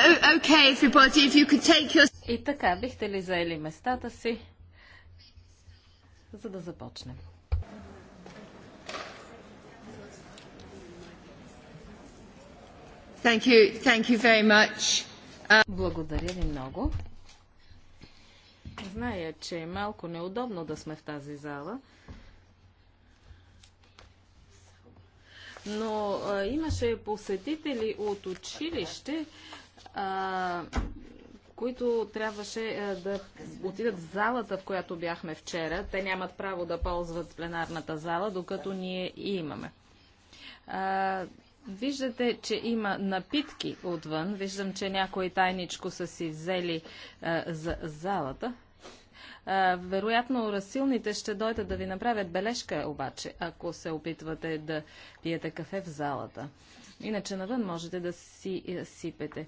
Oh, okay, if you your... И така, бихте ли заели местата си, за да започнем? Thank you. Thank you very much. Uh... Благодаря ви много. Зная, че е малко неудобно да сме в тази зала, но а, имаше посетители от училище, а, които трябваше а, да отидат в залата, в която бяхме вчера. Те нямат право да ползват пленарната зала, докато ние имаме. А, Виждате, че има напитки отвън. Виждам, че някои тайничко са си взели а, за залата. Вероятно, разсилните ще дойдат да ви направят бележка, обаче, ако се опитвате да пиете кафе в залата. Иначе навън можете да си е, сипете.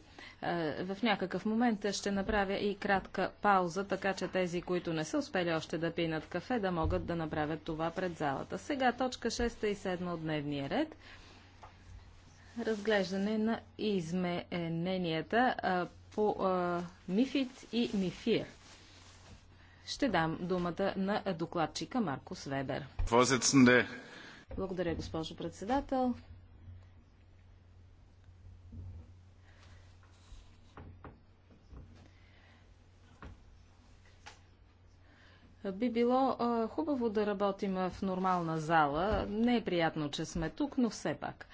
В някакъв момент ще направя и кратка пауза, така че тези, които не са успели още да пинат кафе, да могат да направят това пред залата. Сега точка 6 и 7 от дневния ред. Разглеждане на измененията по МИФИТ и МИФИР ще дам думата на докладчика Марко Вебер. Благодаря, госпожо председател. Би било а, хубаво да работим в нормална зала. Не е приятно, че сме тук, но все пак,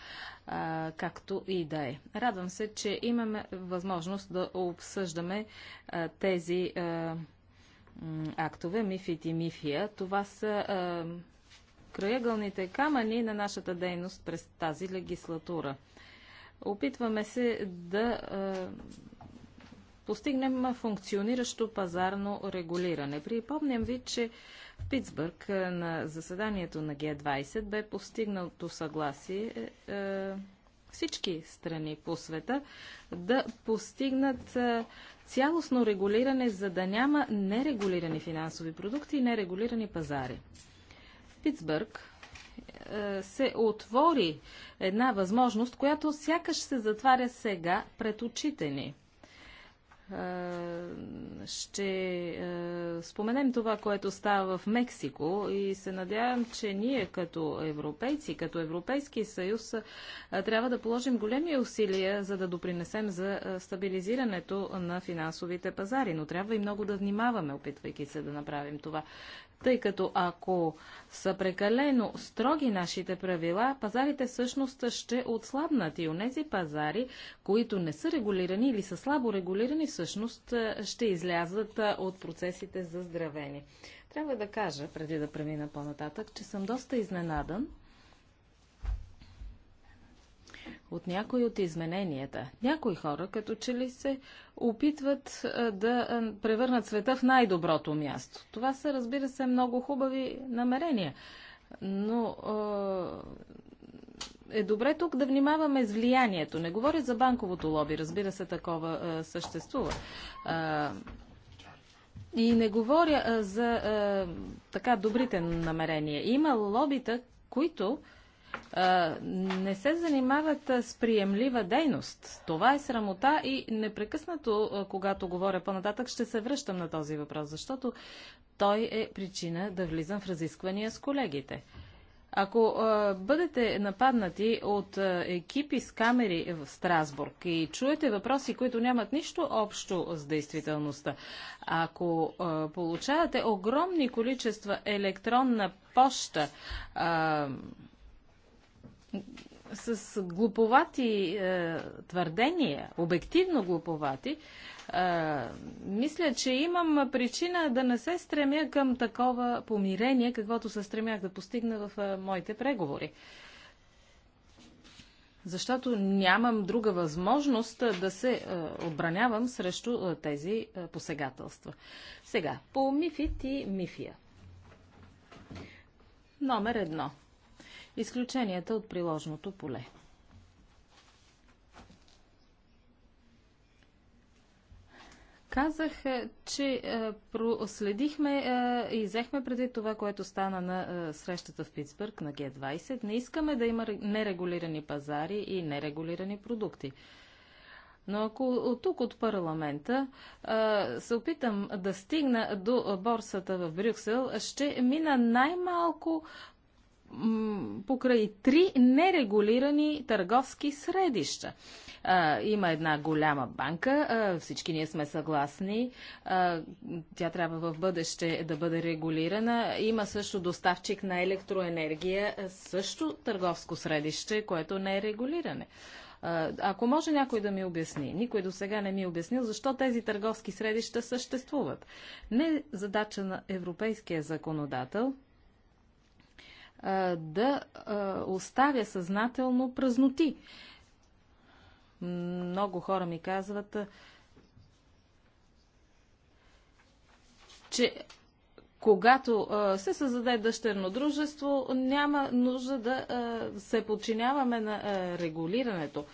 а, както и да е. Радвам се, че имаме възможност да обсъждаме а, тези. А, актове, МИФИТ и МИФИЯ. Това са а, краягълните камъни на нашата дейност през тази легислатура. Опитваме се да а, постигнем функциониращо пазарно регулиране. Припомням ви, че в Питсбърг на заседанието на Г20 бе постигнато съгласие е, е, всички страни по света да постигнат цялостно регулиране, за да няма нерегулирани финансови продукти и нерегулирани пазари. В Питсбърг е, се отвори една възможност, която сякаш се затваря сега пред очите ни – ще споменем това, което става в Мексико и се надявам, че ние като европейци, като Европейски съюз, трябва да положим големи усилия, за да допринесем за стабилизирането на финансовите пазари. Но трябва и много да внимаваме, опитвайки се да направим това тъй като ако са прекалено строги нашите правила, пазарите всъщност ще отслабнат и онези пазари, които не са регулирани или са слабо регулирани, всъщност е, ще излязат е, от процесите за здравени. Трябва да кажа, преди да премина по-нататък, че съм доста изненадан – от някои от измененията. Някои хора като че ли се опитват да превърнат света в най-доброто място. Това са, разбира се, много хубави намерения. Но е добре тук да внимаваме с влиянието. Не говоря за банковото лоби, разбира се, такова съществува. и не говоря за така добрите намерения. Има лобита, които не се занимават с приемлива дейност. Това е срамота и непрекъснато, когато говоря по-нататък, ще се връщам на този въпрос, защото той е причина да влизам в разисквания с колегите. Ако а, бъдете нападнати от а, екипи с камери в Страсбург и чуете въпроси, които нямат нищо общо с действителността, ако а, получавате огромни количества електронна поща, а, с глуповати е, твърдения, обективно глуповати, е, мисля, че имам причина да не се стремя към такова помирение, каквото се стремях да постигна в е, моите преговори. Защото нямам друга възможност да се е, отбранявам срещу е, тези е, посегателства. Сега, по Мифит и Мифия. Номер едно – изключенията от приложното поле. Казах, е, че е, проследихме е, и взехме преди това, което стана на срещата в Питсбърг на Г20. Не искаме да има нерегулирани пазари и нерегулирани продукти. Но ако от тук от парламента се опитам да стигна до борсата в Брюксел, ще мина най-малко покрай три нерегулирани търговски средища. А, има една голяма банка, а, всички ние сме съгласни, а, тя трябва в бъдеще да бъде регулирана. Има също доставчик на електроенергия, също търговско средище, което не е регулиране. Ако може някой да ми обясни, никой до сега не ми е обяснил защо тези търговски средища съществуват. Не е задача на европейския законодател – да оставя съзнателно празноти. Много хора ми казват, че когато а, се създаде дъщерно дружество, няма нужда да а, се подчиняваме на а, регулирането.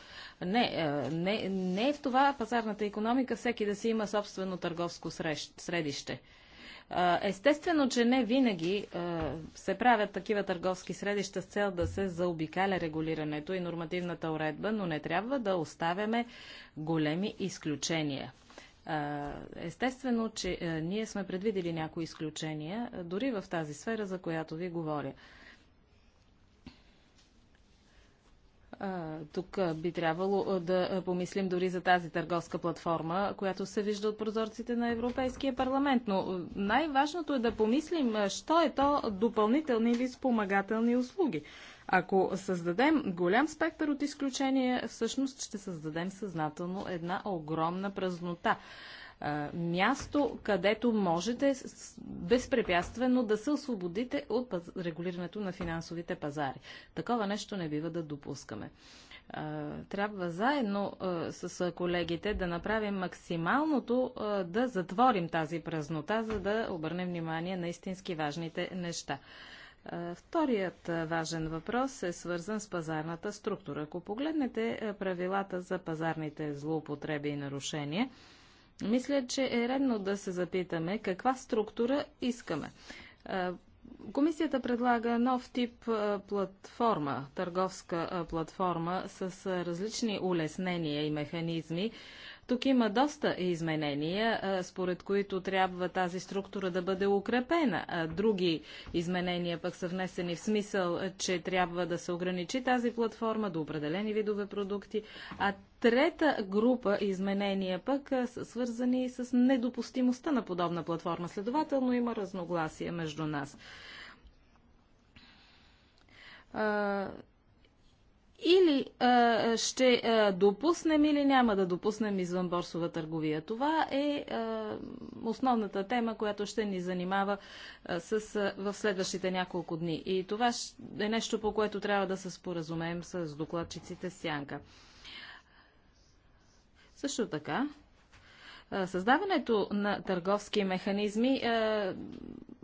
Не, не, не е в това пазарната економика всеки да си има собствено търговско средище. Естествено, че не винаги се правят такива търговски средища с цел да се заобикаля регулирането и нормативната уредба, но не трябва да оставяме големи изключения. Естествено, че ние сме предвидели някои изключения, дори в тази сфера, за която ви говоря. Тук би трябвало да помислим дори за тази търговска платформа, която се вижда от прозорците на Европейския парламент. Но най-важното е да помислим, що е то допълнителни или спомагателни услуги. Ако създадем голям спектър от изключения, всъщност ще създадем съзнателно една огромна празнота място, където можете безпрепятствено да се освободите от регулирането на финансовите пазари. Такова нещо не бива да допускаме трябва заедно с колегите да направим максималното да затворим тази празнота, за да обърнем внимание на истински важните неща. Вторият важен въпрос е свързан с пазарната структура. Ако погледнете правилата за пазарните злоупотреби и нарушения, мисля, че е редно да се запитаме каква структура искаме. Комисията предлага нов тип платформа, търговска платформа с различни улеснения и механизми, тук има доста изменения, според които трябва тази структура да бъде укрепена. Други изменения пък са внесени в смисъл, че трябва да се ограничи тази платформа до определени видове продукти, а Трета група изменения пък са свързани с недопустимостта на подобна платформа. Следователно има разногласие между нас. Или а, ще а, допуснем или няма да допуснем извънборсова търговия. Това е а, основната тема, която ще ни занимава а, с, а, в следващите няколко дни. И това е нещо, по което трябва да се споразумеем с докладчиците Сянка. Също така, създаването на търговски механизми а,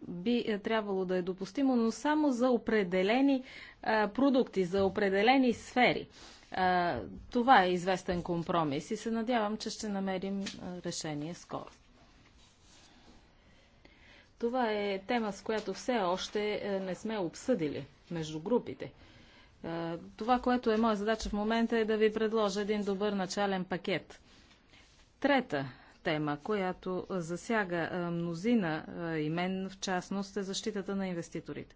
би е, трябвало да е допустимо, но само за определени продукти за определени сфери. Това е известен компромис и се надявам, че ще намерим решение скоро. Това е тема, с която все още е, не сме обсъдили между групите. Това, което е моя задача в момента е да ви предложа един добър начален пакет. Трета тема, която засяга мнозина и мен в частност е защитата на инвеститорите.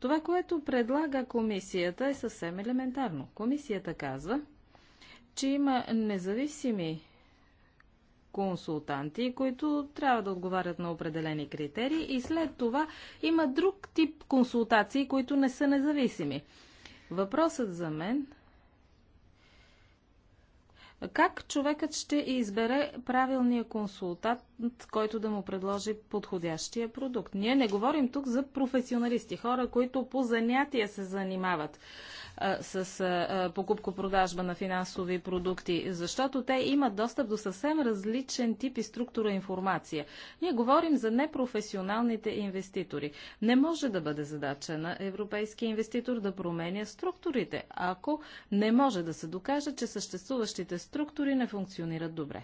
Това, което предлага комисията е съвсем елементарно. Комисията казва, че има независими консултанти, които трябва да отговарят на определени критерии и след това има друг тип консултации, които не са независими. Въпросът за мен как човекът ще избере правилния консултант, който да му предложи подходящия продукт? Ние не говорим тук за професионалисти, хора, които по занятие се занимават а, с покупко-продажба на финансови продукти, защото те имат достъп до съвсем различен тип и структура информация. Ние говорим за непрофесионалните инвеститори. Не може да бъде задача на европейски инвеститор да променя структурите, ако не може да се докаже, че съществуващите структури структури не функционират добре.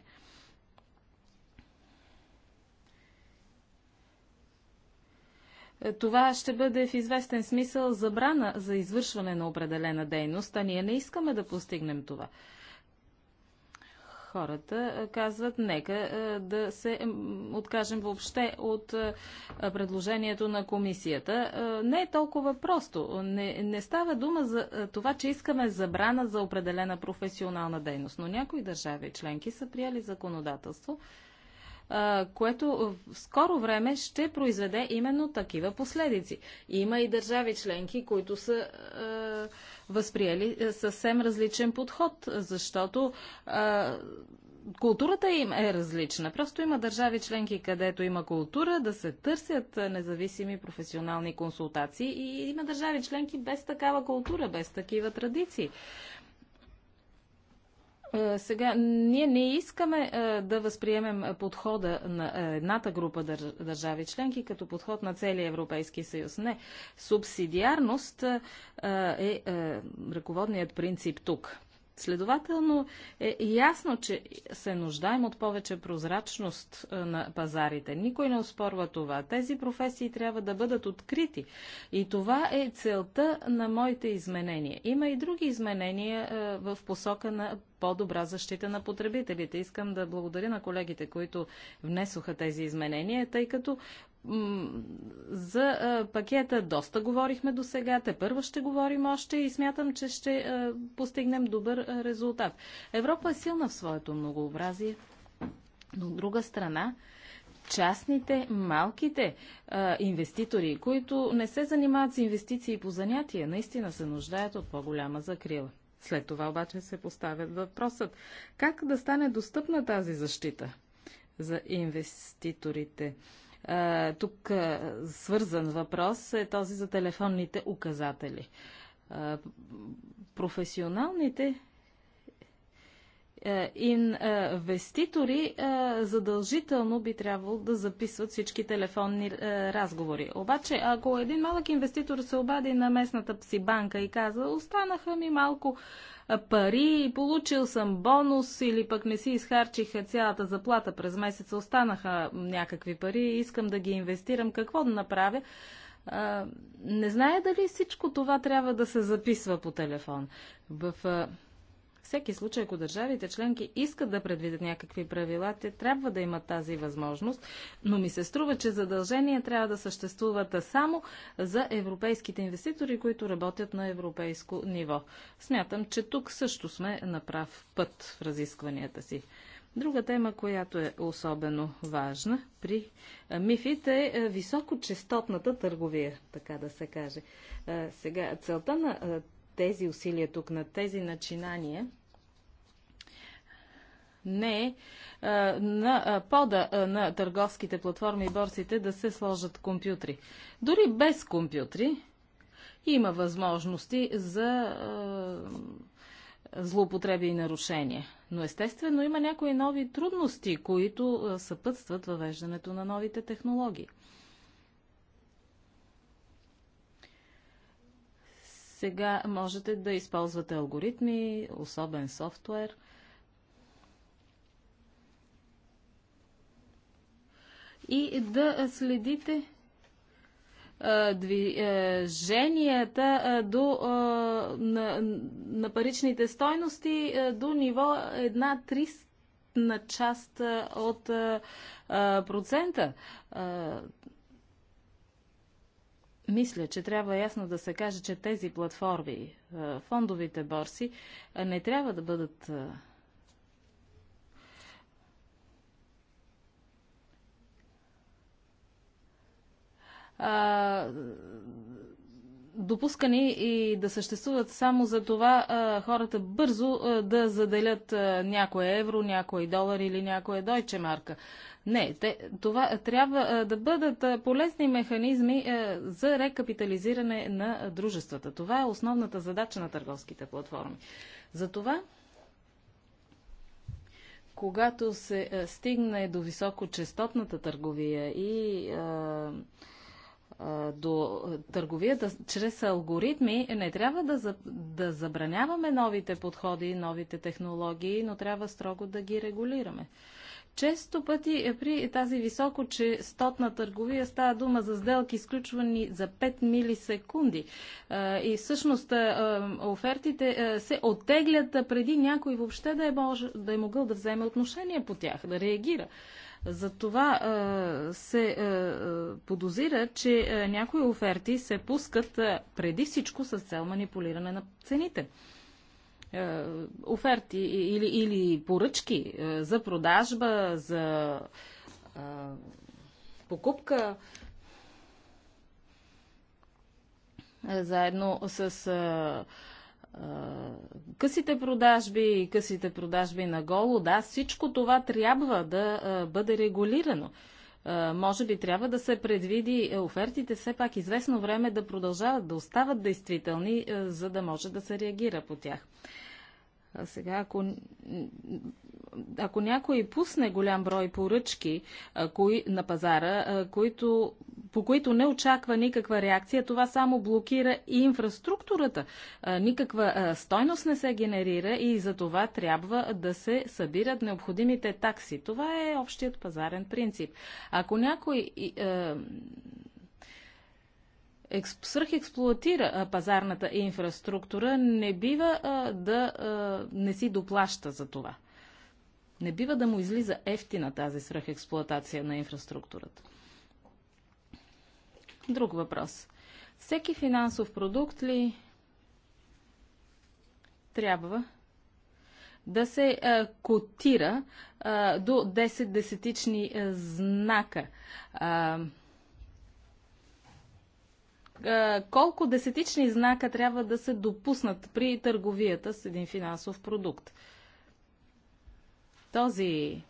Е, това ще бъде в известен смисъл забрана за извършване на определена дейност, а ние не искаме да постигнем това хората казват нека да се откажем въобще от предложението на комисията. Не е толкова просто. Не, не става дума за това, че искаме забрана за определена професионална дейност, но някои държави членки са приели законодателство, което в скоро време ще произведе именно такива последици. Има и държави членки, които са възприели съвсем различен подход, защото културата им е различна. Просто има държави членки, където има култура да се търсят независими професионални консултации и има държави членки без такава култура, без такива традиции. Е, сега, ние не искаме е, да възприемем подхода на е, едната група държави членки като подход на целия Европейски съюз. Не. Субсидиарност е ръководният принцип тук. Следователно е ясно, че се нуждаем от повече прозрачност е, на пазарите. Никой не успорва това. Тези професии трябва да бъдат открити. И това е целта на моите изменения. Има и други изменения е, в посока на по-добра защита на потребителите. Искам да благодаря на колегите, които внесоха тези изменения, тъй като за пакета доста говорихме до сега, те първо ще говорим още и смятам, че ще постигнем добър резултат. Европа е силна в своето многообразие, но от друга страна, частните, малките а, инвеститори, които не се занимават с инвестиции по занятия, наистина се нуждаят от по-голяма закрила. След това обаче се поставят въпросът как да стане достъпна тази защита за инвеститорите. Тук свързан въпрос е този за телефонните указатели. Професионалните е, инвеститори е, е, задължително би трябвало да записват всички телефонни разговори. Обаче, ако един малък инвеститор се обади на местната си банка и каза, останаха ми малко пари, получил съм бонус или пък не си изхарчиха цялата заплата през месеца, останаха някакви пари, искам да ги инвестирам, какво да направя? не знае дали всичко това трябва да се записва по телефон. В всеки случай, ако държавите членки искат да предвидят някакви правила, те трябва да имат тази възможност, но ми се струва, че задължения трябва да съществуват само за европейските инвеститори, които работят на европейско ниво. Смятам, че тук също сме на прав път в разискванията си. Друга тема, която е особено важна при мифит е високочастотната търговия, така да се каже. Сега, целта на тези усилия тук, на тези начинания, не е на пода на търговските платформи и борсите да се сложат компютри. Дори без компютри има възможности за злоупотреби и нарушения. Но естествено има някои нови трудности, които съпътстват въвеждането на новите технологии. Сега можете да използвате алгоритми, особен софтуер. И да следите движенията до, на, на паричните стойности до ниво една 300 на част от процента мисля, че трябва ясно да се каже, че тези платформи, е, фондовите борси, е, не трябва да бъдат е, а, допускани и да съществуват само за това а, хората бързо а, да заделят а, някое евро, някой долар или някоя дойче марка. Не, те, това трябва а, да бъдат а, полезни механизми а, за рекапитализиране на дружествата. Това е основната задача на търговските платформи. Затова, когато се а, стигне до високочастотната търговия и а, до търговията чрез алгоритми, не трябва да, за, да забраняваме новите подходи, новите технологии, но трябва строго да ги регулираме. Често пъти е при тази високо частотна търговия става дума за сделки, изключвани за 5 милисекунди. И всъщност офертите се оттеглят преди някой въобще да е, мож, да е могъл да вземе отношение по тях, да реагира. За това се подозира, че някои оферти се пускат преди всичко с цел манипулиране на цените оферти или, или поръчки за продажба, за покупка. Заедно с късите продажби и късите продажби на голо, да, всичко това трябва да бъде регулирано. Може би трябва да се предвиди е, офертите все пак известно време да продължават да остават действителни, е, за да може да се реагира по тях. А сега, ако, ако някой пусне голям брой поръчки а, кои, на пазара, а, които, по които не очаква никаква реакция, това само блокира и инфраструктурата. А, никаква а, стойност не се генерира и за това трябва да се събират необходимите такси. Това е общият пазарен принцип. Ако някой. А, експ, свръхексплуатира пазарната инфраструктура, не бива а, да а, не си доплаща за това. Не бива да му излиза ефтина тази свръхексплуатация на инфраструктурата. Друг въпрос. Всеки финансов продукт ли трябва да се а, котира а, до 10 десетични а, знака? А, е, колко десетични знака трябва да се допуснат при търговията с един финансов продукт. Този е,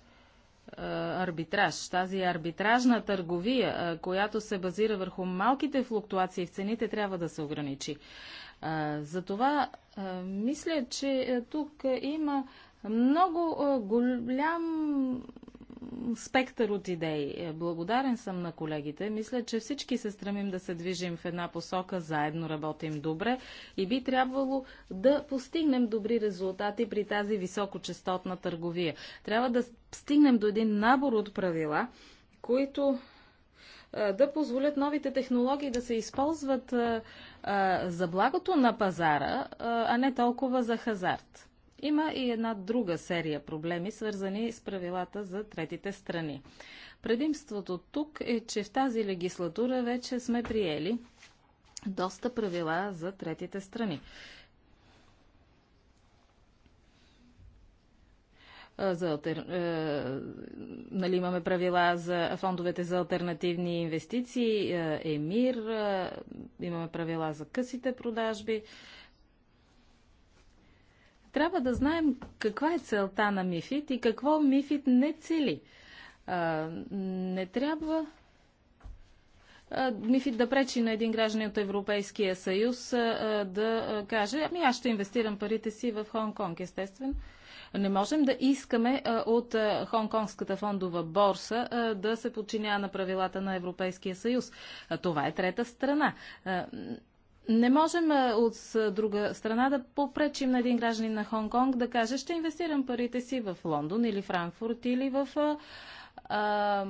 арбитраж, тази арбитражна търговия, е, която се базира върху малките флуктуации в цените, трябва да се ограничи. Затова мисля, че тук има много голям спектър от идеи. Благодарен съм на колегите. Мисля, че всички се стремим да се движим в една посока, заедно работим добре и би трябвало да постигнем добри резултати при тази високочастотна търговия. Трябва да стигнем до един набор от правила, които да позволят новите технологии да се използват за благото на пазара, а не толкова за хазарт. Има и една друга серия проблеми, свързани с правилата за третите страни. Предимството тук е, че в тази легислатура вече сме приели доста правила за третите страни. за, е, нали, имаме правила за фондовете за альтернативни инвестиции, е, ЕМИР, е, имаме правила за късите продажби. Е, трябва да знаем каква е целта на Мифит и какво Мифит не цели. А, не трябва мифит да пречи на един гражданин от Европейския съюз да каже, ами аз ще инвестирам парите си в Хонг-Конг, естествено. Не можем да искаме от Хонг-Конгската фондова борса да се подчинява на правилата на Европейския съюз. Това е трета страна. Не можем от друга страна да попречим на един гражданин на Хонг Конг да каже, ще инвестирам парите си в Лондон или Франкфурт или в а, а,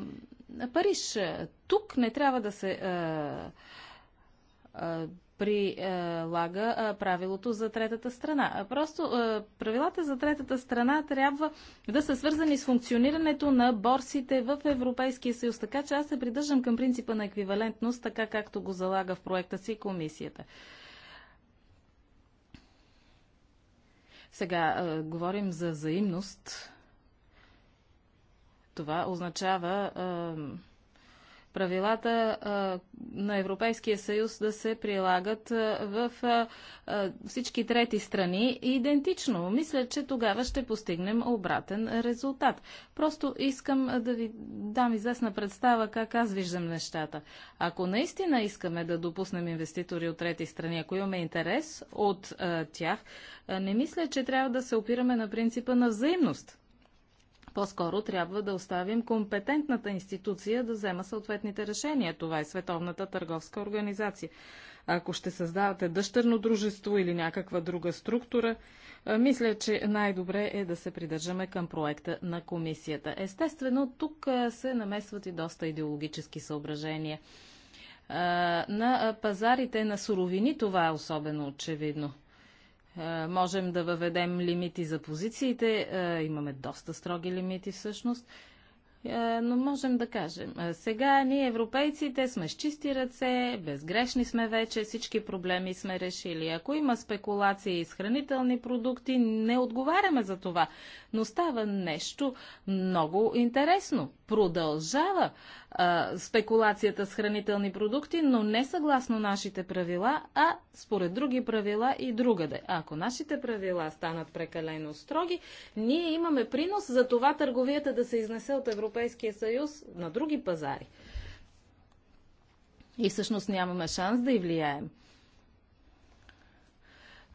Париж. Тук не трябва да се а, а, прилага правилото за третата страна. Просто правилата за третата страна трябва да са свързани с функционирането на борсите в Европейския съюз. Така че аз се придържам към принципа на еквивалентност, така както го залага в проекта си комисията. Сега говорим за взаимност. Това означава правилата на Европейския съюз да се прилагат в всички трети страни идентично. Мисля, че тогава ще постигнем обратен резултат. Просто искам да ви дам известна представа как аз виждам нещата. Ако наистина искаме да допуснем инвеститори от трети страни, ако имаме интерес от тях, не мисля, че трябва да се опираме на принципа на взаимност. По-скоро трябва да оставим компетентната институция да взема съответните решения. Това е Световната търговска организация. Ако ще създавате дъщерно дружество или някаква друга структура, мисля, че най-добре е да се придържаме към проекта на комисията. Естествено, тук се намесват и доста идеологически съображения. На пазарите на суровини това е особено очевидно. Е, можем да въведем лимити за позициите. Е, имаме доста строги лимити всъщност. Е, но можем да кажем. Е, сега ние, европейците, сме с чисти ръце, безгрешни сме вече, всички проблеми сме решили. Ако има спекулации с хранителни продукти, не отговаряме за това. Но става нещо много интересно. Продължава а, е, спекулацията с хранителни продукти, но не съгласно нашите правила, а според други правила и другаде. Ако нашите правила станат прекалено строги, ние имаме принос за това търговията да се изнесе от Европа Европейския съюз на други пазари. И всъщност нямаме шанс да и влияем.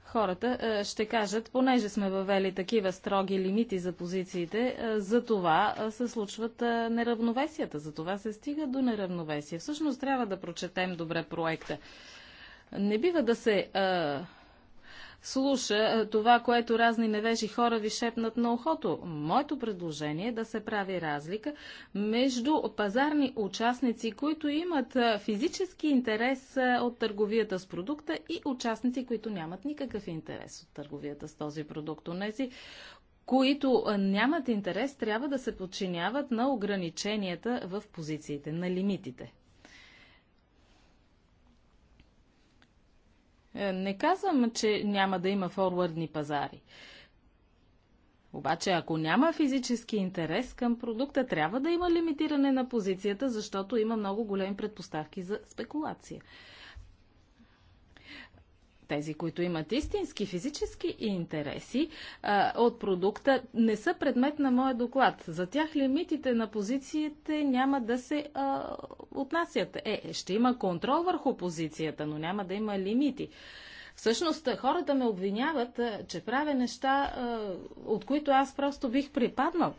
Хората е, ще кажат, понеже сме въвели такива строги лимити за позициите, е, за това е, се случват неравновесията, за това се стига до неравновесие. Всъщност трябва да прочетем добре проекта. Не бива да се слуша е, това, което разни невежи хора ви шепнат на ухото. Моето предложение е да се прави разлика между пазарни участници, които имат е, физически интерес е, от търговията с продукта и участници, които нямат никакъв интерес от търговията с този продукт. Онези, които нямат интерес, трябва да се подчиняват на ограниченията в позициите, на лимитите. Е, не казвам, че няма да има форвардни пазари. Обаче, ако няма физически интерес към продукта, трябва да има лимитиране на позицията, защото има много големи предпоставки за спекулация тези, които имат истински физически интереси а, от продукта, не са предмет на моя доклад. За тях лимитите на позициите няма да се а, отнасят. Е, ще има контрол върху позицията, но няма да има лимити. Всъщност, хората ме обвиняват, че правя неща, от които аз просто бих припаднал.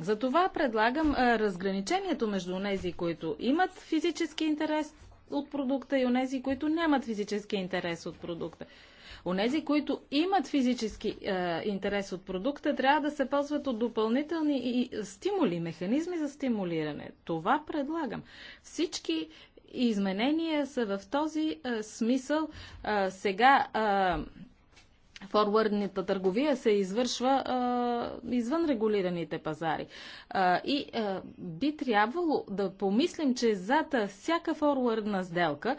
Затова предлагам разграничението между тези, които имат физически интерес от продукта и онези, които нямат физически интерес от продукта. Онези, които имат физически е, интерес от продукта, трябва да се ползват от допълнителни и стимули, механизми за стимулиране. Това предлагам. Всички изменения са в този е, смисъл. Е, сега Е, форвардната търговия се извършва а, извън регулираните пазари. А, и а, би трябвало да помислим, че зад всяка форвардна сделка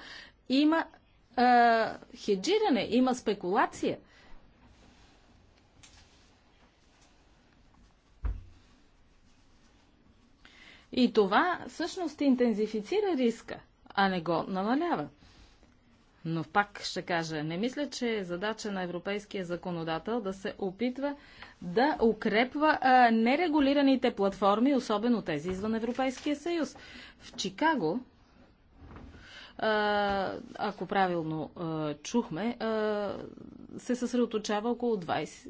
има а, хеджиране, има спекулация. И това всъщност интензифицира риска, а не го намалява. Но пак ще кажа, не мисля, че е задача на европейския законодател да се опитва да укрепва а, нерегулираните платформи, особено тези извън Европейския съюз. В Чикаго, а, ако правилно а, чухме, а, се съсредоточава около 20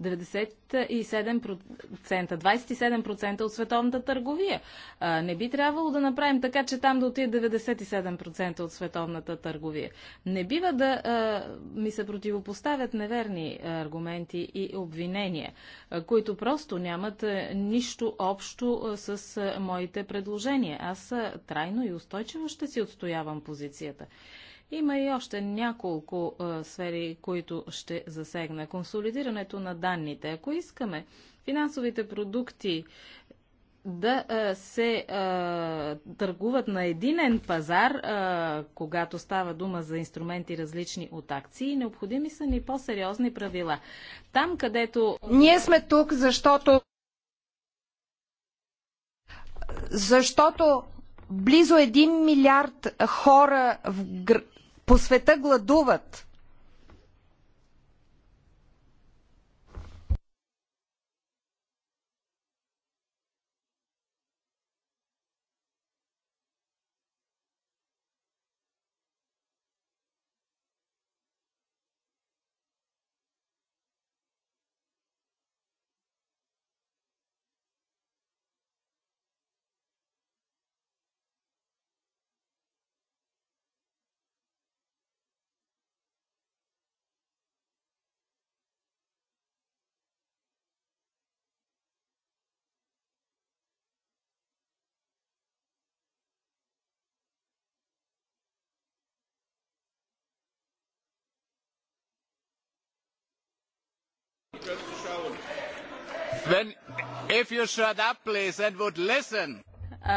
97%, 27% от световната търговия. А, не би трябвало да направим така, че там да отиде 97% от световната търговия. Не бива да а, ми се противопоставят неверни аргументи и обвинения, а, които просто нямат а, нищо общо а, с а, моите предложения. Аз а, трайно и устойчиво ще си отстоявам позицията. Има и още няколко а, сфери, които ще засегна. Консолидирането на данните. Ако искаме финансовите продукти да а, се а, търгуват на единен пазар, а, когато става дума за инструменти различни от акции, необходими са ни по-сериозни правила. Там, където. Ние сме тук, защото. Защото близо 1 милиард хора в, Гр по света гладуват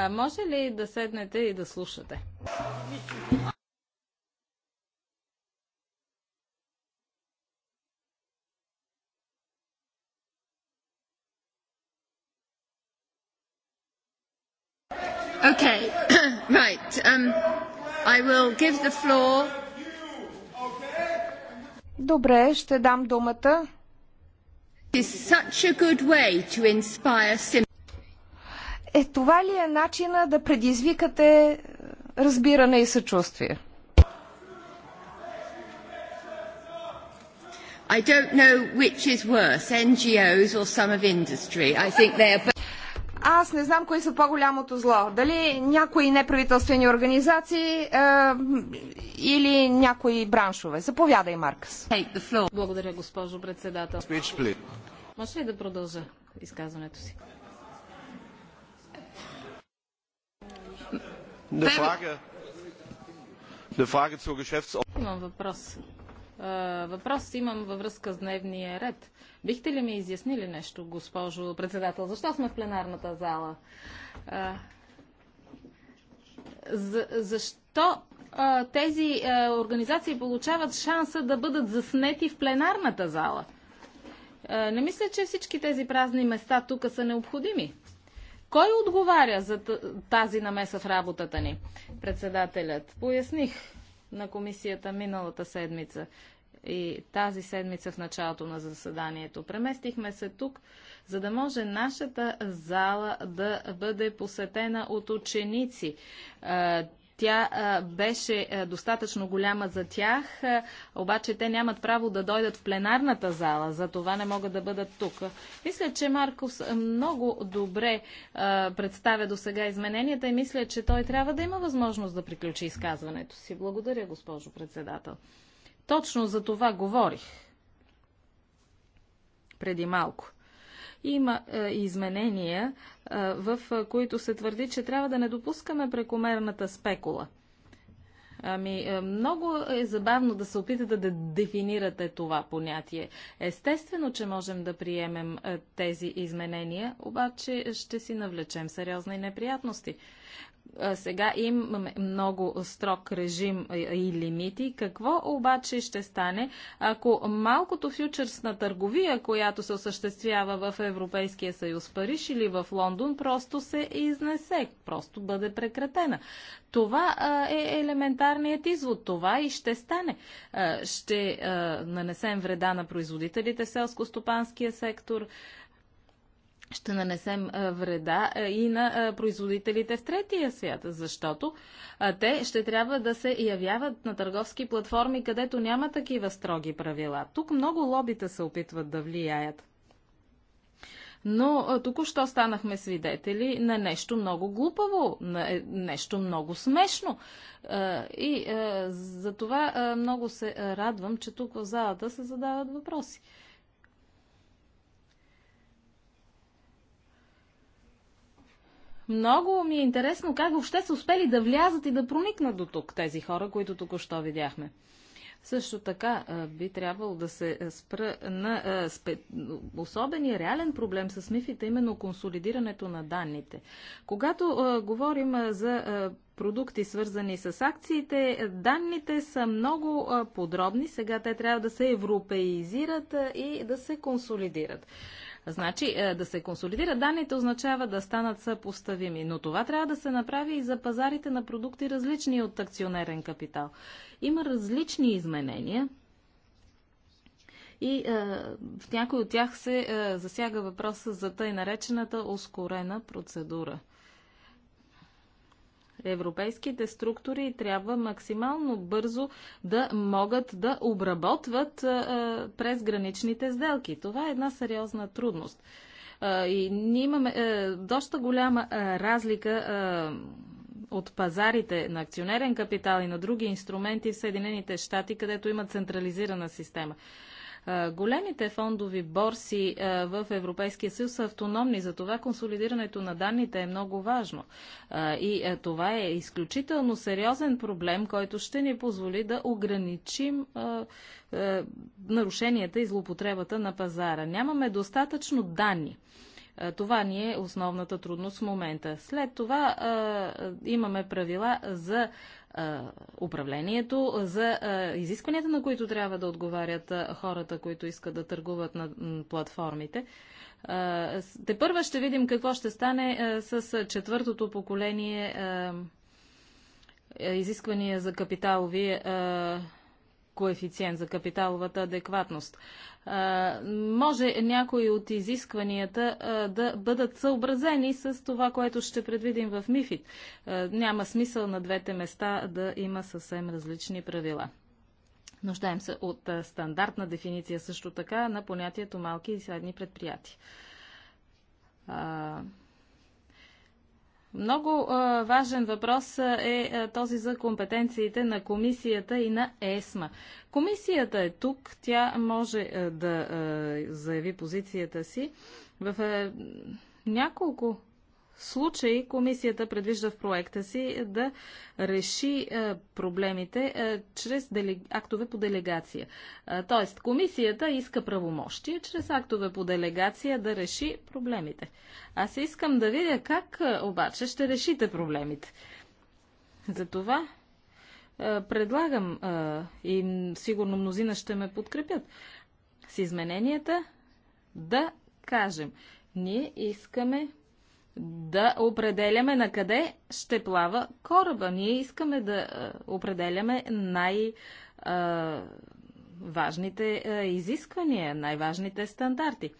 може ли да седнете и да слушате? Okay. right. Um, I will give the floor. Добре, ще дам думата is such a good way to inspire Е, това ли е начина да предизвикате разбиране и съчувствие? I don't know which is worse, NGOs or some of industry. I think they are both. Аз не знам кои са по-голямото зло. Дали някои неправителствени организации е, или някои браншове. Заповядай, маркс. Hey, Благодаря, госпожо председател. Speech, Може ли да продължа изказването си? Имам въпрос въпрос имам във връзка с дневния ред. Бихте ли ми изяснили нещо, госпожо председател? Защо сме в пленарната зала? За, защо тези организации получават шанса да бъдат заснети в пленарната зала? не мисля, че всички тези празни места тук са необходими. Кой отговаря за тази намеса в работата ни? Председателят. Поясних на комисията миналата седмица и тази седмица в началото на заседанието. Преместихме се тук, за да може нашата зала да бъде посетена от ученици. Е, тя беше достатъчно голяма за тях, обаче те нямат право да дойдат в пленарната зала, за това не могат да бъдат тук. Мисля, че Маркос много добре представя до сега измененията и мисля, че той трябва да има възможност да приключи изказването си. Благодаря, госпожо председател. Точно за това говорих преди малко. Има е, изменения, е, в е, които се твърди, че трябва да не допускаме прекомерната спекула. Ами, е, много е забавно да се опитате да дефинирате това понятие. Естествено, че можем да приемем е, тези изменения, обаче ще си навлечем сериозни неприятности сега имаме много строг режим и лимити. Какво обаче ще стане, ако малкото фьючерсна търговия, която се осъществява в Европейския съюз, Париж или в Лондон, просто се изнесе, просто бъде прекратена? Това е елементарният извод. Това и ще стане. Ще нанесем вреда на производителите в селско-стопанския сектор, ще нанесем вреда и на производителите в третия свят, защото те ще трябва да се явяват на търговски платформи, където няма такива строги правила. Тук много лобита се опитват да влияят. Но току-що станахме свидетели на нещо много глупаво, на е, нещо много смешно. И за това много се радвам, че тук в залата се задават въпроси. Много ми е интересно как въобще са успели да влязат и да проникнат до тук тези хора, които току-що видяхме. Също така би трябвало да се спра на спе... особен и реален проблем с мифите, именно консолидирането на данните. Когато а, говорим за а, продукти, свързани с акциите, данните са много а, подробни. Сега те трябва да се европеизират и да се консолидират. Значи е, да се консолидират данните означава да станат съпоставими, но това трябва да се направи и за пазарите на продукти различни от акционерен капитал. Има различни изменения, и е, в някои от тях се е, засяга въпроса за тъй наречената ускорена процедура. Европейските структури трябва максимално бързо да могат да обработват през граничните сделки. Това е една сериозна трудност. И ние имаме доста голяма разлика от пазарите на акционерен капитал и на други инструменти в Съединените щати, където има централизирана система. Е, големите фондови борси е, в Европейския съюз са автономни, затова консолидирането на данните е много важно. Е, и това е изключително сериозен проблем, който ще ни позволи да ограничим нарушенията и злоупотребата на пазара. Нямаме достатъчно данни. Това ни е основната трудност в момента. След това имаме правила за управлението, за изискванията, на които трябва да отговарят хората, които искат да търгуват на платформите. Те първа ще видим какво ще стане с четвъртото поколение е, изисквания за капиталови коефициент за капиталовата адекватност. може някои от изискванията да бъдат съобразени с това, което ще предвидим в МИФИД. няма смисъл на двете места да има съвсем различни правила. Нуждаем се от стандартна дефиниция също така на понятието малки и средни предприятия. Много а, важен въпрос е а, този за компетенциите на комисията и на ЕСМА. Комисията е тук, тя може а, да заяви позицията си. В няколко случай комисията предвижда в проекта си да реши е, проблемите е, чрез актове по делегация. Е, тоест, комисията иска правомощие чрез актове по делегация да реши проблемите. Аз искам да видя как обаче ще решите проблемите. Затова предлагам и сигурно мнозина ще ме подкрепят с измененията да кажем. Ние искаме да определяме на къде ще плава кораба. Ние искаме да определяме най- важните изисквания, най-важните стандарти.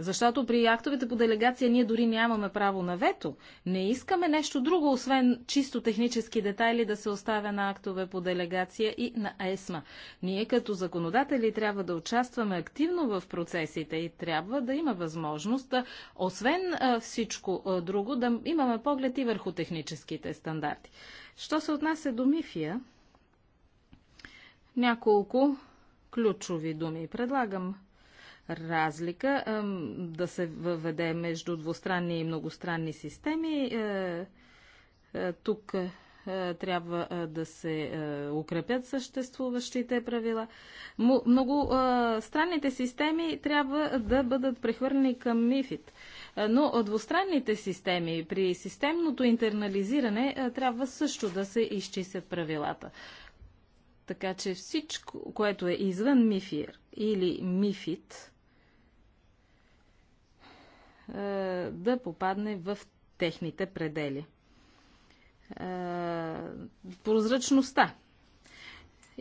Защото при актовете по делегация ние дори нямаме право на вето. Не искаме нещо друго, освен чисто технически детайли да се оставя на актове по делегация и на ЕСМА. Ние като законодатели трябва да участваме активно в процесите и трябва да има възможност, освен всичко друго, да имаме поглед и върху техническите стандарти. Що се отнася до МИФИЯ, няколко ключови думи. Предлагам разлика да се въведе между двустранни и многостранни системи. Е, е, тук е, трябва да се укрепят съществуващите правила. Много странните системи трябва да бъдат прехвърлени към мифит. Но двустранните системи при системното интернализиране трябва също да се изчистят правилата. Така че всичко, което е извън МИФИР или МИФИТ, е, да попадне в техните предели. Е, прозрачността.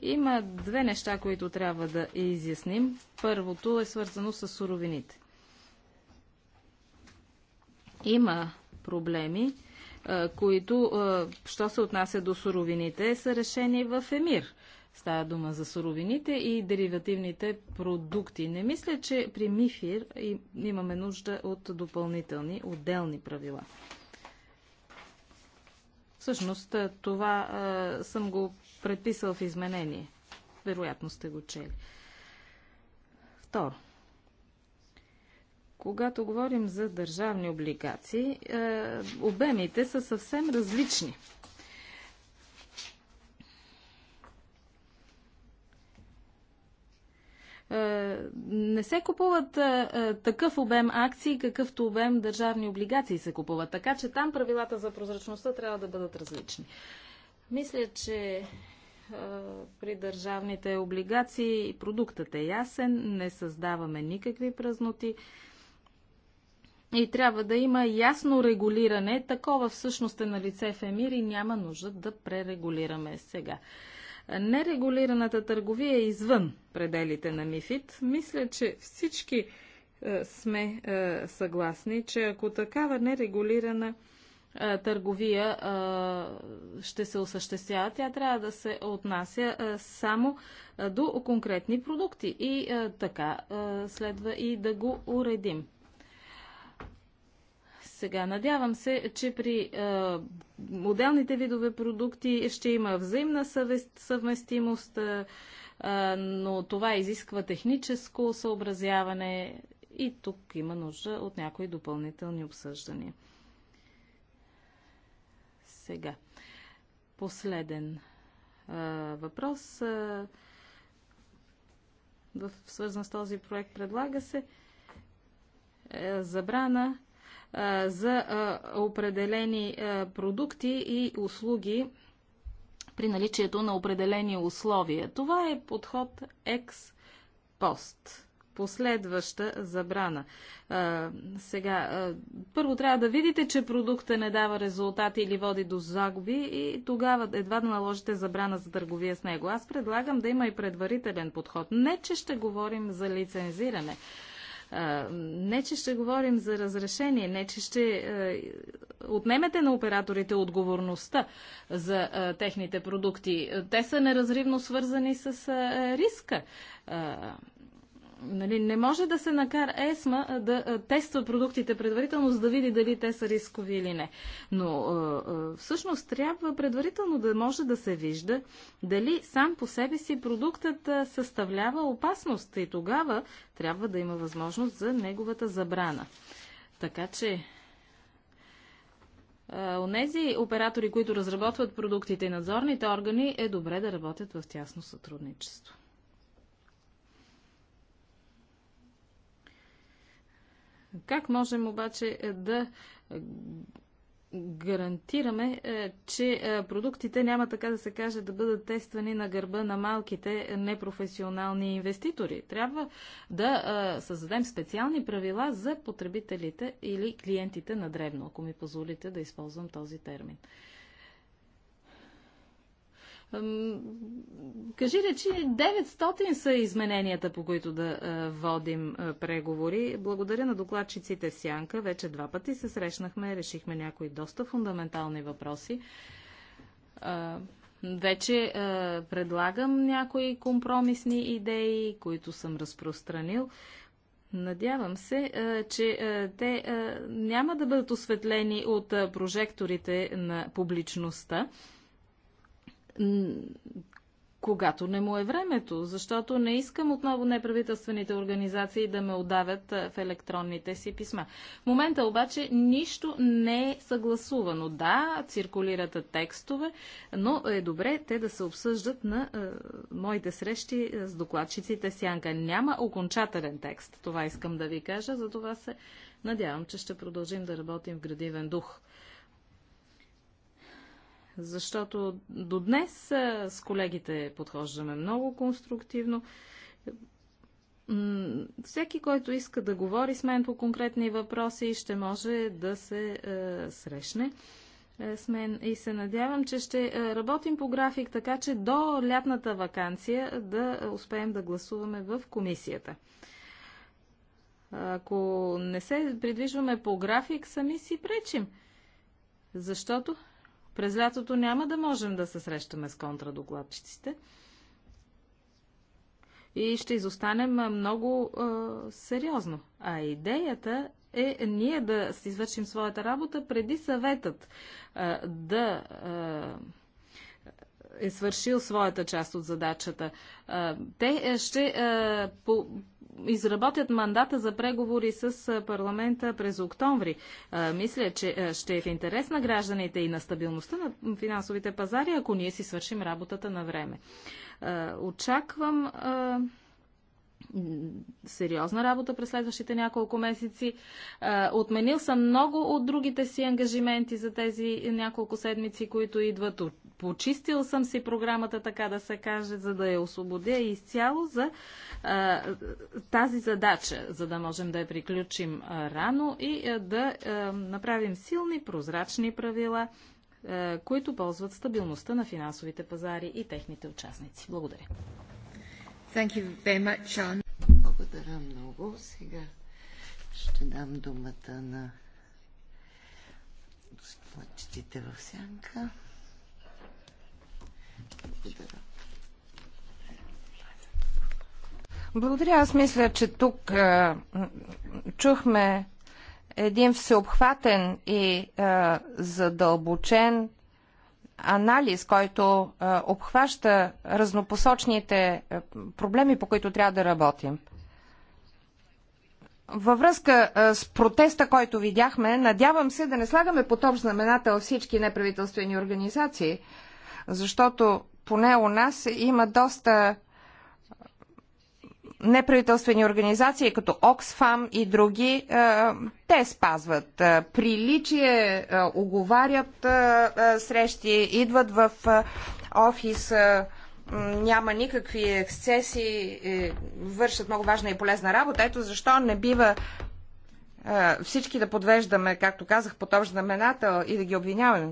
Има две неща, които трябва да изясним. Първото е свързано с суровините. Има проблеми, е, които, що се отнася до суровините, са решени в Емир – Става дума за суровините и деривативните продукти. Не мисля, че при МИФИР имаме нужда от допълнителни отделни правила. Всъщност това а, съм го предписал в изменение. Вероятно сте го чели. Второ. Когато говорим за държавни облигации, обемите са съвсем различни Е, не се купуват е, е, такъв обем акции, какъвто обем държавни облигации се купуват. Така че там правилата за прозрачността трябва да бъдат различни. Мисля, че при държавните облигации продуктът е ясен, не създаваме никакви празноти. И трябва да има ясно регулиране. Такова всъщност е на лице в Емир и няма нужда да пререгулираме сега нерегулираната търговия извън пределите на МИФИД, мисля, че всички е, сме е, съгласни, че ако такава нерегулирана е, търговия ще се осъществява, тя трябва да се отнася само до конкретни продукти. И така следва и да го уредим. Сега, надявам се, че при а, е, отделните видове продукти ще има взаимна съвест, съвместимост, а, е, е, но това изисква техническо съобразяване и тук има нужда от някои допълнителни обсъждания. Сега, последен а, въпрос, В свързан с този проект, предлага се забрана за определени продукти и услуги при наличието на определени условия. Това е подход екс пост последваща забрана. А, сега, а, първо трябва да видите, че продукта не дава резултати или води до загуби и тогава едва да наложите забрана за търговия с него. Аз предлагам да има и предварителен подход. Не, че ще говорим за лицензиране. Не, че ще говорим за разрешение, не, че ще е, отнемете на операторите отговорността за е, техните продукти. Те са неразривно свързани с е, риска Нали, не може да се накара ЕСМА да тества продуктите предварително, за да види дали те са рискови или не. Но всъщност трябва предварително да може да се вижда дали сам по себе си продуктът съставлява опасност и тогава трябва да има възможност за неговата забрана. Така че Онези оператори, които разработват продуктите и надзорните органи, е добре да работят в тясно сътрудничество. Как можем обаче е, да е, гарантираме, е, че продуктите няма така да се каже да бъдат тествани на гърба на малките непрофесионални инвеститори. Трябва да създадем специални правила за потребителите или клиентите на древно, ако ми позволите да използвам този термин. Кажи речи, 900 са измененията, по които да водим преговори. Благодаря на докладчиците в Сянка. Вече два пъти се срещнахме, решихме някои доста фундаментални въпроси. Вече предлагам някои компромисни идеи, които съм разпространил. Надявам се, че те няма да бъдат осветлени от прожекторите на публичността когато не му е времето, защото не искам отново неправителствените организации да ме отдавят в електронните си писма. В момента обаче нищо не е съгласувано. Да, циркулират текстове, но е добре те да се обсъждат на е, моите срещи с докладчиците Сянка. Няма окончателен текст, това искам да ви кажа, за това се надявам, че ще продължим да работим в градивен дух защото до днес с колегите подхождаме много конструктивно. Всеки, който иска да говори с мен по конкретни въпроси, ще може да се е, срещне с мен и се надявам, че ще работим по график, така че до лятната вакансия да успеем да гласуваме в комисията. Ако не се придвижваме по график, сами си пречим. Защото през лятото няма да можем да се срещаме с контрадокладчиците. И ще изостанем много е, сериозно. А идеята е ние да си извършим своята работа преди съветът е, да. Е, е свършил своята част от задачата. Те ще изработят мандата за преговори с парламента през октомври. Мисля, че ще е в интерес на гражданите и на стабилността на финансовите пазари, ако ние си свършим работата на време. Очаквам сериозна работа през следващите няколко месеци. Отменил съм много от другите си ангажименти за тези няколко седмици, които идват почистил съм си програмата, така да се каже, за да я освободя изцяло за а, тази задача, за да можем да я приключим а, рано и а, да а, направим силни, прозрачни правила, а, които ползват стабилността на финансовите пазари и техните участници. Благодаря. Thank you very much, John. Благодаря много. Сега ще дам думата на докладчиците в сянка. Благодаря. Аз мисля, че тук а, чухме един всеобхватен и а, задълбочен анализ, който а, обхваща разнопосочните проблеми, по които трябва да работим. Във връзка с протеста, който видяхме, надявам се да не слагаме по знамената знаменател всички неправителствени организации, защото поне у нас има доста неправителствени организации, като Оксфам и други, е, те спазват е, приличие, е, оговарят срещи, идват в офис, няма никакви ексцеси, вършат много важна и полезна работа. Ето защо не бива всички да подвеждаме, както казах, под общ знаменател и да ги обвиняваме.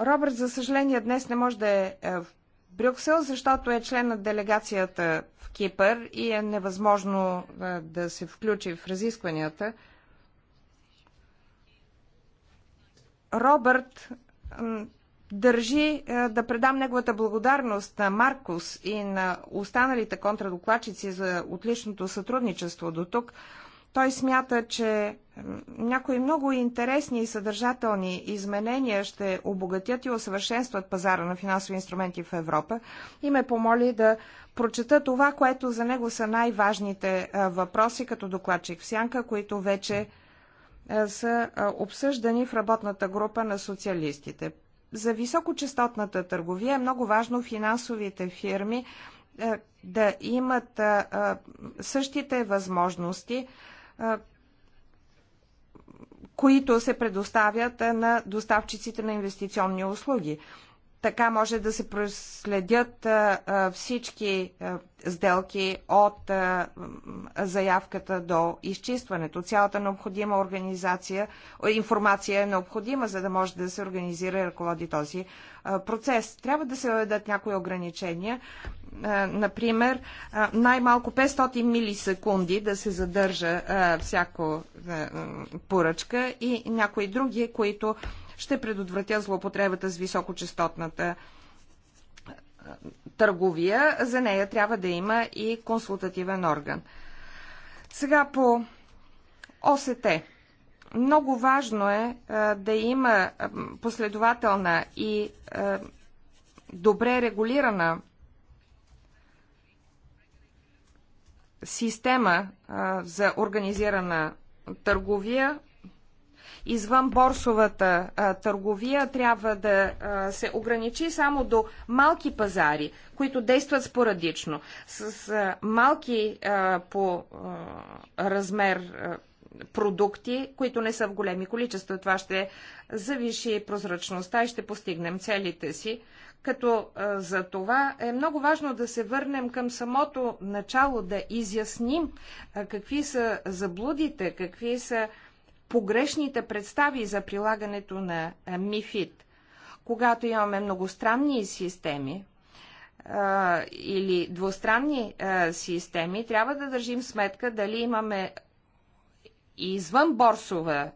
Робърт, за съжаление, днес не може да е, е в Брюксел, защото е член на делегацията в Кипър и е невъзможно е, да се включи в разискванията. Робърт държи е, да предам неговата благодарност на Маркус и на останалите контрадокладчици за отличното сътрудничество до тук, той смята, че някои много интересни и съдържателни изменения ще обогатят и усъвършенстват пазара на финансови инструменти в Европа и ме помоли да прочета това, което за него са най-важните въпроси като докладчик в Сянка, които вече са обсъждани в работната група на социалистите. За високочастотната търговия е много важно финансовите фирми да имат същите възможности които се предоставят на доставчиците на инвестиционни услуги. Така може да се проследят всички сделки от заявката до изчистването. Цялата необходима организация, информация е необходима, за да може да се организира и ръководи този процес. Трябва да се въведат някои ограничения. Например, най-малко 500 милисекунди да се задържа всяко поръчка и някои други, които ще предотвратя злоупотребата с високочастотната търговия. За нея трябва да има и консултативен орган. Сега по ОСТ. Много важно е да има последователна и добре регулирана система за организирана търговия извън борсовата а, търговия трябва да а, се ограничи само до малки пазари, които действат спорадично. С а, малки а, по а, размер а, продукти, които не са в големи количества. Това ще завиши прозрачността и ще постигнем целите си. Като а, за това е много важно да се върнем към самото начало, да изясним а, какви са заблудите, какви са а, погрешните представи за прилагането на МИФИД. Когато имаме многостранни системи а, или двустранни а, системи, трябва да държим сметка дали имаме извън борсова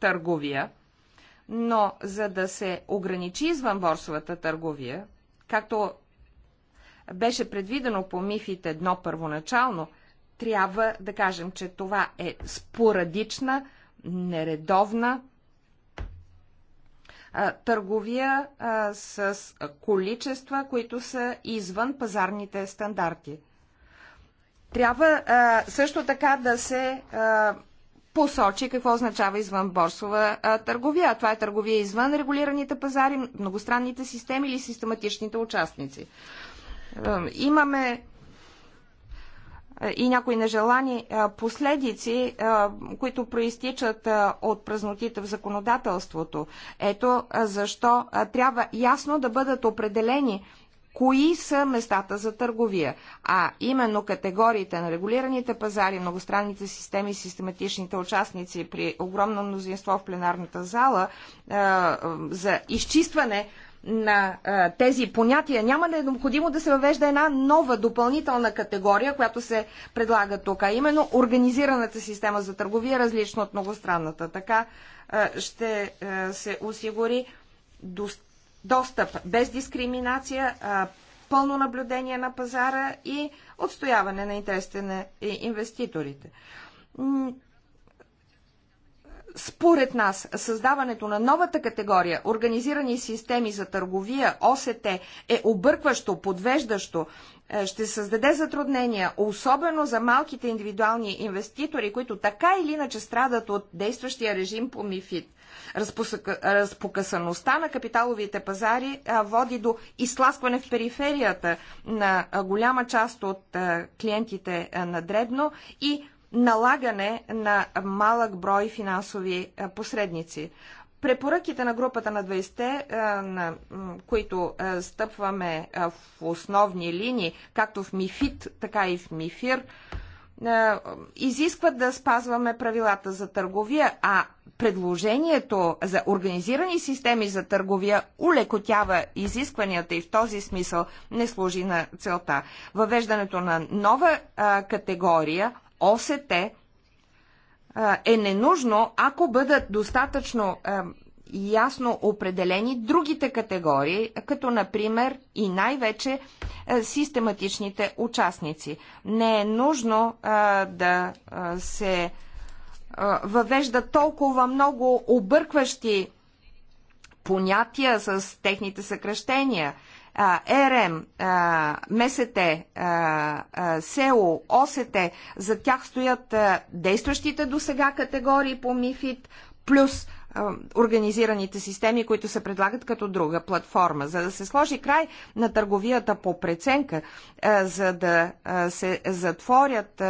търговия, но за да се ограничи извън борсовата търговия, както беше предвидено по мифите едно първоначално, трябва да кажем, че това е спорадична, нередовна търговия с количества, които са извън пазарните стандарти. Трябва също така да се посочи какво означава извън борсова търговия. Това е търговия извън регулираните пазари, многостранните системи или систематичните участници. Имаме и някои нежелани последици, които проистичат от празнотите в законодателството. Ето защо трябва ясно да бъдат определени кои са местата за търговия, а именно категориите на регулираните пазари, многостранните системи, систематичните участници при огромно мнозинство в пленарната зала за изчистване на а, тези понятия, няма да е необходимо да се въвежда една нова допълнителна категория, която се предлага тук, а именно организираната система за търговия, различна от многостранната. Така а, ще а, се осигури до, достъп без дискриминация, а, пълно наблюдение на пазара и отстояване на интересите на инвеститорите. Според нас, създаването на новата категория организирани системи за търговия, ОСТ, е объркващо, подвеждащо, е, ще създаде затруднения, особено за малките индивидуални инвеститори, които така или иначе страдат от действащия режим по МИФИД. Разпокъсаността на капиталовите пазари води до изтласкване в периферията на голяма част от клиентите на дребно и налагане на малък брой финансови е, посредници. Препоръките на групата на 20-те, е, на които е, стъпваме в основни линии, както в МИФИТ, така и в МИФИР, изискват да спазваме правилата за търговия, а предложението за организирани системи за търговия улекотява изискванията и в този смисъл не служи на целта. Въвеждането на нова категория – ОСТ е ненужно, ако бъдат достатъчно ясно определени другите категории, като например и най-вече систематичните участници. Не е нужно а, да се а, въвежда толкова много объркващи понятия с техните съкръщения – ЕРМ, МСТ, СЕО, ОСТ, за тях стоят действащите до сега категории по МИФИД, плюс организираните системи, които се предлагат като друга платформа. За да се сложи край на търговията по преценка, за да се затворят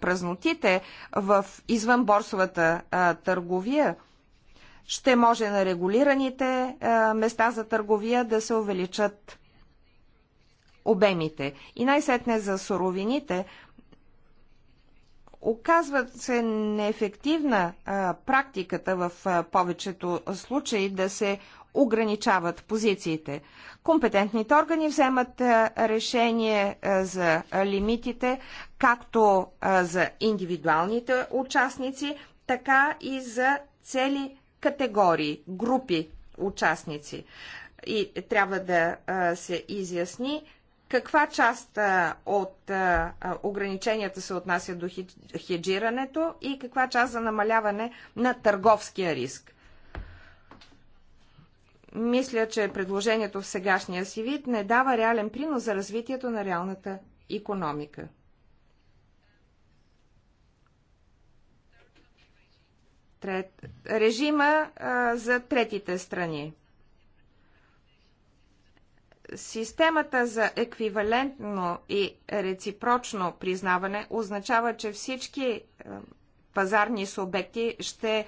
празнотите в извънборсовата търговия, ще може на регулираните места за търговия да се увеличат обемите. И най-сетне за суровините, Оказва се неефективна а, практиката в а, повечето случаи да се ограничават позициите. Компетентните органи вземат а, решение а, за лимитите, както а, за индивидуалните участници, така и за цели категории, групи участници. И трябва да се изясни каква част от ограниченията се отнася до хеджирането и каква част за намаляване на търговския риск. Мисля, че предложението в сегашния си вид не дава реален принос за развитието на реалната економика. трет, режима а, за третите страни. Системата за еквивалентно и реципрочно признаване означава, че всички пазарни субекти ще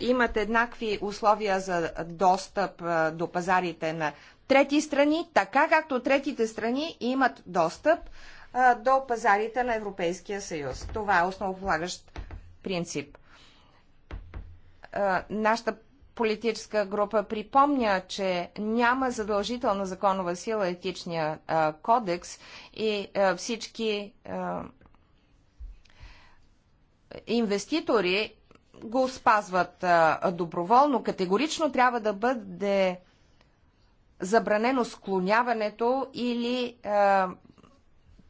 имат еднакви условия за достъп до пазарите на трети страни, така както третите страни имат достъп до пазарите на Европейския съюз. Това е основополагащ принцип. Е, нашата политическа група припомня, че няма задължителна законова сила етичния а, е, кодекс и а, е, всички а, инвеститори го спазват а, доброволно. Категорично трябва да бъде забранено склоняването или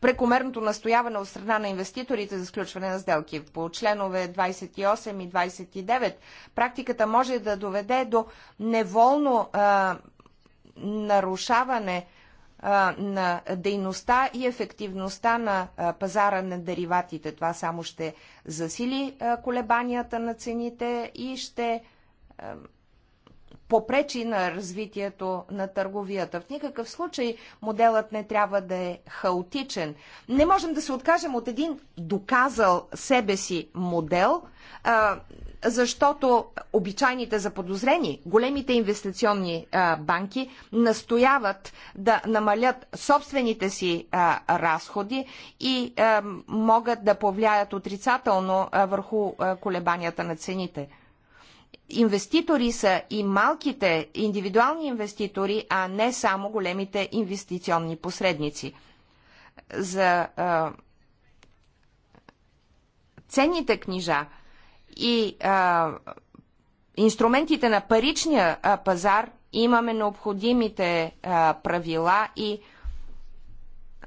прекомерното настояване от страна на инвеститорите за сключване на сделки. По членове 28 и 29 практиката може да доведе до неволно а, нарушаване а, на дейността и ефективността на а, пазара на дериватите. Това само ще засили а, колебанията на цените и ще попречи на развитието на търговията. В никакъв случай моделът не трябва да е хаотичен. Не можем да се откажем от един доказал себе си модел, защото обичайните заподозрени, големите инвестиционни банки настояват да намалят собствените си разходи и могат да повлияят отрицателно върху колебанията на цените инвеститори са и малките индивидуални инвеститори, а не само големите инвестиционни посредници. За а, ценните книжа и а, инструментите на паричния а, пазар имаме необходимите а, правила и а,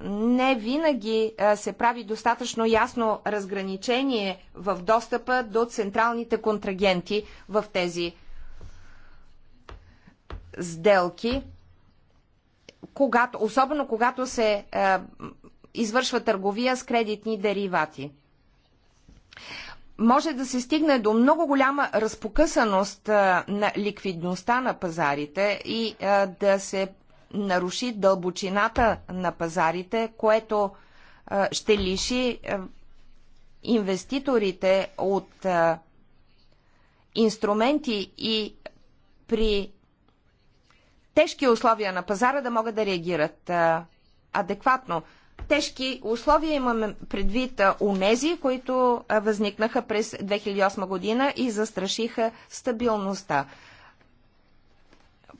не винаги се прави достатъчно ясно разграничение в достъпа до централните контрагенти в тези сделки, когато, особено когато се е, извършва търговия с кредитни деривати. Може да се стигне до много голяма разпокъсаност на ликвидността на пазарите и да се наруши дълбочината на пазарите, което ще лиши инвеститорите от инструменти и при тежки условия на пазара да могат да реагират адекватно. Тежки условия имаме предвид у нези, които възникнаха през 2008 година и застрашиха стабилността.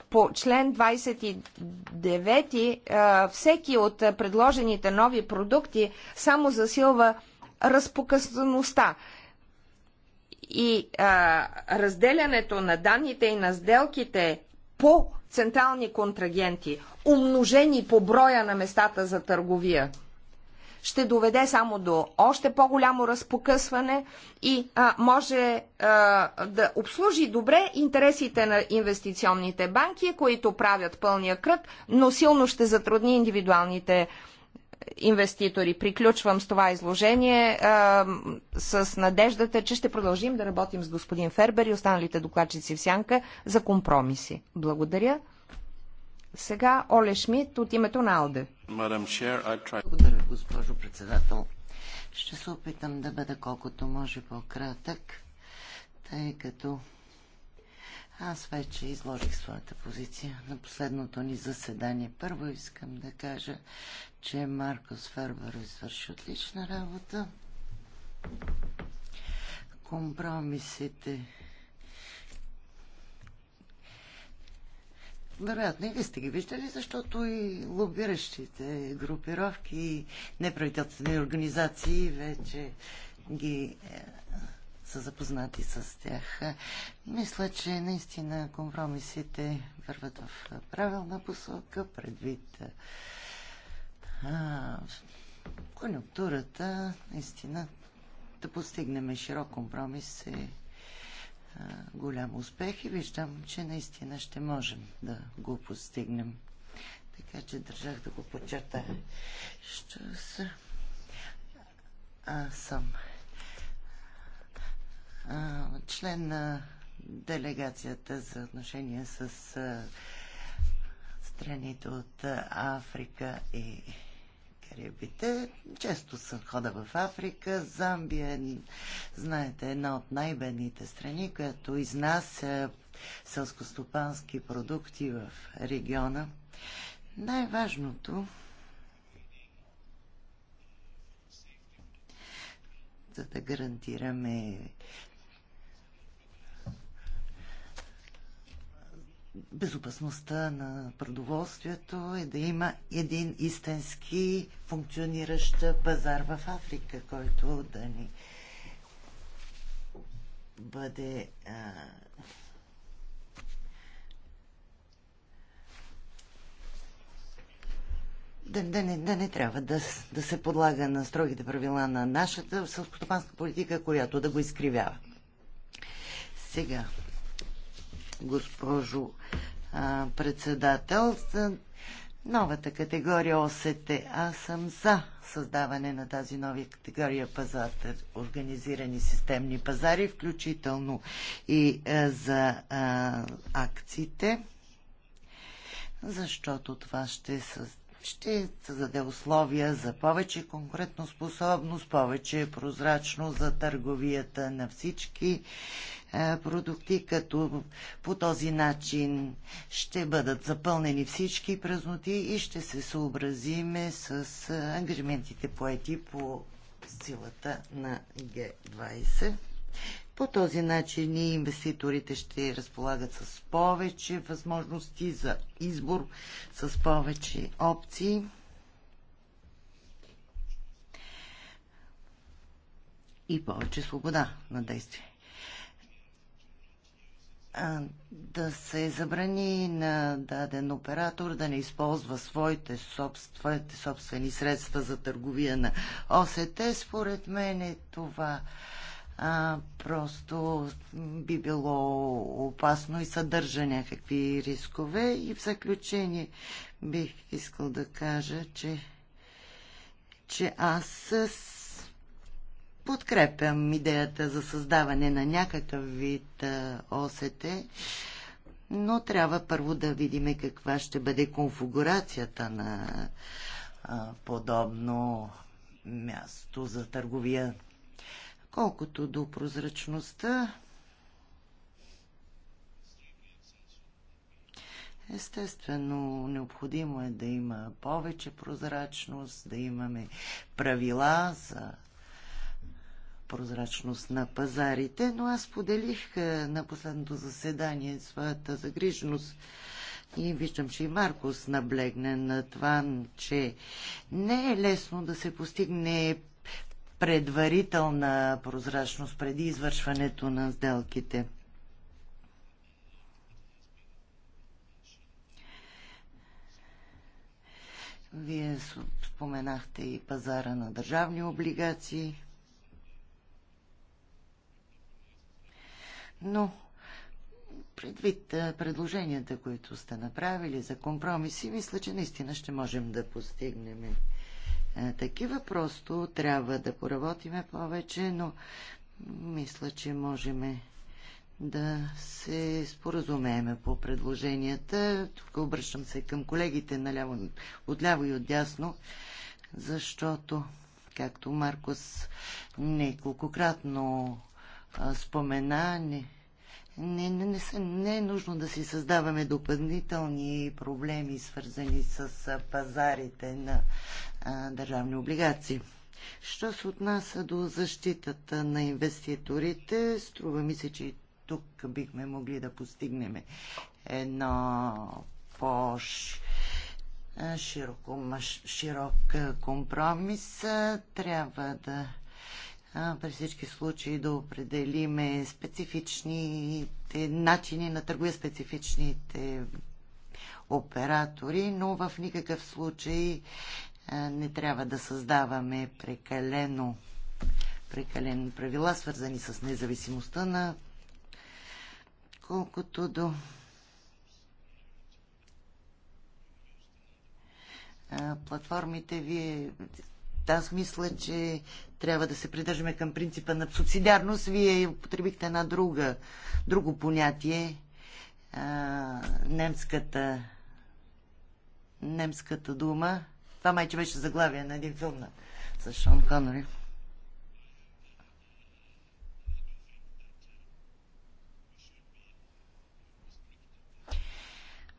По член 29 е, всеки от предложените нови продукти само засилва разпокъсаността и а, е, разделянето на данните и на сделките по централни контрагенти, умножени по броя на местата за търговия ще доведе само до още по-голямо разпокъсване и а, може а, да обслужи добре интересите на инвестиционните банки, които правят пълния кръг, но силно ще затрудни индивидуалните е, инвеститори. Приключвам с това изложение а, с надеждата, че ще продължим да работим с господин Фербер и останалите докладчици в Сянка за компромиси. Благодаря. Сега Оле Шмидт от името на Алде. Благодаря, госпожо председател. Ще се опитам да бъда колкото може по-кратък, тъй като аз вече изложих своята позиция на последното ни заседание. Първо искам да кажа, че Маркос Фербер извърши отлична работа. Компромисите вероятно и вие сте ги виждали, защото и лобиращите групировки и неправителствени организации вече ги е, са запознати с тях. Мисля, че наистина компромисите върват в правилна посока, предвид е, а, конюнктурата, наистина да постигнем широк компромис е голям успех и виждам, че наистина ще можем да го постигнем. Така че държах да го подчертая. Ще се... Аз съм а, член на делегацията за отношения с а, страните от Африка и Карибите. Често съм хода в Африка. Замбия, е, знаете, една от най-бедните страни, която изнася селскостопански продукти в региона. Най-важното за да гарантираме безопасността на продоволствието е да има един истински функциониращ пазар в Африка, който да ни бъде а, да, да, не, да не трябва да, да се подлага на строгите правила на нашата селскостопанска политика, която да го изкривява. Сега, госпожо а, председател. За новата категория ОСТ. Аз съм за създаване на тази нова категория пазар, организирани системни пазари, включително и а, е, за а, е, акциите, защото това ще създаде ще създаде условия за повече конкурентоспособност, повече прозрачност за търговията на всички е, продукти, като по този начин ще бъдат запълнени всички празноти и ще се съобразиме с е, ангажиментите, поети по силата на Г20. По този начин и инвеститорите ще разполагат с повече възможности за избор, с повече опции. и повече свобода на действие да се забрани на даден оператор да не използва своите, своите собствени средства за търговия на ОСТ, според мен е това а, просто би било опасно и съдържа някакви рискове. И в заключение бих искал да кажа, че, че аз подкрепям идеята за създаване на някакъв вид ОСТ, но трябва първо да видим каква ще бъде конфигурацията на подобно място за търговия. Колкото до прозрачността, Естествено, необходимо е да има повече прозрачност, да имаме правила за прозрачност на пазарите, но аз поделих е, на последното заседание своята загриженост и виждам, че и Маркус наблегне на това, че не е лесно да се постигне предварителна прозрачност преди извършването на сделките. Вие споменахте и пазара на държавни облигации. но предвид предложенията, които сте направили за компромиси, мисля, че наистина ще можем да постигнем такива. Просто трябва да поработиме повече, но мисля, че можем да се споразумееме по предложенията. Тук обръщам се към колегите наляво, отляво и отдясно, защото, както Маркос неколкократно спомена, не, не, не, не, са, не е нужно да си създаваме допълнителни проблеми, свързани с пазарите на а, държавни облигации. Що се отнася до защитата на инвеститорите, струва ми се, че и тук бихме могли да постигнем едно по широк компромис. Трябва да при всички случаи да определиме специфичните начини на търговия, специфичните оператори, но в никакъв случай не трябва да създаваме прекалено прекалено правила, свързани с независимостта на колкото до платформите. Вие аз мисля, че трябва да се придържаме към принципа на субсидиарност. Вие употребихте една друга, друго понятие. А, немската немската дума. Това майче беше заглавие на един филм на, с Шон Конори.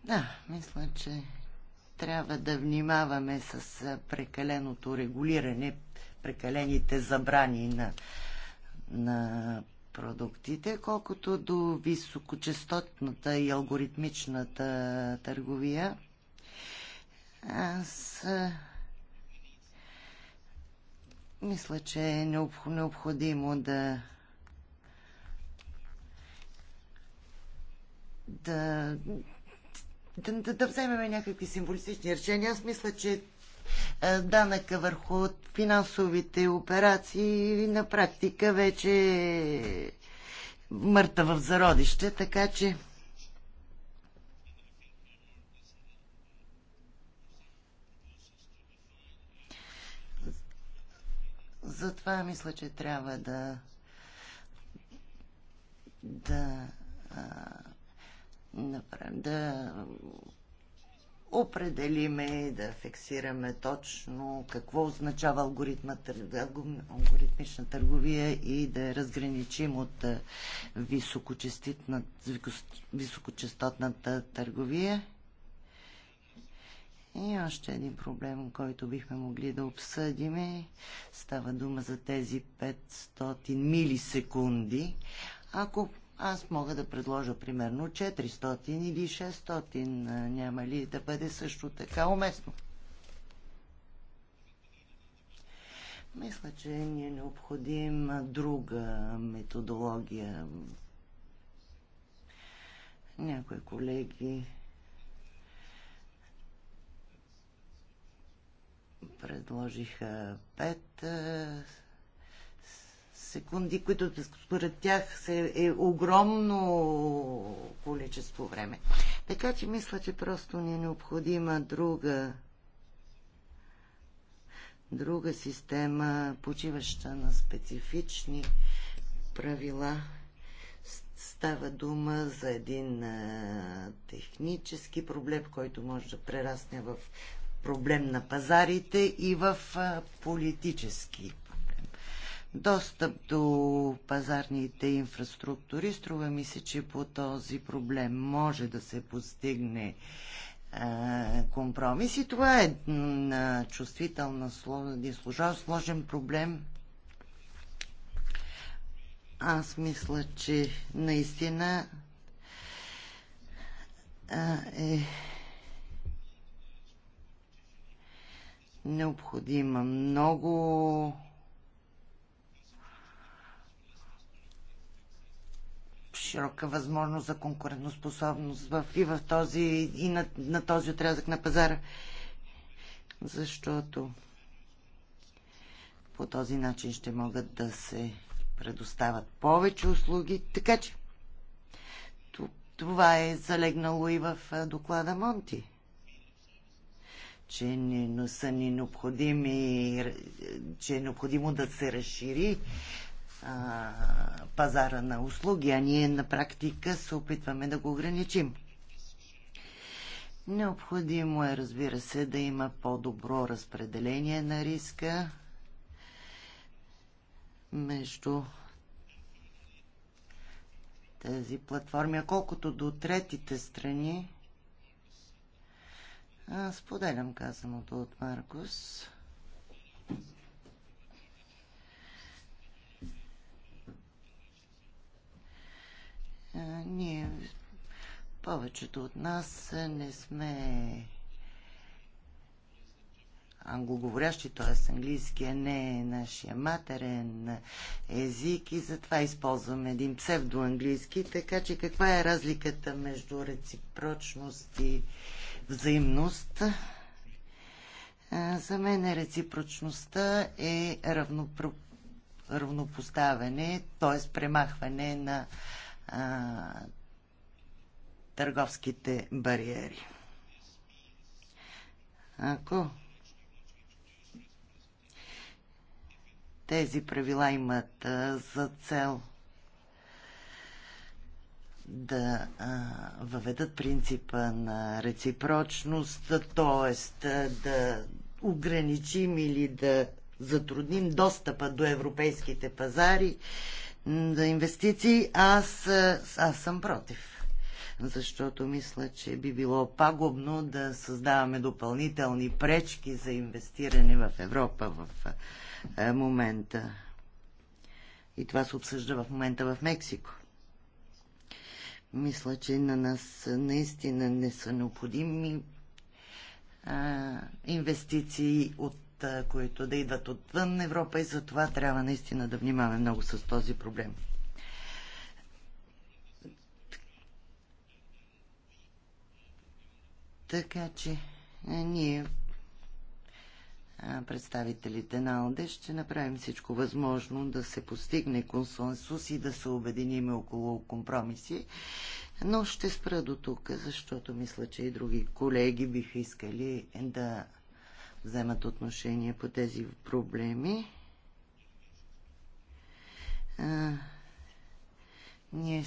Да, мисля, че трябва да внимаваме с прекаленото регулиране прекалените забрани на, на продуктите, колкото до високочастотната и алгоритмичната търговия. Аз мисля, че е необходимо да да да, да, вземем някакви символистични решения. Аз мисля, че е, данъка върху финансовите операции на практика вече е мъртва в зародище, така че Затова мисля, че трябва да да, да, да определиме, да фиксираме точно какво означава алгоритмична търговия и да я разграничим от високочастотната търговия. И още един проблем, който бихме могли да обсъдим, е, става дума за тези 500 милисекунди. Ако аз мога да предложа примерно 400 или 600. Няма ли да бъде също така уместно? Мисля, че ни е необходим друга методология. Някои колеги предложиха пет секунди, които според тях се, е огромно количество време. Така че мисля, че просто ни е необходима друга друга система, почиваща на специфични правила. Става дума за един а, технически проблем, който може да прерасне в проблем на пазарите и в а, политически достъп до пазарните инфраструктури. Струва ми се, че по този проблем може да се постигне компромис и това е на чувствителна, сложен проблем. Аз мисля, че наистина е необходима много широка възможност за конкурентоспособност в, и, в този, и на, на този отрязък на пазара. Защото по този начин ще могат да се предоставят повече услуги. Така че това е залегнало и в доклада Монти че не са ни необходими, че е необходимо да се разшири а, пазара на услуги, а ние на практика се опитваме да го ограничим. Необходимо е, разбира се, да има по-добро разпределение на риска между тези платформи. А колкото до третите страни, споделям казаното от Маркус. ние, повечето от нас не сме англоговорящи, т.е. английския не е нашия матерен език и затова използваме един псевдоанглийски. Така че каква е разликата между реципрочност и взаимност? За мен реципрочността е равнопро... равнопоставяне, т.е. премахване на а, търговските бариери. Ако тези правила имат а, за цел да а, въведат принципа на реципрочност, т.е. да ограничим или да затрудним достъпа до европейските пазари за инвестиции, аз, аз съм против. Защото мисля, че би било пагубно да създаваме допълнителни пречки за инвестиране в Европа в е, момента. И това се обсъжда в момента в Мексико. Мисля, че на нас наистина не са необходими а, инвестиции от които да идват отвън Европа и за това трябва наистина да внимаваме много с този проблем. Така че е, ние, представителите на ОДЕ, ще направим всичко възможно да се постигне консенсус и да се обединим около компромиси. Но ще спра до тук, защото мисля, че и други колеги биха искали да вземат отношение по тези проблеми. А, ние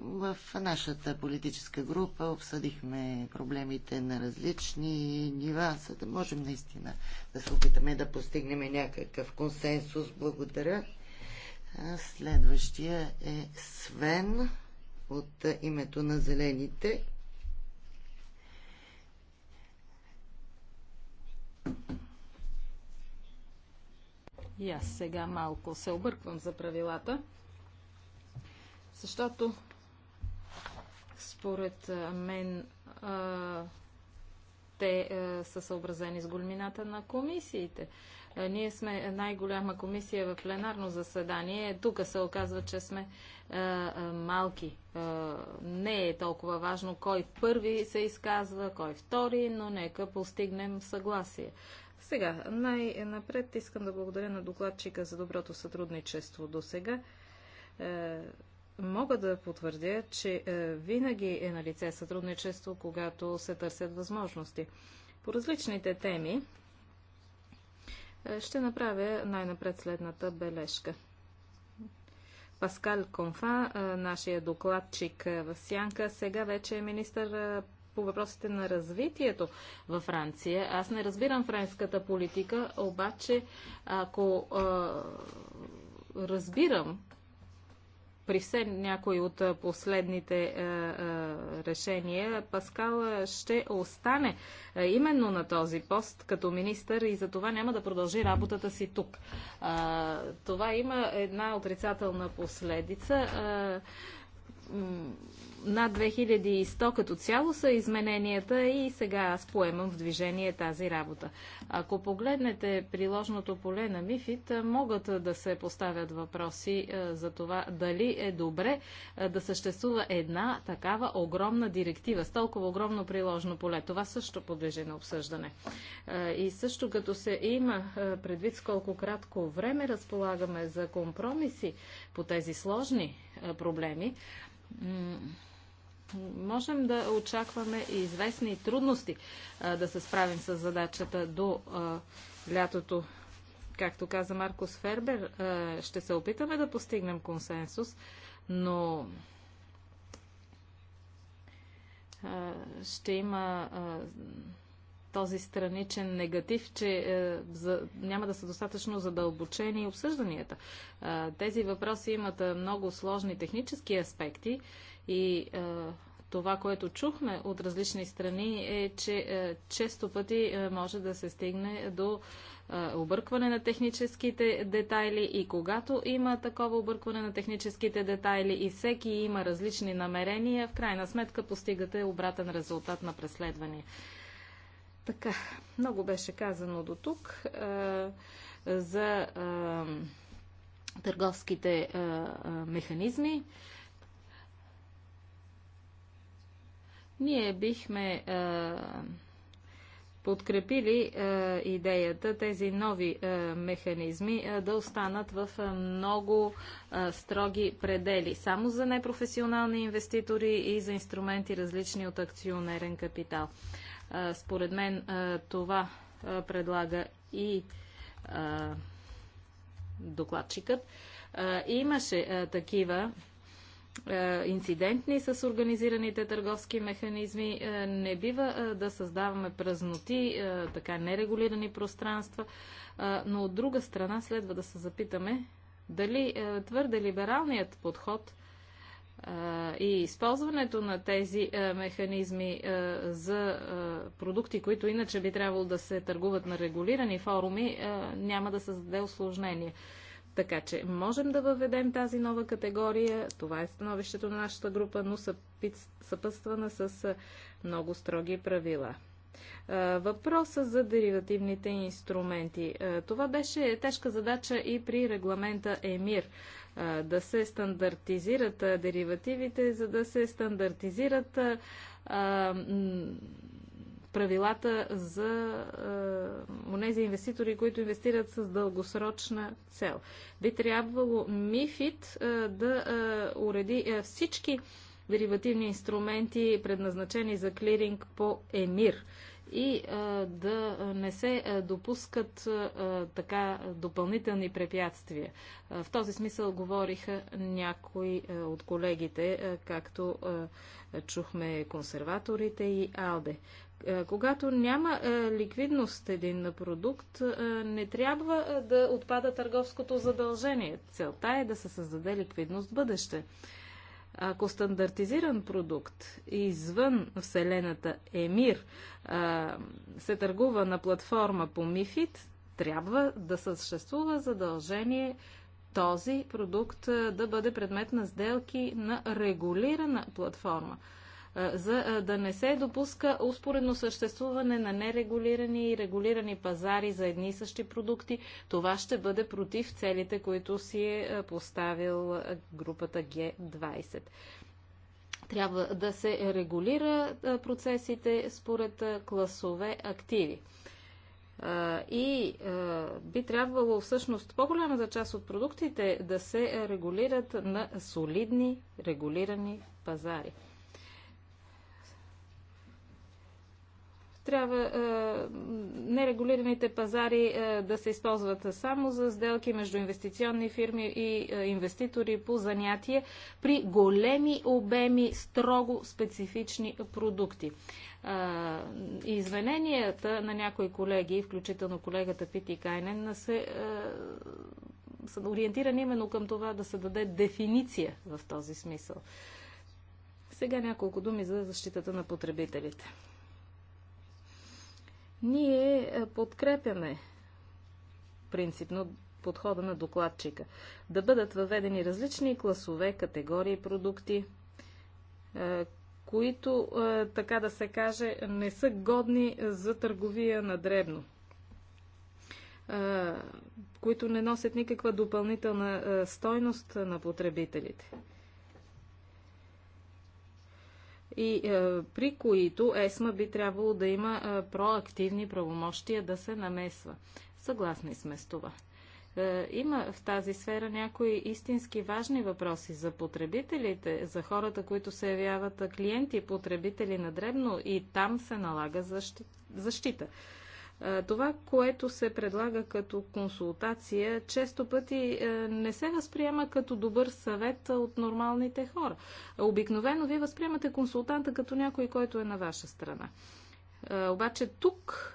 в нашата политическа група обсъдихме проблемите на различни нива, за да можем наистина да се опитаме да постигнем някакъв консенсус. Благодаря. Следващия е Свен от името на Зелените. И аз сега малко се обърквам за правилата, защото според мен те са съобразени с големината на комисиите. Ние сме най-голяма комисия в пленарно заседание. Тук се оказва, че сме малки. не е толкова важно кой първи се изказва, кой втори, но нека постигнем съгласие. Сега, най-напред искам да благодаря на докладчика за доброто сътрудничество до сега. Е, мога да потвърдя, че е, винаги е на лице сътрудничество, когато се търсят възможности. По различните теми е, ще направя най-напред следната бележка. Паскал Конфа, нашия докладчик в Сянка, сега вече е министър по въпросите на развитието във Франция. Аз не разбирам френската политика, обаче ако а, разбирам при все някои от последните а, а, решения, Паскал ще остане а, именно на този пост като министър и за това няма да продължи работата си тук. Това има една отрицателна последица над 2100 като цяло са измененията и сега аз поемам в движение тази работа. Ако погледнете приложното поле на МИФИТ, могат да се поставят въпроси за това дали е добре да съществува една такава огромна директива с толкова огромно приложно поле. Това също подлежи на обсъждане. И също като се има предвид с колко кратко време разполагаме за компромиси, по тези сложни е, проблеми, можем да очакваме и известни трудности е, да се справим с задачата до е, лятото. Както каза Маркус Фербер, ще се опитаме да постигнем консенсус, но ще има този страничен негатив, че е, за, няма да са достатъчно задълбочени обсъжданията. Е, тези въпроси имат е, много сложни технически аспекти и е, това, което чухме от различни страни е, че е, често пъти е, може да се стигне до е, объркване на техническите детайли и когато има такова объркване на техническите детайли и всеки има различни намерения, в крайна сметка постигате обратен резултат на преследване. Така, много беше казано до тук за търговските механизми. Ние бихме подкрепили е, идеята тези нови е, механизми е, да останат в е, много е, строги предели, само за непрофесионални инвеститори и за инструменти различни от акционерен капитал. Е, според мен това предлага и докладчикът. Имаше такива инцидентни с организираните търговски механизми. Не бива да създаваме празноти, така нерегулирани пространства, но от друга страна следва да се запитаме дали твърде либералният подход и използването на тези механизми за продукти, които иначе би трябвало да се търгуват на регулирани форуми, няма да създаде осложнение. Така че можем да въведем тази нова категория. Това е становището на нашата група, но съпътствана с много строги правила. Въпроса за деривативните инструменти. Това беше тежка задача и при регламента ЕМИР да се стандартизират деривативите, за да се стандартизират правилата за тези инвеститори, които инвестират с дългосрочна цел. Би трябвало МИФИД да уреди всички деривативни инструменти, предназначени за клиринг по ЕМИР и да не се допускат така допълнителни препятствия. В този смисъл говориха някои от колегите, както чухме консерваторите и АЛДЕ. Когато няма ликвидност един продукт, не трябва да отпада търговското задължение. Целта е да се създаде ликвидност в бъдеще. Ако стандартизиран продукт извън Вселената Емир се търгува на платформа по МИФИД, трябва да съществува задължение този продукт да бъде предмет на сделки на регулирана платформа за да не се допуска успоредно съществуване на нерегулирани и регулирани пазари за едни и същи продукти. Това ще бъде против целите, които си е поставил групата Г20 трябва да се регулира процесите според класове активи. И би трябвало всъщност по-голямата част от продуктите да се регулират на солидни регулирани пазари. трябва е, нерегулираните пазари е, да се използват само за сделки между инвестиционни фирми и е, инвеститори по занятие при големи обеми строго специфични продукти. Е, извиненията на някои колеги, включително колегата Пити Кайнен, се е, са ориентирани именно към това да се даде дефиниция в този смисъл. Сега няколко думи за защитата на потребителите. Ние е, подкрепяме принципно подхода на докладчика. Да бъдат въведени различни класове, категории продукти, е, които, е, така да се каже, не са годни за търговия на дребно, които не носят никаква допълнителна стойност на потребителите и е, при които ЕСМА би трябвало да има е, проактивни правомощия да се намесва. Съгласни сме с това. Е, има в тази сфера някои истински важни въпроси за потребителите, за хората, които се явяват клиенти, потребители на дребно и там се налага защита. Това, което се предлага като консултация, често пъти е, не се възприема като добър съвет от нормалните хора. Обикновено вие възприемате консултанта като някой, който е на ваша страна. Обаче тук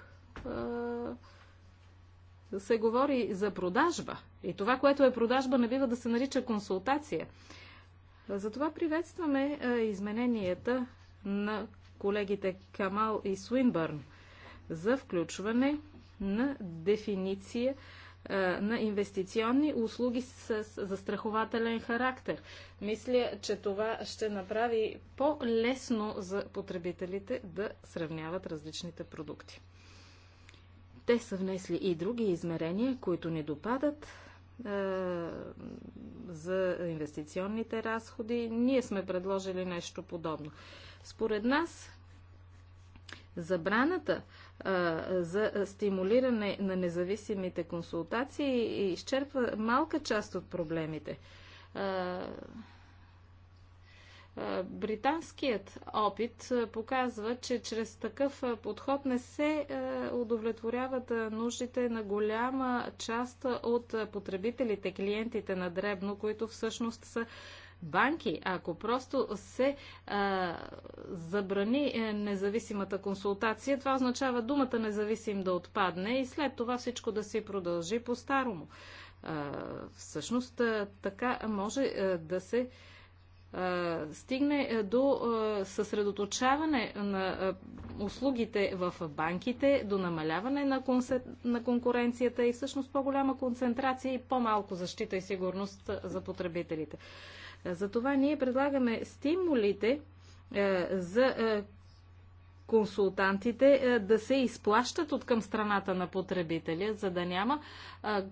се говори за продажба. И това, което е продажба, не бива да се нарича консултация. Затова приветстваме измененията на колегите Камал и Суинбърн – за включване на дефиниция на инвестиционни услуги с застрахователен характер. Мисля, че това ще направи по-лесно за потребителите да сравняват различните продукти. Те са внесли и други измерения, които не допадат е, за инвестиционните разходи. Ние сме предложили нещо подобно. Според нас, забраната за стимулиране на независимите консултации и изчерпва малка част от проблемите. Британският опит показва, че чрез такъв подход не се удовлетворяват нуждите на голяма част от потребителите, клиентите на дребно, които всъщност са банки, ако просто се а, забрани е, независимата консултация, това означава думата независим да отпадне и след това всичко да си продължи по-старому. всъщност така може да се стигне до съсредоточаване на услугите в банките, до намаляване на, на конкуренцията и всъщност по-голяма концентрация и по-малко защита и сигурност за потребителите. Затова ние предлагаме стимулите е, за е, консултантите е, да се изплащат от към страната на потребителя, за да няма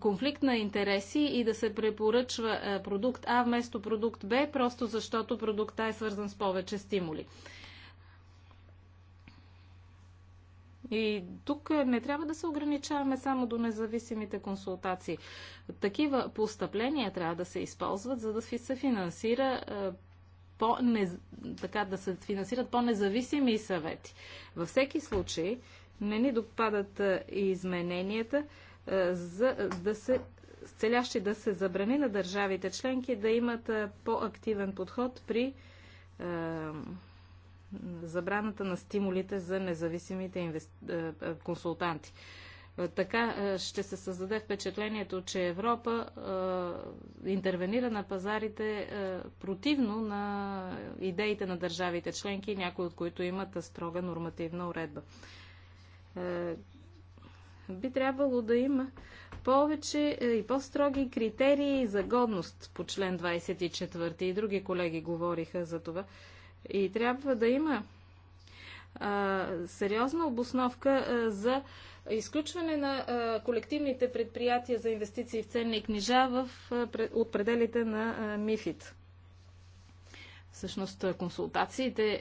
конфликт на интереси и да се препоръчва продукт А вместо продукт Б, просто защото продукт А е свързан с повече стимули. И тук не трябва да се ограничаваме само до независимите консултации. Такива постъпления трябва да се използват, за да се финансира е, по не, така, да се финансират по-независими съвети. Във всеки случай не ни допадат и е, измененията е, за да се целящи да се забрани на държавите членки да имат по-активен подход при забраната на стимулите за независимите инвест... Е, е, консултанти. Е, така ще се създаде впечатлението, че Европа е, интервенира на пазарите е, противно на идеите на държавите членки, някои от които имат строга нормативна уредба. Е, би трябвало да има повече и по-строги критерии за годност по член 24 и други колеги говориха за това. И трябва да има а, сериозна обосновка а, за изключване на а, колективните предприятия за инвестиции в ценни книжа в, а, от пределите на а, МИФИТ. Всъщност консултациите,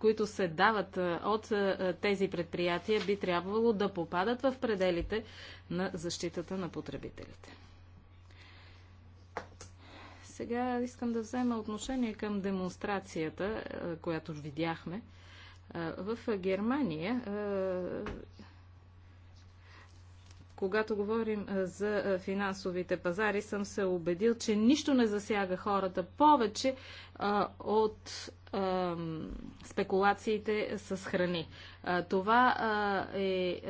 които се дават от тези предприятия, би трябвало да попадат в пределите на защитата на потребителите. Сега искам да взема отношение към демонстрацията, която видяхме. В Германия когато говорим за финансовите пазари, съм се убедил, че нищо не засяга хората повече а, от а, спекулациите с храни. А, това е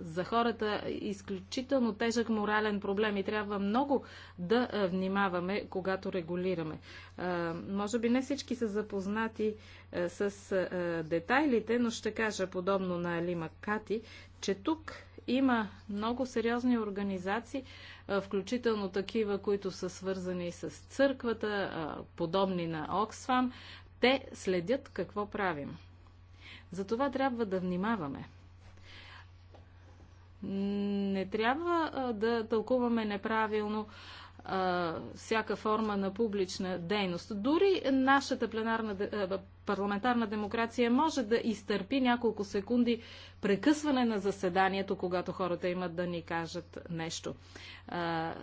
за хората изключително тежък морален проблем и трябва много да внимаваме, когато регулираме. Може би не всички са запознати с детайлите, но ще кажа подобно на Алима Кати, че тук има много сериозни организации, включително такива, които са свързани с църквата, подобни на Оксфам. Те следят какво правим. Затова трябва да внимаваме. Не трябва да тълкуваме неправилно а, всяка форма на публична дейност. Дори нашата пленарна, парламентарна демокрация може да изтърпи няколко секунди прекъсване на заседанието, когато хората имат да ни кажат нещо. А,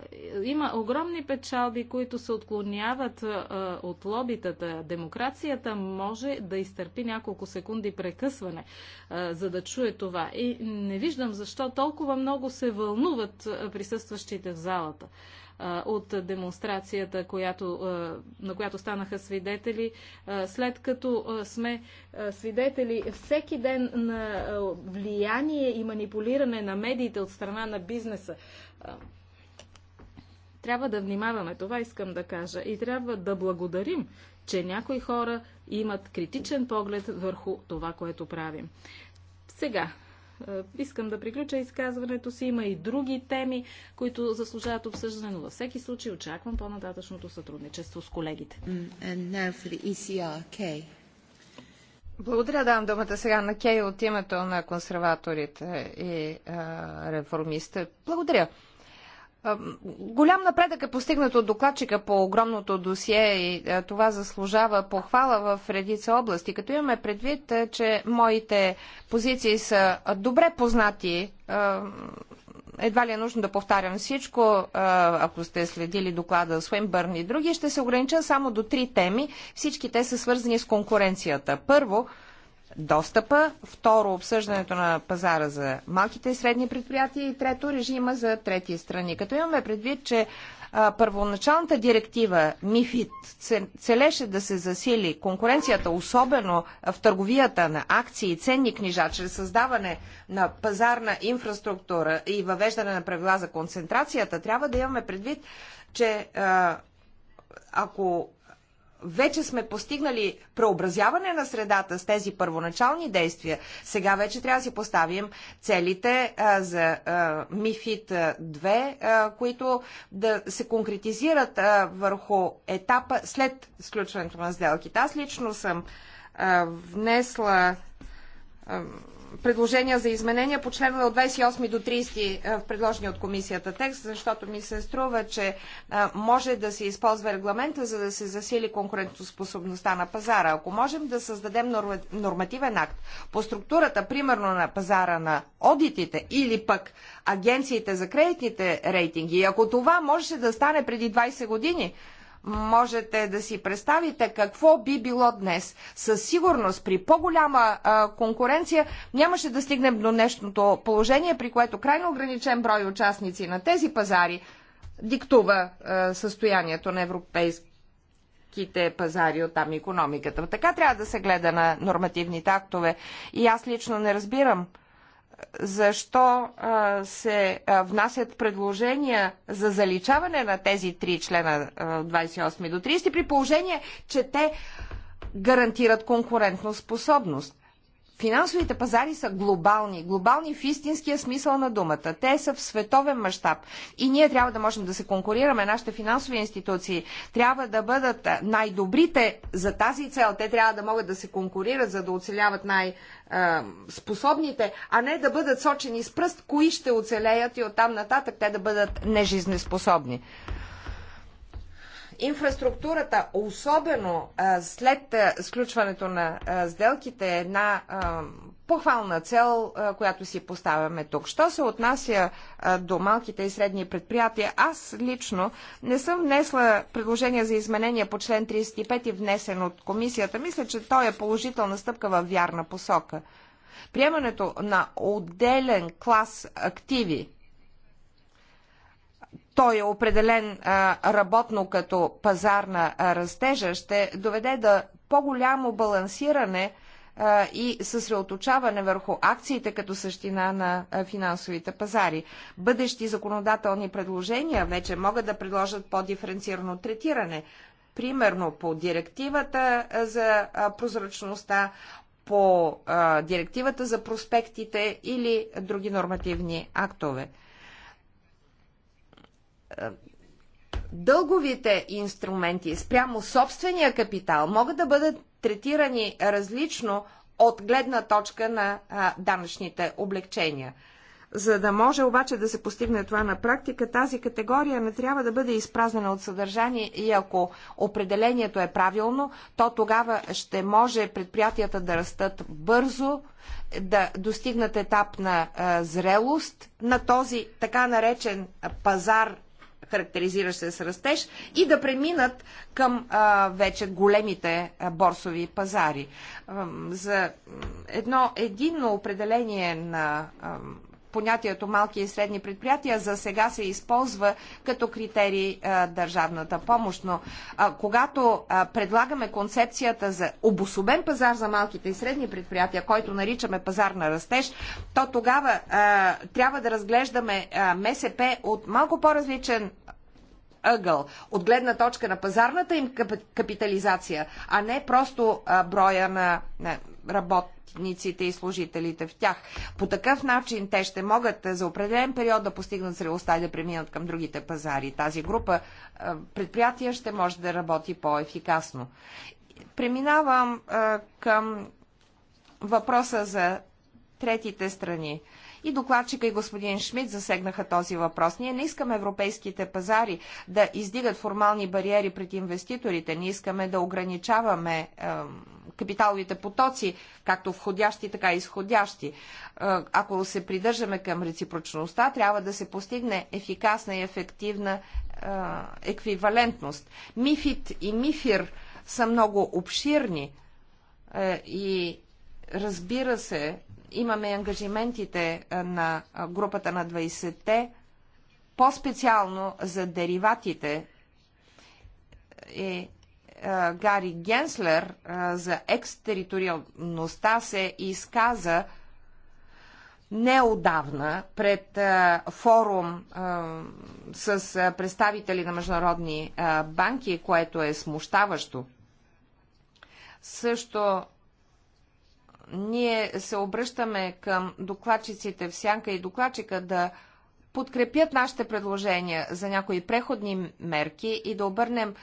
има огромни печалби, които се отклоняват а, от лобитата. Демокрацията може да изтърпи няколко секунди прекъсване, а, за да чуе това. И не виждам защо толкова много се вълнуват присъстващите в залата от демонстрацията, която, на която станаха свидетели, след като сме свидетели всеки ден на влияние и манипулиране на медиите от страна на бизнеса. Трябва да внимаваме, това искам да кажа. И трябва да благодарим, че някои хора имат критичен поглед върху това, което правим. Сега, е, искам да приключа изказването си. Има и други теми, които заслужават обсъждане, но във всеки случай очаквам по-нататъчното сътрудничество с колегите. E Благодаря, давам думата сега на Кей от името на консерваторите и а, реформистите. Благодаря. Голям напредък е постигнат от докладчика по огромното досие и това заслужава похвала в редица области, като имаме предвид, че моите позиции са добре познати. Едва ли е нужно да повтарям всичко, ако сте следили доклада Swinburne и други, ще се огранича само до три теми. Всички те са свързани с конкуренцията. Първо, достъпа, второ обсъждането на пазара за малките и средни предприятия и трето режима за трети страни. Като имаме предвид, че а, първоначалната директива МИФИТ целеше да се засили конкуренцията, особено в търговията на акции и ценни книжа, чрез създаване на пазарна инфраструктура и въвеждане на правила за концентрацията, трябва да имаме предвид, че а, ако вече сме постигнали преобразяване на средата с тези първоначални действия, сега вече трябва да си поставим целите а, за а, МИФИД 2, а, които да се конкретизират а, върху етапа след сключването на сделките. Аз лично съм а, внесла а, предложения за изменения по членове от 28 до 30 в е, предложения от комисията текст, защото ми се струва, че е, може да се използва регламента, за да се засили конкурентоспособността на пазара. Ако можем да създадем нормативен акт по структурата, примерно на пазара на одитите или пък агенциите за кредитните рейтинги, и ако това можеше да стане преди 20 години, можете да си представите какво би било днес. Със сигурност при по-голяма конкуренция нямаше да стигнем до днешното положение, при което крайно ограничен брой участници на тези пазари диктува а, състоянието на европейските пазари от там економиката. Така трябва да се гледа на нормативните актове. И аз лично не разбирам защо а, се а, внасят предложения за заличаване на тези три члена а, 28 до 30 при положение, че те гарантират конкурентно способност. Финансовите пазари са глобални. Глобални в истинския смисъл на думата. Те са в световен мащаб. И ние трябва да можем да се конкурираме. Нашите финансови институции трябва да бъдат най-добрите за тази цел. Те трябва да могат да се конкурират, за да оцеляват най-способните, а не да бъдат сочени с пръст, кои ще оцелеят и оттам нататък те да бъдат нежизнеспособни. Инфраструктурата, особено след сключването на сделките, е една похвална цел, която си поставяме тук. Що се отнася до малките и средни предприятия, аз лично не съм внесла предложение за изменение по член 35, внесен от комисията. Мисля, че той е положителна стъпка във вярна посока. Приемането на отделен клас активи той е определен работно като пазар на растежа, ще доведе до по-голямо балансиране и съсредоточаване върху акциите като същина на финансовите пазари. Бъдещи законодателни предложения вече могат да предложат по-диференцирано третиране. Примерно по директивата за прозрачността, по директивата за проспектите или други нормативни актове дълговите инструменти спрямо собствения капитал могат да бъдат третирани различно от гледна точка на данъчните облегчения. За да може обаче да се постигне това на практика, тази категория не трябва да бъде изпразнена от съдържание и ако определението е правилно, то тогава ще може предприятията да растат бързо, да достигнат етап на зрелост на този така наречен пазар характеризиращ се с растеж, и да преминат към а, вече големите а, борсови пазари. А, за едно единно определение на а, понятието малки и средни предприятия за сега се използва като критерий а, е, държавната помощ. Но а, когато а, предлагаме концепцията за обособен пазар за малките и средни предприятия, който наричаме пазар на растеж, то тогава а, е, трябва да разглеждаме а, е, МСП от малко по-различен ъгъл, от гледна точка на пазарната им капитализация, а не просто а, броя на, на работниците и служителите в тях. По такъв начин те ще могат е, за определен период да постигнат зрелостта и да преминат към другите пазари. Тази група е, предприятия ще може да работи по-ефикасно. Преминавам е, към въпроса за третите страни. И докладчика и господин Шмидт засегнаха този въпрос. Ние не искаме европейските пазари да издигат формални бариери пред инвеститорите. Ние искаме да ограничаваме капиталовите потоци, както входящи, така и изходящи. Е, ако се придържаме към реципрочността, трябва да се постигне ефикасна и ефективна е, еквивалентност. Мифит и мифир са много обширни е, и разбира се, имаме ангажиментите на групата на 20-те, по-специално за дериватите. И е, Гари Генслер за екстериториалността се изказа неодавна пред форум с представители на международни банки, което е смущаващо. Също ние се обръщаме към докладчиците в сянка и докладчика да подкрепят нашите предложения за някои преходни мерки и да обърнем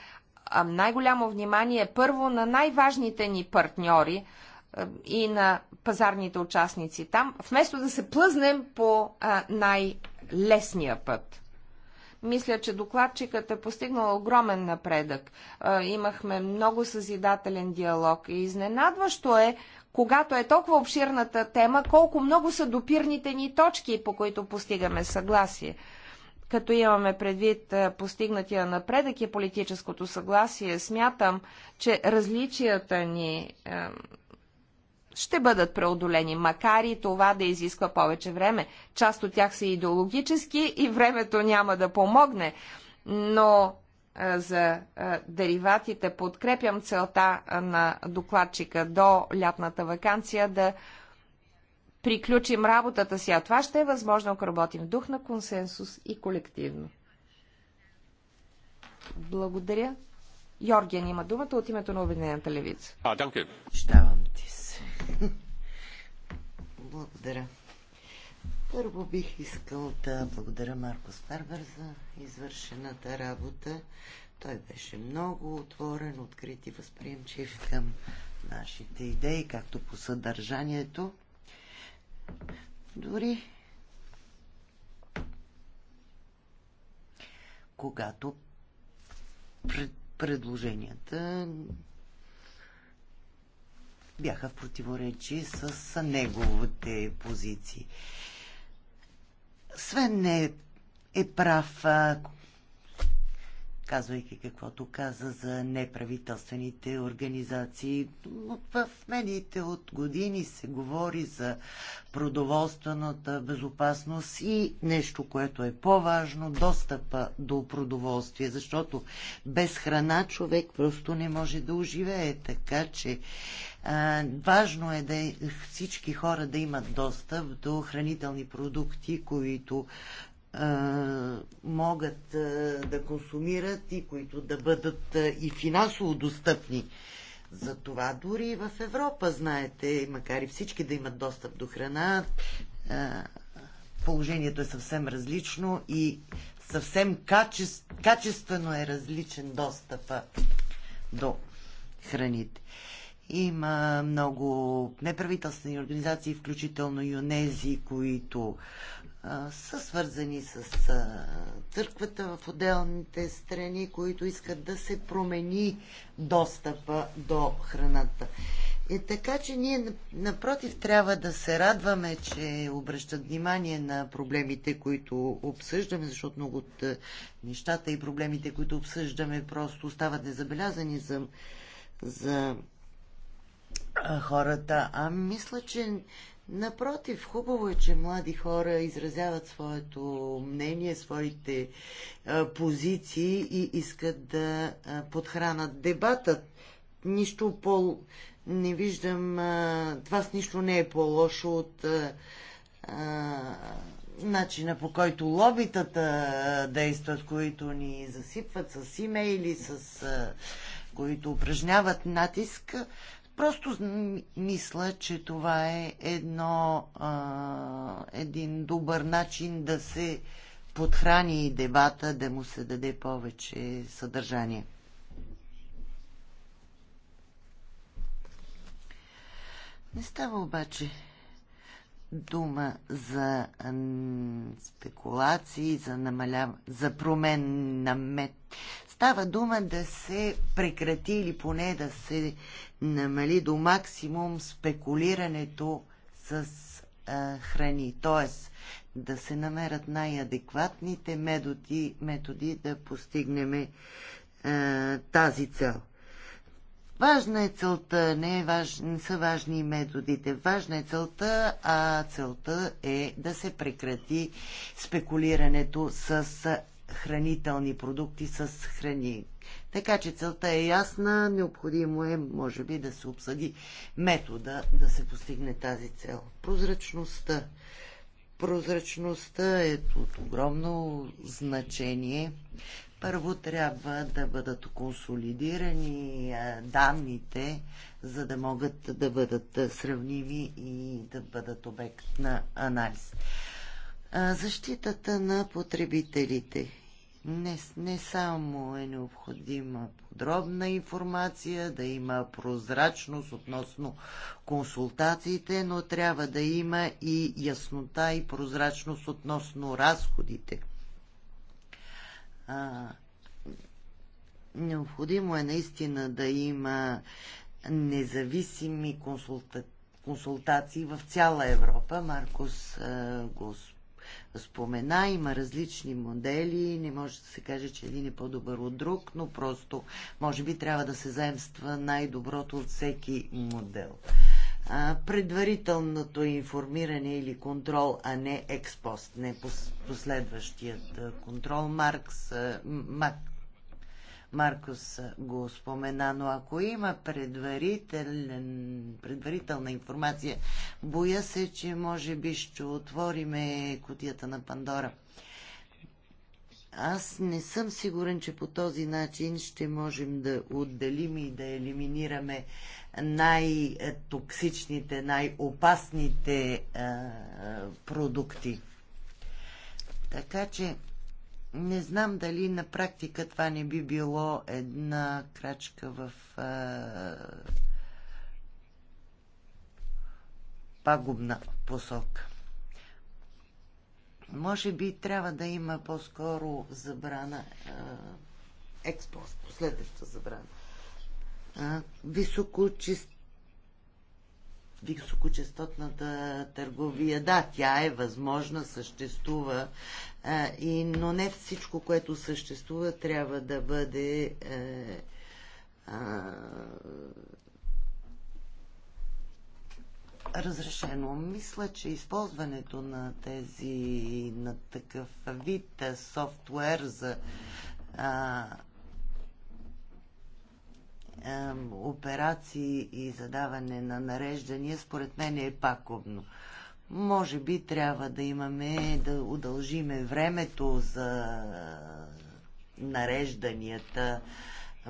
най-голямо внимание първо на най-важните ни партньори и на пазарните участници там, вместо да се плъзнем по най-лесния път. Мисля, че докладчикът е постигнал огромен напредък. Имахме много съзидателен диалог и изненадващо е когато е толкова обширната тема, колко много са допирните ни точки, по които постигаме съгласие. Като имаме предвид постигнатия напредък и политическото съгласие, смятам, че различията ни ще бъдат преодолени, макар и това да изисква повече време. Част от тях са идеологически и времето няма да помогне, но за дериватите. Подкрепям целта на докладчика до лятната вакансия да приключим работата си. А това ще е възможно, ако работим в дух на консенсус и колективно. Благодаря. Йорген има думата от името на Обединената левица. А, данке. ти се. Благодаря. Първо бих искал да благодаря Марко Спарбър за извършената работа. Той беше много отворен, открит и възприемчив към нашите идеи, както по съдържанието. Дори когато пред предложенията бяха в противоречие с неговите позиции. Свен не е, е прав, а, казвайки каквото каза за неправителствените организации. В медиите от години се говори за продоволствената безопасност и нещо, което е по-важно достъпа до продоволствие, защото без храна човек просто не може да оживее. Така че Важно е да всички хора да имат достъп до хранителни продукти, които могат да консумират и които да бъдат и финансово достъпни. За това дори и в Европа, знаете, макар и всички да имат достъп до храна, положението е съвсем различно и съвсем качествено е различен достъпа до храните. Има много неправителствени организации, включително и онези, които а, са свързани с а, църквата в отделните страни, които искат да се промени достъпа до храната. И е, така, че ние напротив трябва да се радваме, че обръщат внимание на проблемите, които обсъждаме, защото много от нещата и проблемите, които обсъждаме, просто остават незабелязани за, за хората. А мисля, че напротив, хубаво е, че млади хора изразяват своето мнение, своите позиции и искат да подхранат дебатът. Нищо по... Не виждам... Това с нищо не е по-лошо от начина по който лобитата действат, които ни засипват с имейли, с които упражняват натиск, Просто мисля, че това е едно, а, един добър начин да се подхрани дебата, да му се даде повече съдържание. Не става обаче дума за спекулации, за, намаляв... за промен на мет... Става дума да се прекрати или поне да се намали до максимум спекулирането с а, храни, т.е. да се намерят най-адекватните методи, методи да постигнем а, тази цел. Важна е целта, не, е важ, не са важни методите. Важна е целта, а целта е да се прекрати спекулирането с хранителни продукти с храни. Така че целта е ясна, необходимо е, може би, да се обсъди метода да се постигне тази цел. Прозрачността. Прозрачността е от огромно значение. Първо трябва да бъдат консолидирани данните, за да могат да бъдат сравними и да бъдат обект на анализ. Защитата на потребителите. Не, не само е необходима подробна информация, да има прозрачност относно консултациите, но трябва да има и яснота и прозрачност относно разходите. А, необходимо е наистина да има независими консулта... консултации в цяла Европа. Маркус а, го спомена. Има различни модели. Не може да се каже, че един е по-добър от друг, но просто може би трябва да се заемства най-доброто от всеки модел. А, предварителното информиране или контрол, а не експост, не последващият контрол. Маркс, Мак, Маркус го спомена, но ако има предварителна информация, боя се, че може би ще отвориме кутията на Пандора. Аз не съм сигурен, че по този начин ще можем да отделим и да елиминираме най-токсичните, най-опасните продукти. Така че не знам дали на практика това не би било една крачка в а, пагубна посока. Може би трябва да има по-скоро забрана, експост, последваща забрана. високочист високочастотната търговия. Да, тя е възможна, съществува, а, и, но не всичко, което съществува, трябва да бъде е, е, разрешено. Мисля, че използването на тези, на такъв вид софтуер за операции и задаване на нареждания, според мен е пакобно. Може би трябва да имаме, да удължиме времето за нарежданията.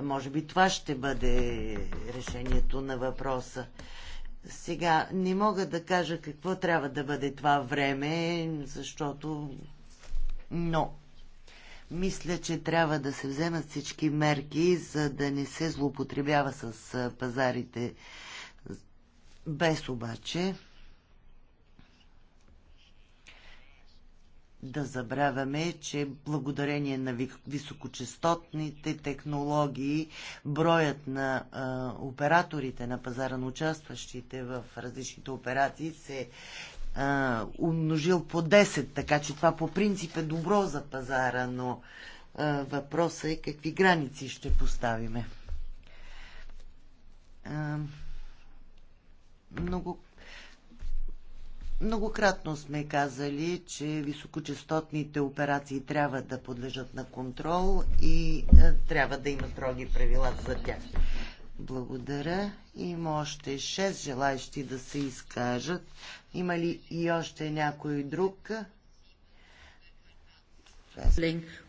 Може би това ще бъде решението на въпроса. Сега не мога да кажа какво трябва да бъде това време, защото... Но мисля, че трябва да се вземат всички мерки, за да не се злоупотребява с пазарите. Без обаче да забравяме, че благодарение на високочастотните технологии, броят на а, операторите на пазара, на участващите в различните операции се а, умножил по 10, така че това по принцип е добро за пазара, но а, въпросът е какви граници ще поставиме. много Многократно сме казали, че високочастотните операции трябва да подлежат на контрол и трябва да има строги правила за тях. Благодаря. Има още 6 желаящи да се изкажат. Има ли и още някой друг?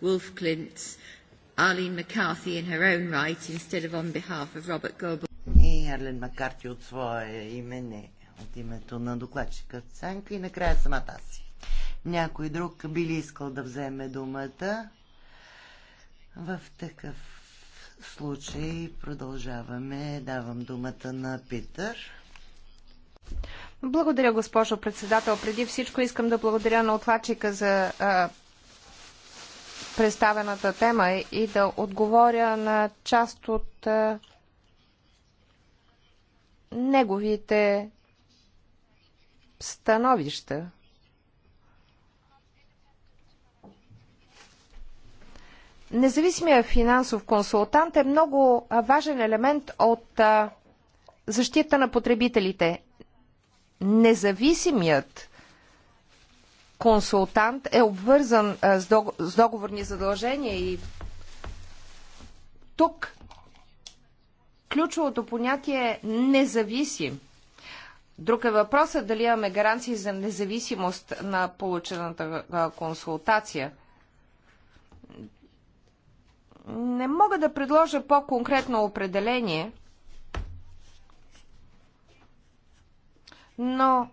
Wolf Klintz, Arlene McCarthy in her own right instead of on behalf of Robert Goebbels. И Арлен Маккарти от свое име, не от името на докладчика Ценка и накрая самата си. Някой друг би ли искал да вземе думата? В такъв случай продължаваме. Давам думата на Питър. Благодаря, госпожо председател. Преди всичко искам да благодаря на отвачика за а, представената тема и да отговоря на част от а, неговите становища. Независимия финансов консултант е много важен елемент от защита на потребителите. Независимият консултант е обвързан с договорни задължения и тук ключовото понятие е независим. Друг е въпросът дали имаме гаранции за независимост на получената консултация – Не мога да предложа по-конкретно определение, но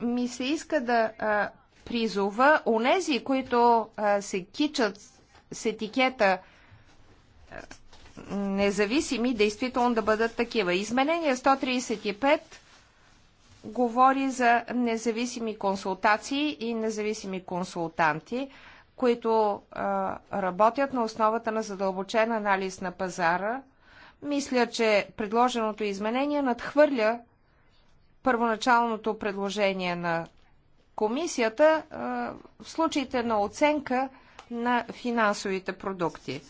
ми се иска да а, призова онези, които а, се кичат с етикета а, независими, действително да бъдат такива. Изменение 135 говори за независими консултации и независими консултанти които а, работят на основата на задълбочен анализ на пазара. Мисля, че предложеното изменение надхвърля първоначалното предложение на комисията а, в случаите на оценка на финансовите продукти.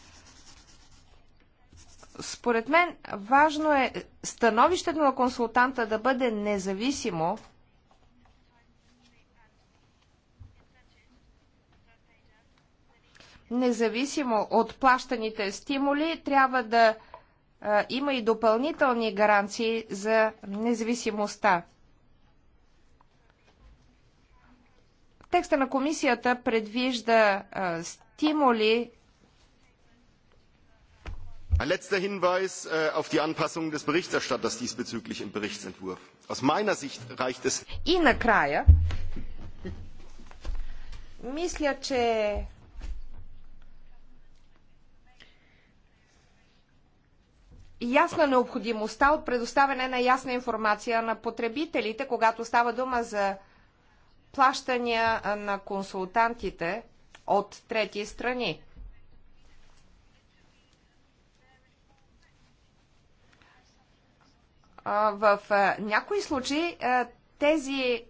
Според мен важно е становището на консултанта да бъде независимо независимо от плащаните стимули, трябва да а, има и допълнителни гаранции за независимостта. Текста на комисията предвижда а, стимули Ein letzter Hinweis äh, auf die Anpassung des Berichterstatters diesbezüglich im Berichtsentwurf. Aus meiner Sicht reicht es. И накрая, мисля, че ясна необходимостта от предоставяне на ясна информация на потребителите, когато става дума за плащания на консултантите от трети страни. В някои случаи тези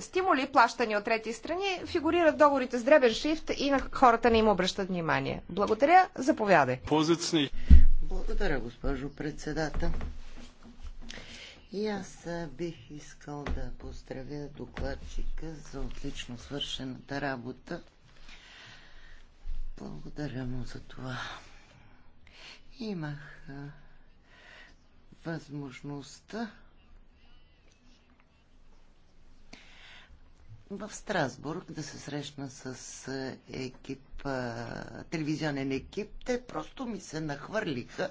стимули, плащани от трети страни, фигурират договорите с дребен шрифт и на хората не им обръщат внимание. Благодаря, заповядай. Благодаря, госпожо председател. И аз бих искал да поздравя докладчика за отлично свършената работа. Благодаря му за това. Имах възможността в Страсбург да се срещна с е, екип, е, телевизионен екип. Те просто ми се нахвърлиха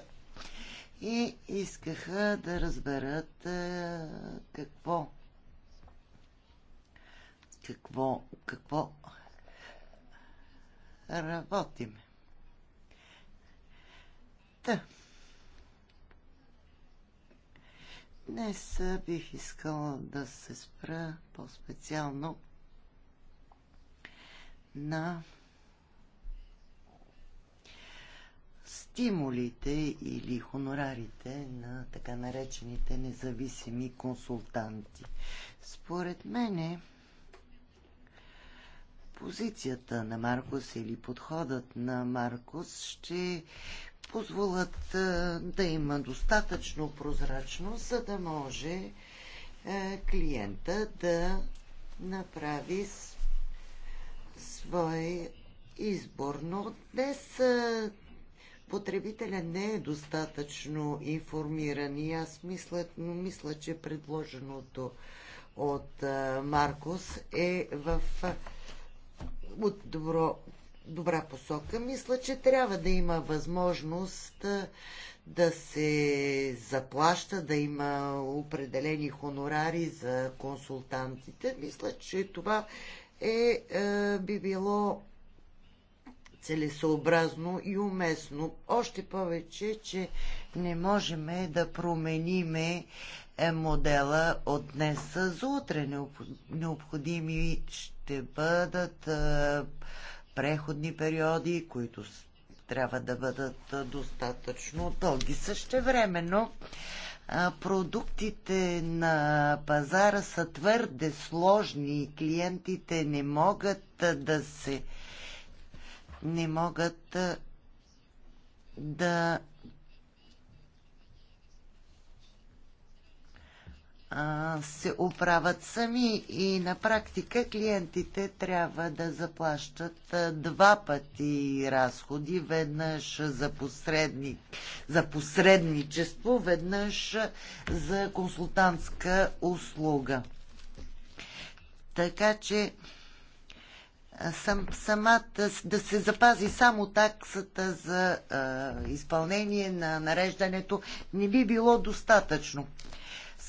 и искаха да разберат е, какво какво, какво работим. Та. Днес бих искала да се спра по-специално на стимулите или хонорарите на така наречените независими консултанти. Според мене, позицията на Маркос или подходът на Маркос ще позволят е, да има достатъчно прозрачност, за да може е, клиента да направи свой избор, но днес потребителя не е достатъчно информиран и аз мисля, мисля че предложеното от Маркус е в от добро, добра посока. Мисля, че трябва да има възможност да се заплаща, да има определени хонорари за консултантите. Мисля, че това е, е би било целесообразно и уместно. Още повече, че не можем да промениме е, модела от днес за утре. Необходими ще бъдат е, преходни периоди, които трябва да бъдат е, достатъчно дълги. също времено продуктите на пазара са твърде сложни и клиентите не могат да се не могат да се оправят сами и на практика клиентите трябва да заплащат два пъти разходи, веднъж за, посредник, за посредничество, веднъж за консултантска услуга. Така че сам, самата да се запази само таксата за а, изпълнение на нареждането не би било достатъчно.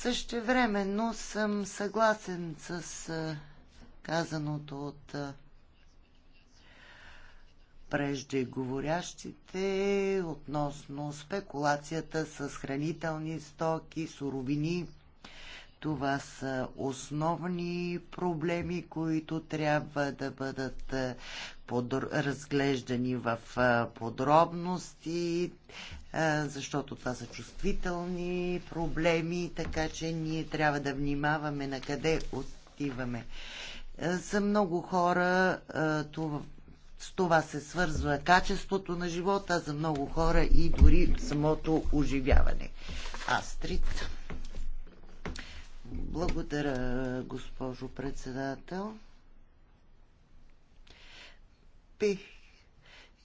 Същевременно съм съгласен с казаното от преждеговорящите относно спекулацията с хранителни стоки, суровини. Това са основни проблеми, които трябва да бъдат подр... разглеждани в подробности, защото това са чувствителни проблеми, така че ние трябва да внимаваме на къде отиваме. За много хора с това се свързва качеството на живота, за много хора и дори самото оживяване. Астрид. Благодаря, госпожо председател. Пих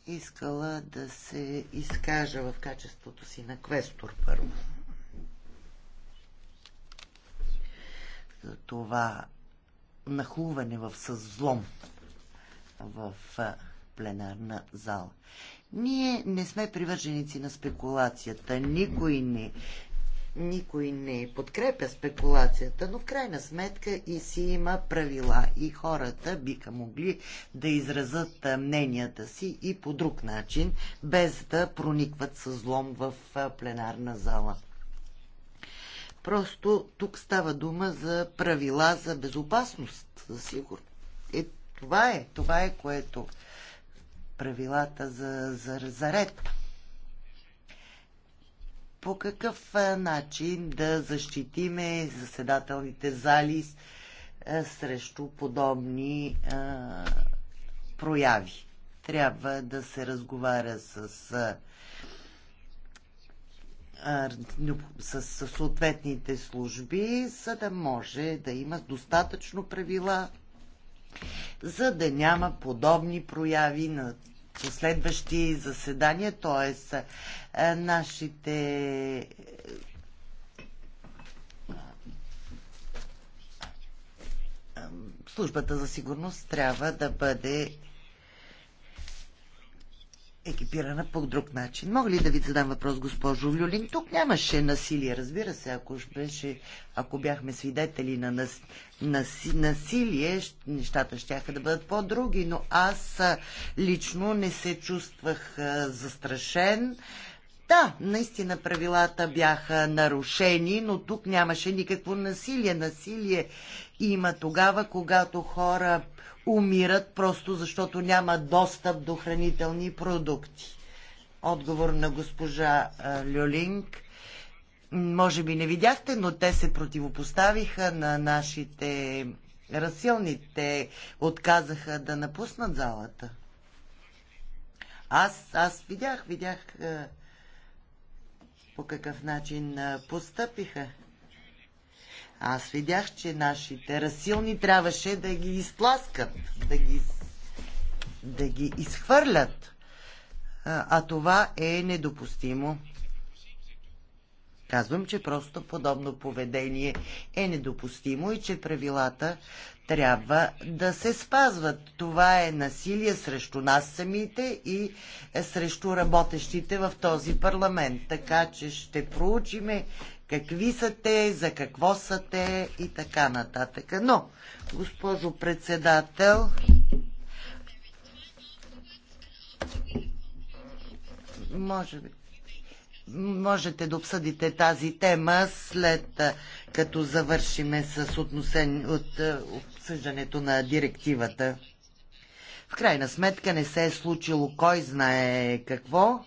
искала да се изкажа в качеството си на квестор първо. За това нахлуване в съзлом в пленарна зала. Ние не сме привърженици на спекулацията. Никой не никой не подкрепя спекулацията, но в крайна сметка и си има правила и хората биха могли да изразат мненията си и по друг начин, без да проникват с злом в пленарна зала. Просто тук става дума за правила за безопасност, за сигурност. Е, това е, това е което правилата за, за, за ред по какъв начин да защитиме заседателните зали срещу подобни прояви. Трябва да се разговаря с, с съответните служби, за да може да има достатъчно правила, за да няма подобни прояви на последващи заседания, т.е. нашите е, е, службата за сигурност трябва да бъде екипирана по друг начин. Мога ли да ви задам въпрос, госпожо Люлин? Тук нямаше насилие, разбира се. Ако, беше, ако бяхме свидетели на нас, нас, насилие, нещата ще да бъдат по-други, но аз лично не се чувствах застрашен. Да, наистина правилата бяха нарушени, но тук нямаше никакво насилие. Насилие има тогава, когато хора умират просто защото няма достъп до хранителни продукти. Отговор на госпожа Люлинг. Може би не видяхте, но те се противопоставиха на нашите разсилни. Те отказаха да напуснат залата. Аз, аз видях, видях по какъв начин постъпиха. Аз видях, че нашите расилни трябваше да ги изтласкат, да ги, да ги изхвърлят. А, а това е недопустимо. Казвам, че просто подобно поведение е недопустимо и че правилата трябва да се спазват. Това е насилие срещу нас самите и срещу работещите в този парламент. Така че ще проучиме какви са те, за какво са те и така нататък. Но, госпожо председател, може би, можете да обсъдите тази тема след като завършиме с относен, от обсъждането на директивата. В крайна сметка не се е случило кой знае какво.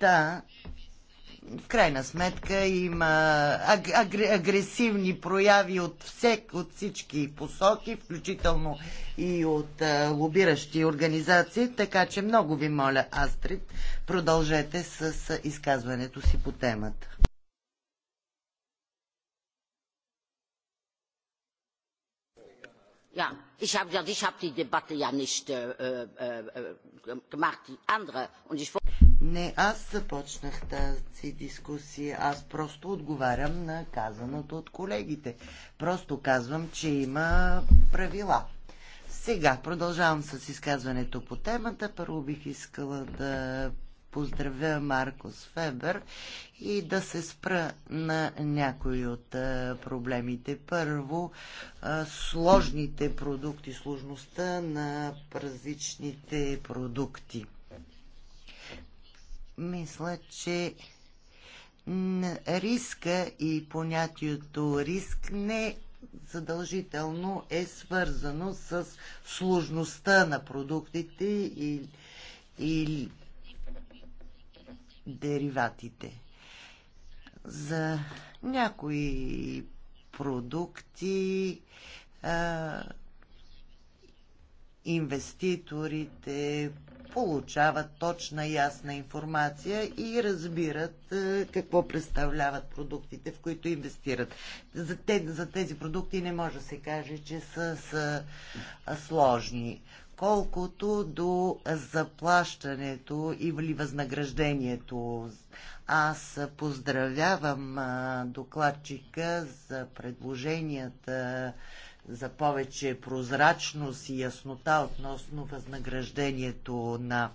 Да, в крайна сметка има агресивни прояви от, всек, от всички посоки, включително и от лобиращи организации, така че много ви моля, Астрид, продължете с изказването си по темата. Ja, ich habe ja, ich habe die Debatte ja nicht äh, äh, äh, gemacht, die andere. Und ich не, аз започнах тази дискусия. Аз просто отговарям на казаното от колегите. Просто казвам, че има правила. Сега продължавам с изказването по темата. Първо бих искала да поздравя Маркос Фебер и да се спра на някои от проблемите. Първо, сложните продукти, сложността на различните продукти мисля, че риска и понятието риск не задължително е свързано с сложността на продуктите или, и дериватите. За някои продукти а, инвеститорите, получават точна, ясна информация и разбират е, какво представляват продуктите, в които инвестират. За, те, за тези продукти не може да се каже, че са, са сложни. Колкото до заплащането или възнаграждението, аз поздравявам докладчика за предложенията за повече прозрачност и яснота относно възнаграждението на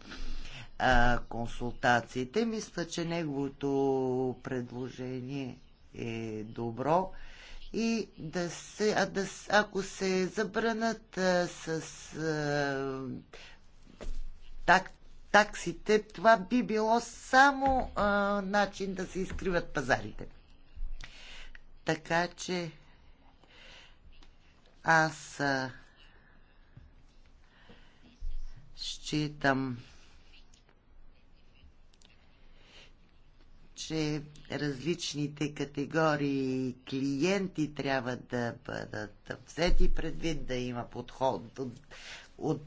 а, консултациите. Мисля, че неговото предложение е добро и да се, а да, ако се забранат а, с а, так, таксите, това би било само а, начин да се изкриват пазарите. Така че аз считам, че различните категории клиенти трябва да бъдат взети предвид, да има подход от, от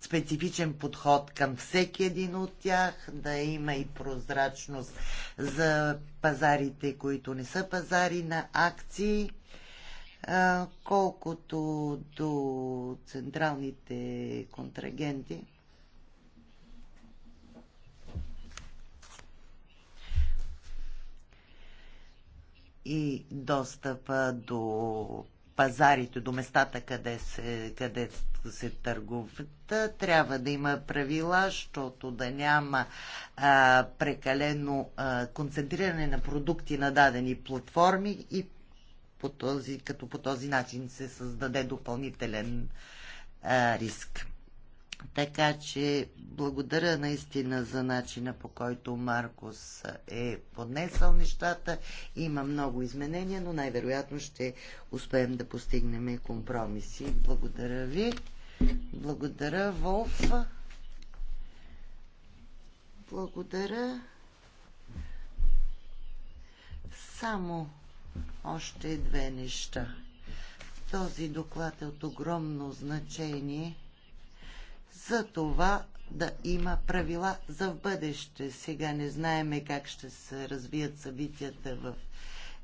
специфичен подход към всеки един от тях, да има и прозрачност за пазарите, които не са пазари на акции колкото до централните контрагенти. и достъпа до пазарите, до местата, къде се, къде се търгуват. Трябва да има правила, защото да няма а, прекалено а, концентриране на продукти на дадени платформи и по този, като по този начин се създаде допълнителен а, риск. Така че благодаря наистина за начина по който Маркус е поднесъл нещата. Има много изменения, но най-вероятно ще успеем да постигнем компромиси. Благодаря ви. Благодаря, Волф. Благодаря. Само още две неща. Този доклад е от огромно значение за това да има правила за в бъдеще. Сега не знаеме как ще се развият събитията в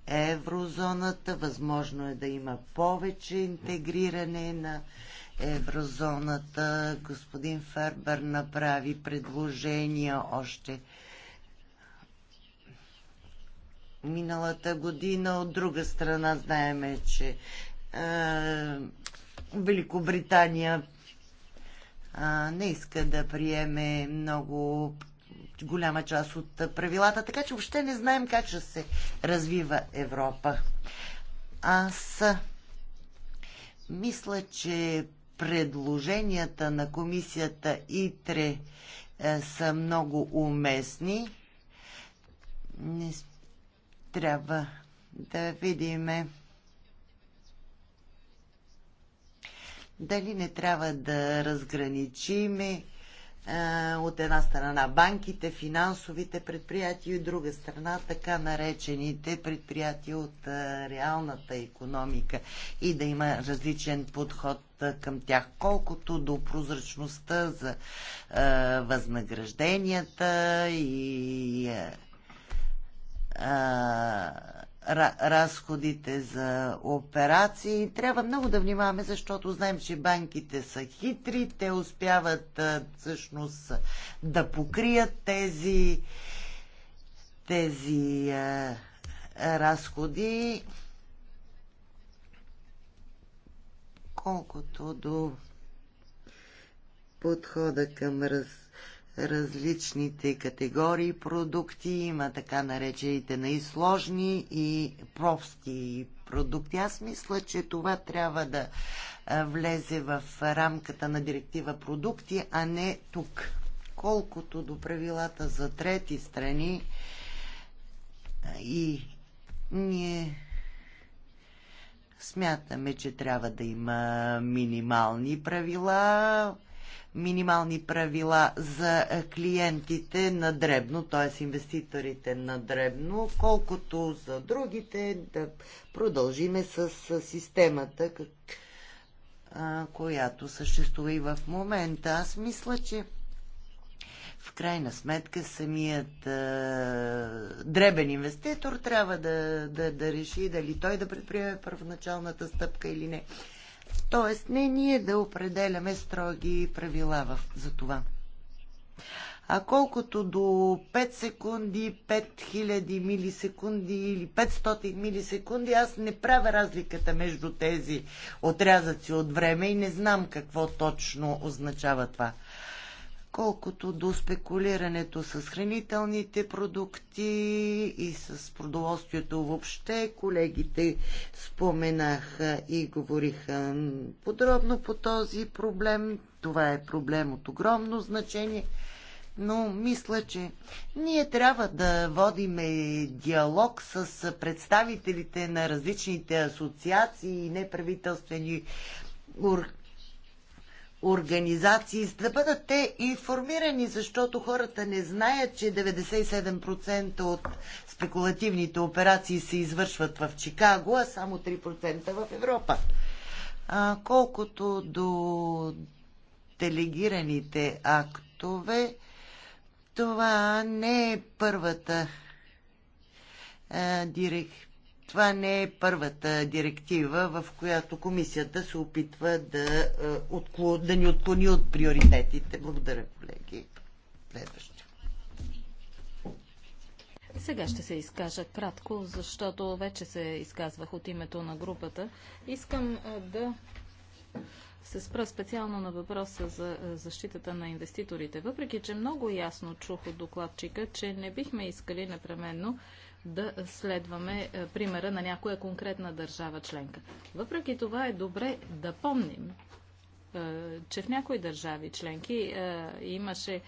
еврозоната. Възможно е да има повече интегриране на еврозоната. Господин Фербер направи предложения още миналата година. От друга страна знаеме, че а, Великобритания а, не иска да приеме много голяма част от правилата, така че въобще не знаем как ще се развива Европа. Аз мисля, че предложенията на комисията ИТРЕ е, са много уместни. Не, трябва да видиме дали не трябва да разграничиме от една страна банките, финансовите предприятия и от друга страна така наречените предприятия от реалната економика и да има различен подход към тях. Колкото до прозрачността за възнагражденията и а, разходите за операции. Трябва много да внимаваме, защото знаем, че банките са хитри, те успяват а, всъщност да покрият тези, тези а, разходи. Колкото до подхода към раз, различните категории продукти. Има така наречените най-сложни и прости продукти. Аз мисля, че това трябва да влезе в рамката на директива продукти, а не тук. Колкото до правилата за трети страни и ние смятаме, че трябва да има минимални правила, минимални правила за клиентите на дребно, т.е. инвеститорите на дребно, колкото за другите да продължиме с системата, която съществува и в момента. Аз мисля, че в крайна сметка самият а, дребен инвеститор трябва да, да, да реши дали той да предприеме първоначалната стъпка или не. Тоест, не ние да определяме строги правила в, за това. А колкото до 5 секунди, 5000 милисекунди или 500 милисекунди, аз не правя разликата между тези отрязъци от време и не знам какво точно означава това. Колкото до спекулирането с хранителните продукти и с продоволствието въобще, колегите споменаха и говориха подробно по този проблем. Това е проблем от огромно значение. Но мисля, че ние трябва да водиме диалог с представителите на различните асоциации и неправителствени организации организации, да бъдат те информирани, защото хората не знаят, че 97% от спекулативните операции се извършват в Чикаго, а само 3% в Европа. А, колкото до делегираните актове, това не е първата а, е, директива това не е първата директива, в която комисията се опитва да, е, да ни отклони от приоритетите. Благодаря, колеги. Следващо. Сега ще се изкажа кратко, защото вече се изказвах от името на групата. Искам е, да се спра специално на въпроса за е, защитата на инвеститорите. Въпреки, че много ясно чух от докладчика, че не бихме искали непременно да следваме е, примера на някоя конкретна държава членка. Въпреки това е добре да помним, е, че в някои държави членки е, имаше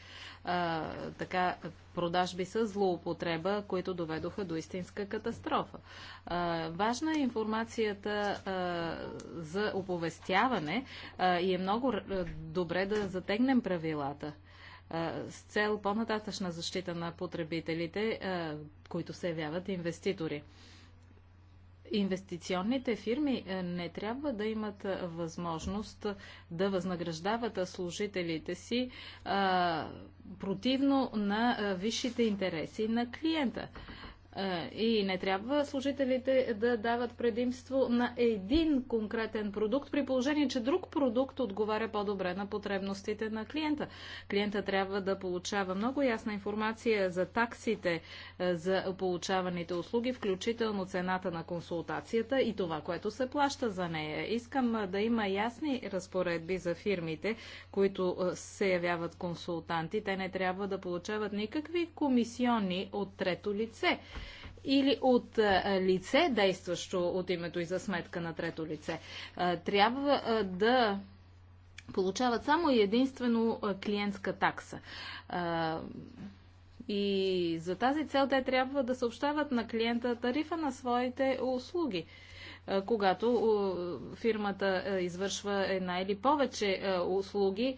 така продажби с злоупотреба, които доведоха до истинска катастрофа. важна е информацията за оповестяване и е много добре да затегнем правилата с цел по-нататъчна защита на потребителите, които се явяват инвеститори. Инвестиционните фирми не трябва да имат възможност да възнаграждават служителите си противно на висшите интереси на клиента. Е, и не трябва служителите да дават предимство на един конкретен продукт, при положение, че друг продукт отговаря по-добре на потребностите на клиента. Клиента трябва да получава много ясна информация за таксите е, за получаваните услуги, включително цената на консултацията и това, което се плаща за нея. Искам е, да има ясни разпоредби за фирмите, които се явяват консултанти. Те не трябва да получават никакви комисиони от трето лице или от лице, действащо от името и за сметка на трето лице. Трябва да получават само и единствено клиентска такса. И за тази цел те трябва да съобщават на клиента тарифа на своите услуги когато фирмата извършва една или повече услуги.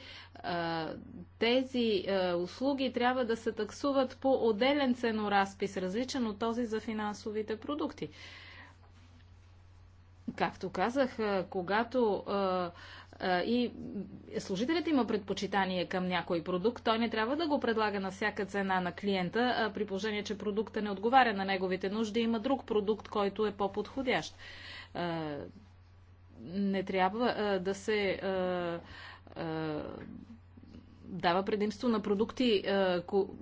Тези услуги трябва да се таксуват по отделен ценоразпис, различен от този за финансовите продукти. Както казах, когато и служителят има предпочитание към някой продукт, той не трябва да го предлага на всяка цена на клиента, при положение, че продукта не отговаря на неговите нужди, има друг продукт, който е по-подходящ. Е, не трябва е, да се е, дава предимство на продукти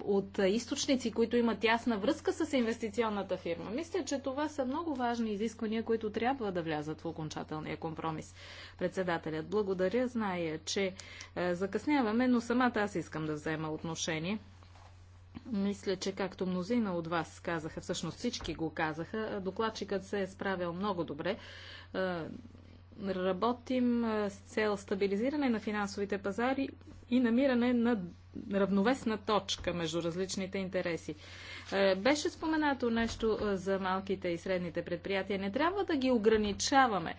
от източници, които имат ясна връзка с инвестиционната фирма. Мисля, че това са много важни изисквания, които трябва да влязат в окончателния компромис. Председателят, благодаря. Зная, че закъсняваме, но самата аз искам да взема отношение. Мисля, че както мнозина от вас казаха, всъщност всички го казаха, докладчикът се е справил много добре. Работим с цел стабилизиране на финансовите пазари и намиране на равновесна точка между различните интереси. Беше споменато нещо за малките и средните предприятия. Не трябва да ги ограничаваме.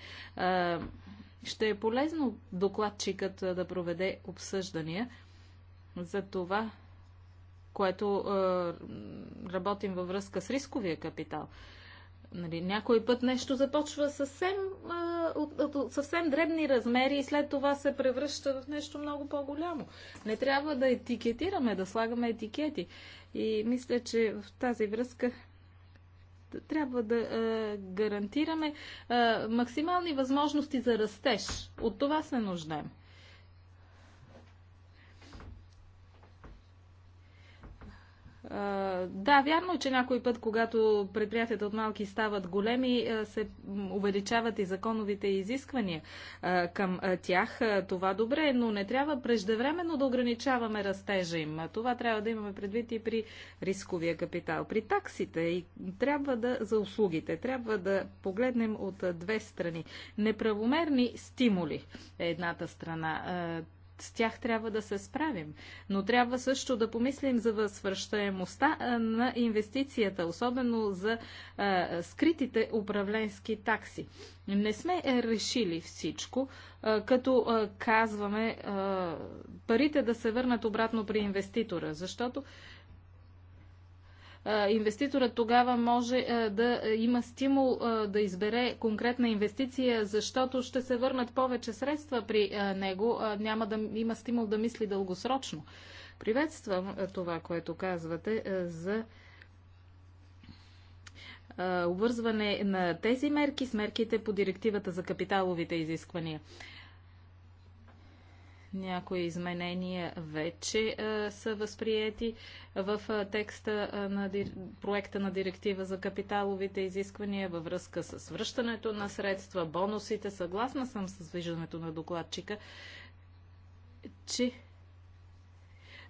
Ще е полезно докладчикът да проведе обсъждания за това което е, работим във връзка с рисковия капитал. Нали, някой път нещо започва съвсем, е, от, от, от съвсем дребни размери и след това се превръща в нещо много по-голямо. Не трябва да етикетираме, да слагаме етикети. И мисля, че в тази връзка трябва да е, гарантираме е, максимални възможности за растеж. От това се нуждаем. Да, вярно е, че някой път, когато предприятията от малки стават големи, се увеличават и законовите изисквания към тях. Това добре, но не трябва преждевременно да ограничаваме растежа им. Това трябва да имаме предвид и при рисковия капитал. При таксите и трябва да за услугите. Трябва да погледнем от две страни. Неправомерни стимули е едната страна с тях трябва да се справим. Но трябва също да помислим за възвръщаемостта на инвестицията, особено за а, скритите управленски такси. Не сме е, решили всичко, а, като а, казваме парите да се върнат обратно при инвеститора, защото инвеститорът тогава може да има стимул да избере конкретна инвестиция, защото ще се върнат повече средства при него, няма да има стимул да мисли дългосрочно. Приветствам това, което казвате за обвързване на тези мерки с мерките по директивата за капиталовите изисквания. Някои изменения вече а, са възприяти в а, текста а, на дир... проекта на директива за капиталовите изисквания във връзка с връщането на средства, бонусите. Съгласна съм с виждането на докладчика, че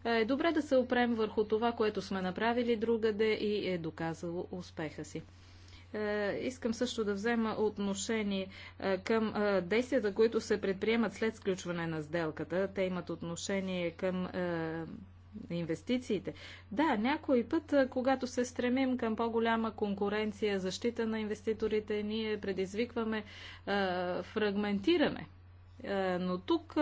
е добре да се опрем върху това, което сме направили другаде и е доказало успеха си. Е, искам също да взема отношение е, към е, действията, които се предприемат след сключване на сделката. Те имат отношение към инвестициите. Да, някой път, когато се стремим към по-голяма конкуренция, защита на инвеститорите, ние предизвикваме фрагментиране е, но тук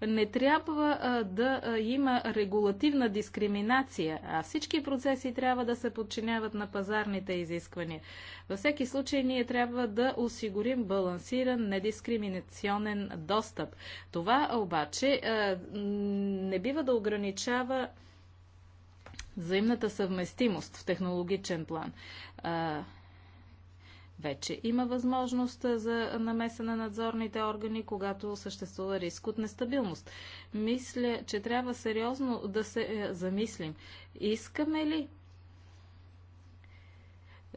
е, не трябва е, да има регулативна дискриминация, а всички процеси трябва да се подчиняват на пазарните изисквания. Във всеки случай ние трябва да осигурим балансиран, недискриминационен достъп. Това обаче не бива да ограничава взаимната съвместимост в технологичен план. Вече има възможност за намеса на надзорните органи, когато съществува риск от нестабилност. Мисля, че трябва сериозно да се е, замислим. Искаме ли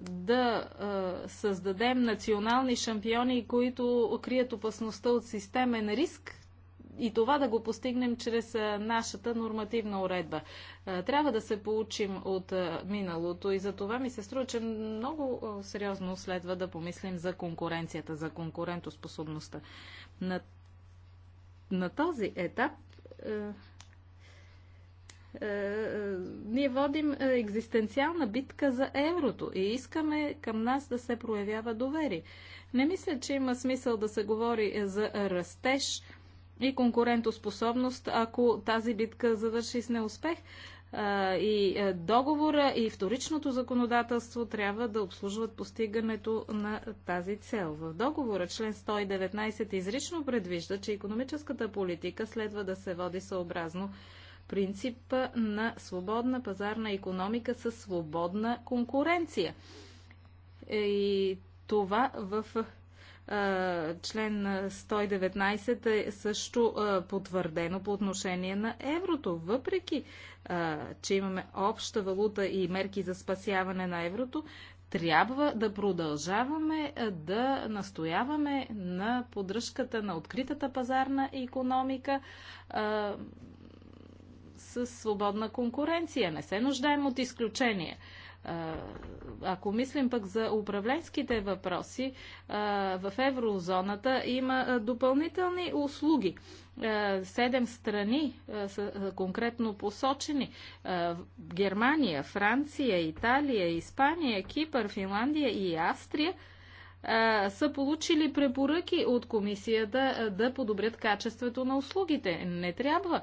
да създадем национални шампиони, които крият опасността от системен риск, и това да го постигнем чрез нашата нормативна уредба. Трябва да се получим от миналото и за това ми се струва, че много сериозно следва да помислим за конкуренцията, за конкурентоспособността. На, на този етап ние водим екзистенциална битка за еврото и искаме към нас да се проявява доверие. Не мисля, че има смисъл да се говори за растеж и конкурентоспособност, ако тази битка завърши с неуспех. И е, договора и вторичното законодателство трябва да обслужват постигането на тази цел. В договора член 119 изрично предвижда, че економическата политика следва да се води съобразно принципа на свободна пазарна економика със свободна конкуренция. Е, и това в член 119 е също потвърдено по отношение на еврото. Въпреки, че имаме обща валута и мерки за спасяване на еврото, трябва да продължаваме да настояваме на поддръжката на откритата пазарна економика с свободна конкуренция. Не се нуждаем от изключения. Ако мислим пък за управленските въпроси, в еврозоната има допълнителни услуги. Седем страни са конкретно посочени. Германия, Франция, Италия, Испания, Кипър, Финландия и Австрия са получили препоръки от комисията да подобрят качеството на услугите. Не трябва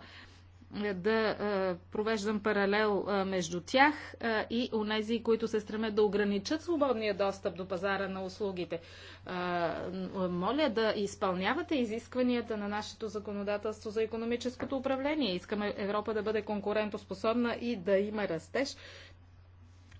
да е, провеждам паралел е, между тях е, и онези, които се стремят да ограничат свободния достъп до пазара на услугите. Моля да изпълнявате изискванията на нашето законодателство за економическото управление. Искаме Европа да бъде конкурентоспособна и да има растеж.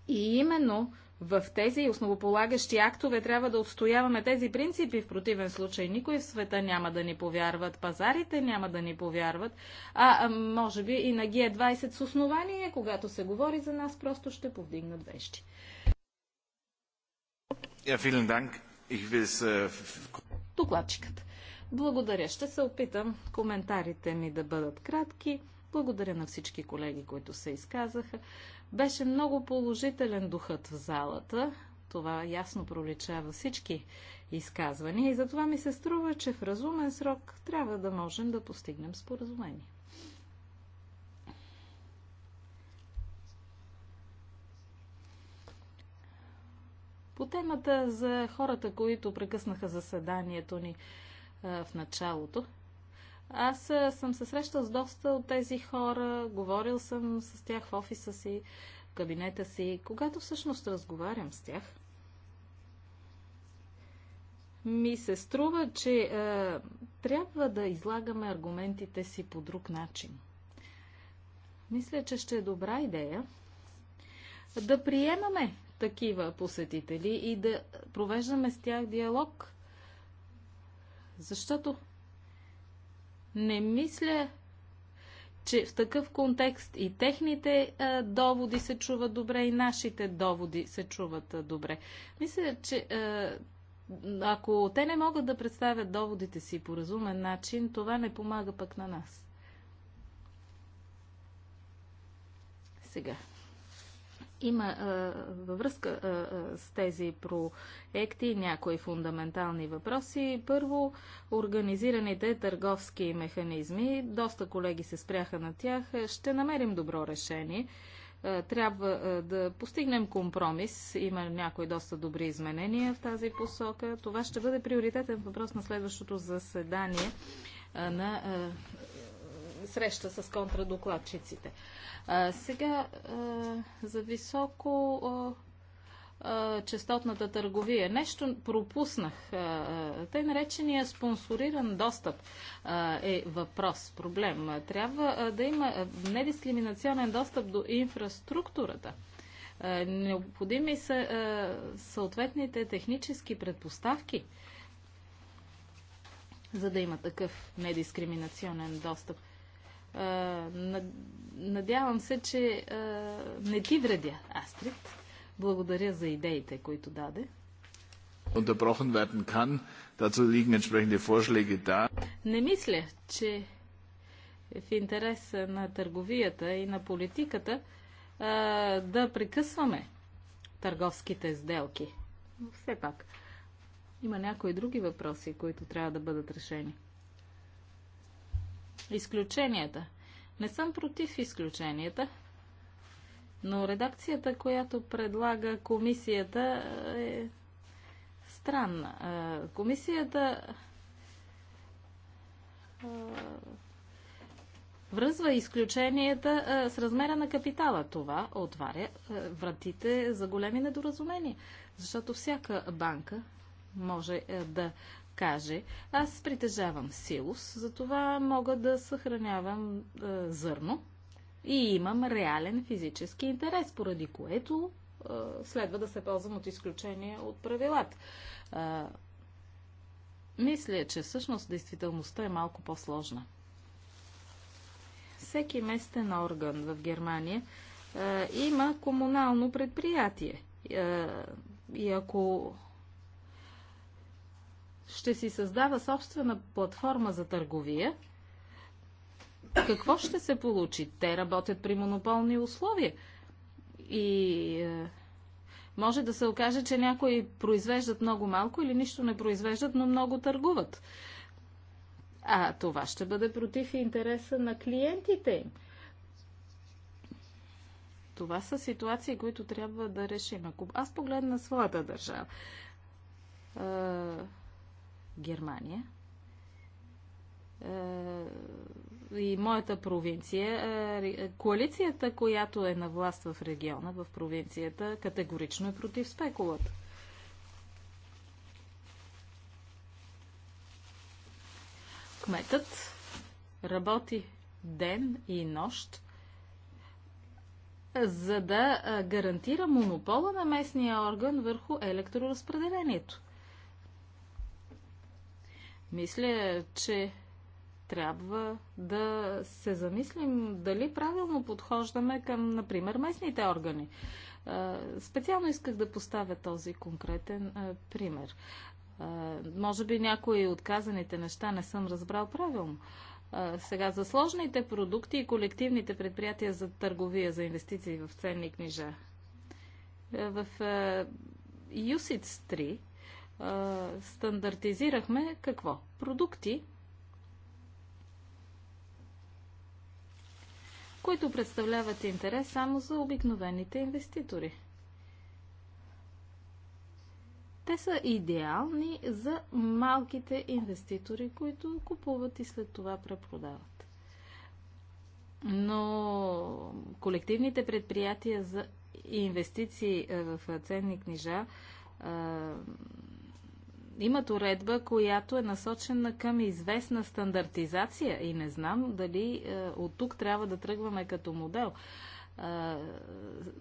И именно в тези основополагащи актове трябва да отстояваме тези принципи. В противен случай никой в света няма да ни повярват, пазарите няма да ни повярват, а може би и на г 20 с основание, когато се говори за нас, просто ще повдигнат вещи. Äh, Докладчикът. Благодаря. Ще се опитам коментарите ми да бъдат кратки. Благодаря на всички колеги, които се изказаха. Беше много положителен духът в залата. Това ясно проличава всички изказвания и затова ми се струва, че в разумен срок трябва да можем да постигнем споразумение. По темата за хората, които прекъснаха заседанието ни в началото, аз съм се срещал с доста от тези хора, говорил съм с тях в офиса си, в кабинета си. Когато всъщност разговарям с тях, ми се струва, че е, трябва да излагаме аргументите си по друг начин. Мисля, че ще е добра идея да приемаме такива посетители и да провеждаме с тях диалог. Защото не мисля, че в такъв контекст и техните а, доводи се чуват добре, и нашите доводи се чуват а, добре. Мисля, че а, ако те не могат да представят доводите си по разумен начин, това не помага пък на нас. Сега, има във връзка с тези проекти някои фундаментални въпроси. Първо, организираните търговски механизми. Доста колеги се спряха на тях. Ще намерим добро решение трябва да постигнем компромис. Има някои доста добри изменения в тази посока. Това ще бъде приоритетен въпрос на следващото заседание на среща с контрадокладчиците. А, сега а, за високо а, частотната търговия. Нещо пропуснах. Тъй наречения спонсориран достъп е въпрос, проблем. Трябва да има недискриминационен достъп до инфраструктурата. Необходими са съответните технически предпоставки за да има такъв недискриминационен достъп. Надявам се, че не ти вредя, Астрид. Благодаря за идеите, които даде. Unterbrochen werden kann. Dazu liegen entsprechende Vorschläge da. Не мисля, че е в интерес на търговията и на политиката да прекъсваме търговските сделки. Но все пак, има някои други въпроси, които трябва да бъдат решени. Изключенията. Не съм против изключенията, но редакцията, която предлага комисията е странна. Комисията връзва изключенията с размера на капитала. Това отваря вратите за големи недоразумения, защото всяка банка може да каже, аз притежавам силус, затова мога да съхранявам е, зърно и имам реален физически интерес, поради което е, следва да се ползвам от изключение от правилата. Е, мисля, че всъщност действителността е малко по-сложна. Всеки местен орган в Германия е, има комунално предприятие. Е, и ако ще си създава собствена платформа за търговия, какво ще се получи? Те работят при монополни условия. И е, може да се окаже, че някои произвеждат много малко или нищо не произвеждат, но много търгуват. А това ще бъде против интереса на клиентите им. Това са ситуации, които трябва да решим. Ако аз погледна своята държава, е, Германия. Е, и моята провинция, е, коалицията, която е на власт в региона, в провинцията, категорично е против спекулата. Кметът работи ден и нощ, за да е, гарантира монопола на местния орган върху електроразпределението. Мисля, че трябва да се замислим дали правилно подхождаме към, например, местните органи. Специално исках да поставя този конкретен пример. Може би някои от казаните неща не съм разбрал правилно. Сега за сложните продукти и колективните предприятия за търговия, за инвестиции в ценни книжа. В USITS 3 стандартизирахме какво? Продукти, които представляват интерес само за обикновените инвеститори. Те са идеални за малките инвеститори, които купуват и след това препродават. Но колективните предприятия за инвестиции е, в ценни книжа е, имат уредба, която е насочена към известна стандартизация и не знам дали е, от тук трябва да тръгваме като модел е,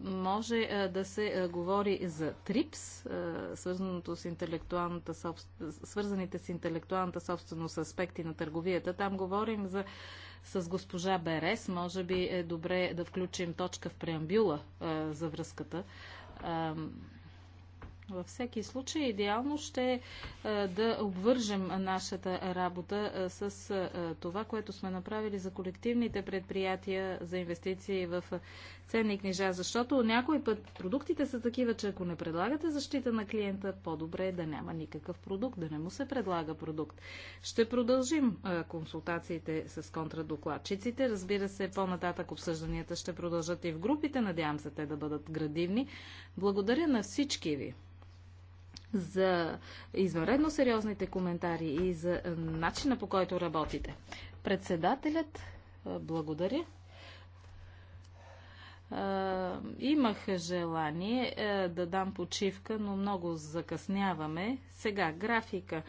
може е, да се говори за ТРИПС, с собствен... свързаните с интелектуалната собственост аспекти на търговията. Там говорим за с госпожа Берес. Може би е добре да включим точка в преамбюла за връзката във всеки случай, идеално ще е да обвържем нашата работа е, с е, това, което сме направили за колективните предприятия за инвестиции в е, ценни книжа, защото някой път продуктите са такива, че ако не предлагате защита на клиента, по-добре е да няма никакъв продукт, да не му се предлага продукт. Ще продължим консултациите с контрадокладчиците. Разбира се, по-нататък обсъжданията ще продължат и в групите. Надявам се те да бъдат градивни. Благодаря на всички ви за извънредно сериозните коментари и за начина по който работите. Председателят, благодаря. Имах желание да дам почивка, но много закъсняваме. Сега графика.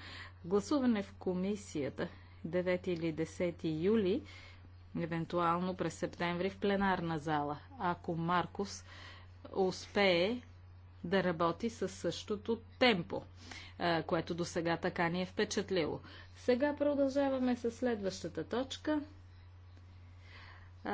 Гласуване в комисията 9 или 10 юли, евентуално през септември в пленарна зала. Ако Маркус успее да работи със същото темпо, е, което до сега така ни е впечатлило. Сега продължаваме с следващата точка. Е,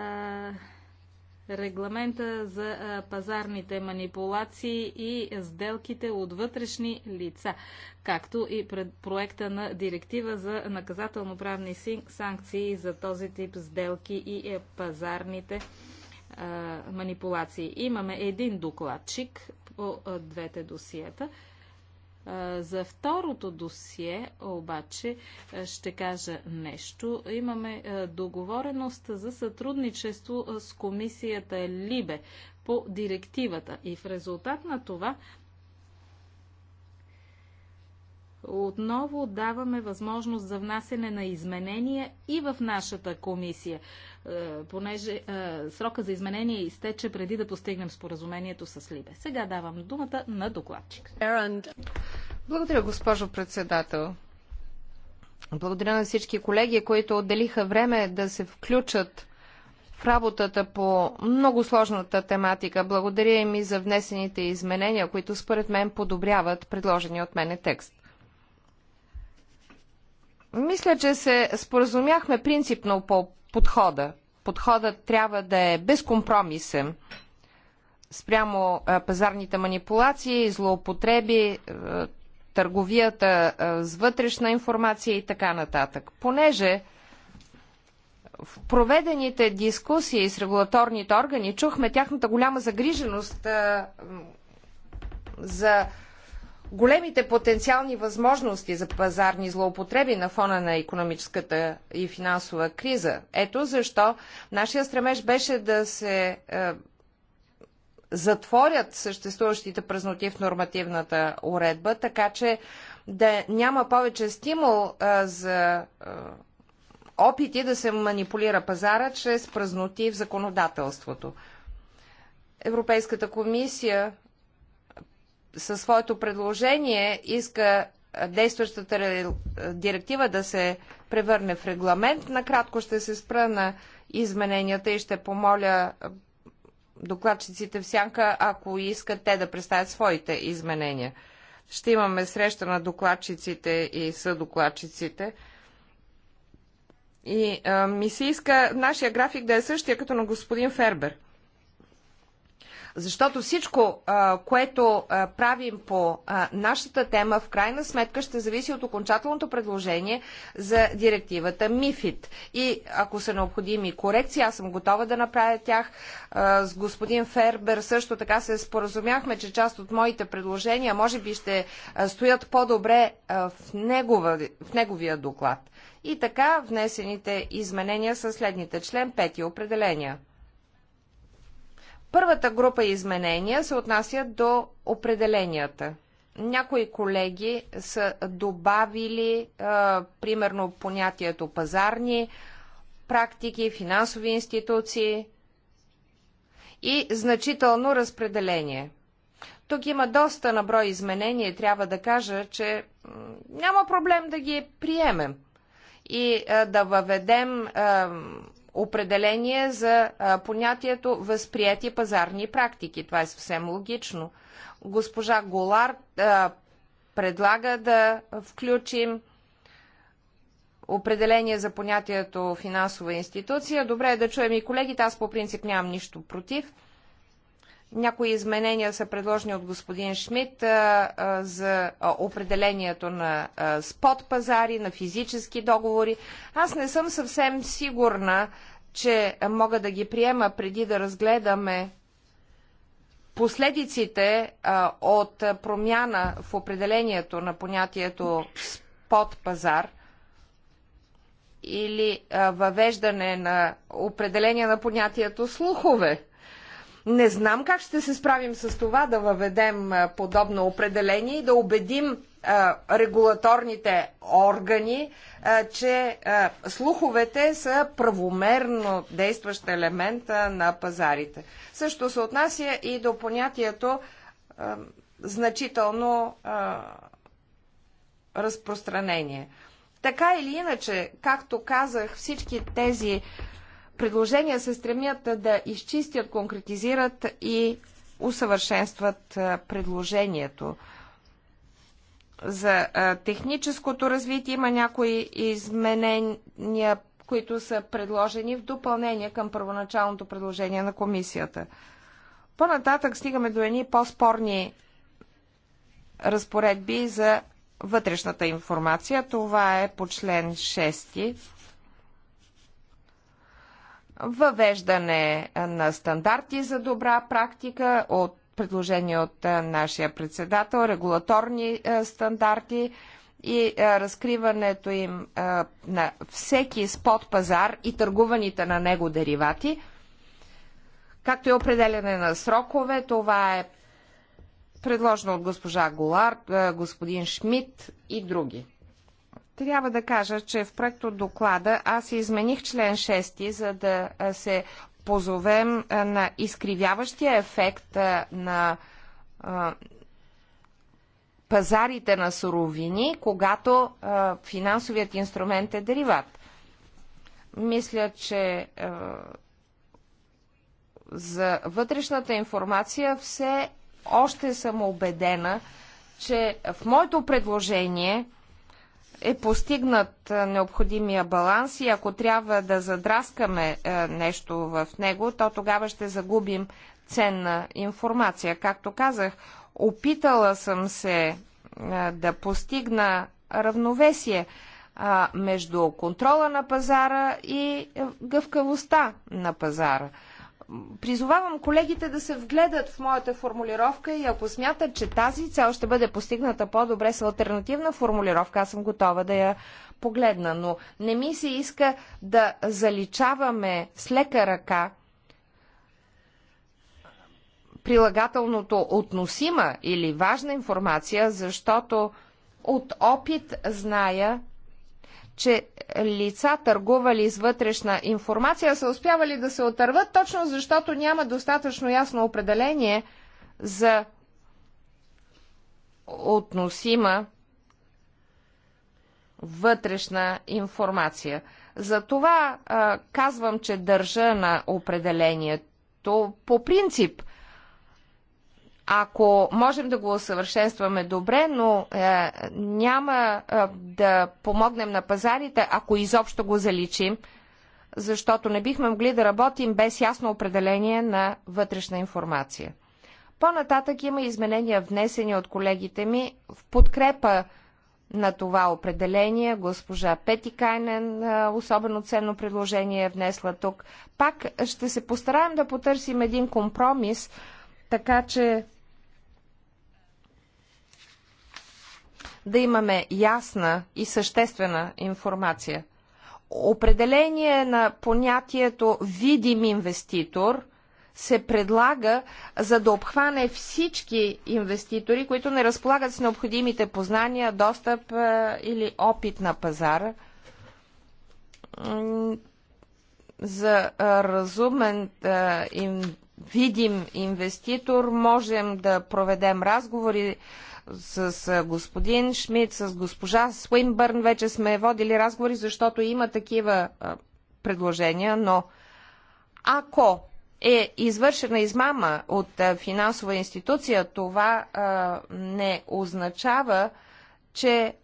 регламента за е, пазарните манипулации и сделките от вътрешни лица, както и пред проекта на директива за наказателно-правни санкции за този тип сделки и пазарните манипулации. Имаме един докладчик, по двете досиета. За второто досие обаче ще кажа нещо. Имаме договореност за сътрудничество с комисията Либе по директивата и в резултат на това отново даваме възможност за внасене на изменения и в нашата комисия, е, понеже е, срока за изменение изтече преди да постигнем споразумението с Либе. Сега давам думата на докладчик. Благодаря, госпожо председател. Благодаря на всички колеги, които отделиха време да се включат в работата по много сложната тематика. Благодаря им и за внесените изменения, които според мен подобряват предложения от мене текст. Мисля, че се споразумяхме принципно по подхода. Подходът трябва да е безкомпромисен спрямо пазарните манипулации, злоупотреби, търговията с вътрешна информация и така нататък. Понеже в проведените дискусии с регулаторните органи чухме тяхната голяма загриженост за големите потенциални възможности за пазарни злоупотреби на фона на економическата и финансова криза. Ето защо нашия стремеж беше да се е, затворят съществуващите празноти в нормативната уредба, така че да няма повече стимул е, за е, опити да се манипулира пазара чрез празноти в законодателството. Европейската комисия със своето предложение иска действащата директива да се превърне в регламент. Накратко ще се спра на измененията и ще помоля докладчиците в сянка, ако искат те да представят своите изменения. Ще имаме среща на докладчиците и съдокладчиците. И а, ми се иска нашия график да е същия като на господин Фербер. Защото всичко, което правим по нашата тема, в крайна сметка ще зависи от окончателното предложение за директивата Мифит. И ако са необходими корекции, аз съм готова да направя тях. С господин Фербер също така се споразумяхме, че част от моите предложения може би ще стоят по-добре в, негова, в неговия доклад. И така внесените изменения са следните. Член 5. Определения. Първата група изменения се отнасят до определенията. Някои колеги са добавили е, примерно понятието пазарни практики, финансови институции и значително разпределение. Тук има доста наброй изменения и трябва да кажа, че няма проблем да ги приемем и е, да въведем е, определение за понятието възприятие пазарни практики. Това е съвсем логично. Госпожа Голар предлага да включим определение за понятието финансова институция. Добре е да чуем и колегите. Аз по принцип нямам нищо против. Някои изменения са предложени от господин Шмидт а, а, за определението на а, спот пазари, на физически договори. Аз не съм съвсем сигурна, че мога да ги приема преди да разгледаме последиците а, от промяна в определението на понятието спот пазар или а, въвеждане на определение на понятието слухове. Не знам как ще се справим с това да въведем подобно определение и да убедим регулаторните органи, че слуховете са правомерно действащ елемент на пазарите. Също се отнася и до понятието значително разпространение. Така или иначе, както казах, всички тези предложения се стремят да изчистят, конкретизират и усъвършенстват предложението. За техническото развитие има някои изменения, които са предложени в допълнение към първоначалното предложение на комисията. По-нататък стигаме до едни по-спорни разпоредби за вътрешната информация. Това е по член 6 въвеждане на стандарти за добра практика от предложение от нашия председател, регулаторни стандарти и разкриването им на всеки спот пазар и търгуваните на него деривати, както и определяне на срокове. Това е предложено от госпожа Голар, господин Шмидт и други. Трябва да кажа, че в проекто доклада аз измених член 6, за да се позовем на изкривяващия ефект на пазарите на суровини, когато финансовият инструмент е дериват. Мисля, че за вътрешната информация все още съм убедена, че в моето предложение – е постигнат е, необходимия баланс и ако трябва да задраскаме е, нещо в него, то тогава ще загубим ценна информация. Както казах, опитала съм се е, да постигна равновесие между контрола на пазара и гъвкавостта на пазара. Призовавам колегите да се вгледат в моята формулировка и ако смятат, че тази цел ще бъде постигната по-добре с альтернативна формулировка, аз съм готова да я погледна. Но не ми се иска да заличаваме с лека ръка прилагателното относима или важна информация, защото от опит зная, че лица, търгували с вътрешна информация, са успявали да се отърват, точно защото няма достатъчно ясно определение за относима вътрешна информация. За това казвам, че държа на определението. По принцип, ако можем да го усъвършенстваме добре, но е, няма е, да помогнем на пазарите, ако изобщо го заличим, защото не бихме могли да работим без ясно определение на вътрешна информация. По-нататък има изменения внесени от колегите ми в подкрепа на това определение. Госпожа Пети Кайнен е, особено ценно предложение е внесла тук. Пак ще се постараем да потърсим един компромис, така че да имаме ясна и съществена информация. Определение на понятието видим инвеститор се предлага за да обхване всички инвеститори, които не разполагат с необходимите познания, достъп е, или опит на пазара за е, разумен е, видим инвеститор можем да проведем разговори с господин Шмидт, с госпожа Свинбърн вече сме водили разговори, защото има такива предложения, но ако е извършена измама от финансова институция, това не означава, че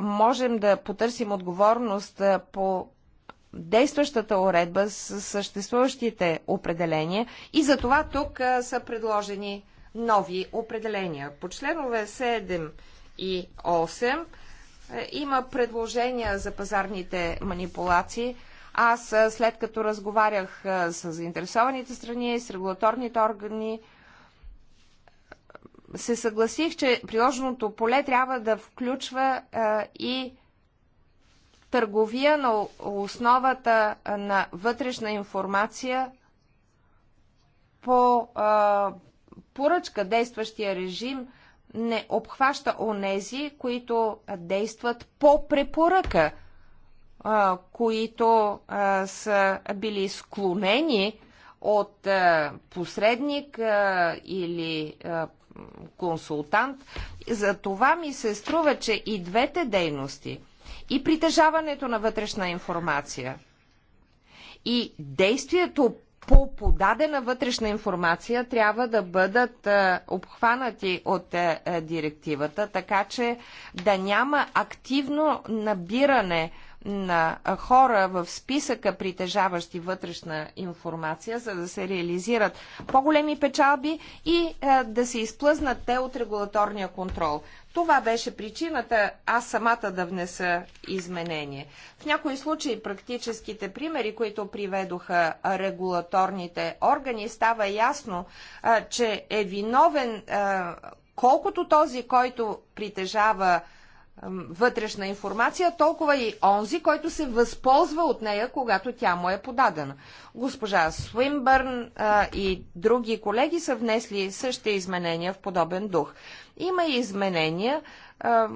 можем да потърсим отговорност по действащата уредба с съществуващите определения и за това тук са предложени нови определения. По членове 7 и 8 е, има предложения за пазарните манипулации. Аз, е, след като разговарях е, с заинтересованите страни и с регулаторните органи, се съгласих, че приложеното поле трябва да включва а, и търговия на основата на вътрешна информация по а, поръчка. Действащия режим не обхваща онези, които действат по препоръка, които са били склонени от посредник или консултант. За това ми се струва, че и двете дейности, и притежаването на вътрешна информация, и действието по подадена вътрешна информация трябва да бъдат е, обхванати от е, е, директивата, така че да няма активно набиране на хора в списъка, притежаващи вътрешна информация, за да се реализират по-големи печалби и е, да се изплъзнат те от регулаторния контрол. Това беше причината аз самата да внеса изменение. В някои случаи практическите примери, които приведоха регулаторните органи, става ясно, е, че е виновен е, колкото този, който притежава вътрешна информация, толкова и онзи, който се възползва от нея, когато тя му е подадена. Госпожа Свинбърн а, и други колеги са внесли същите изменения в подобен дух. Има и изменения, а,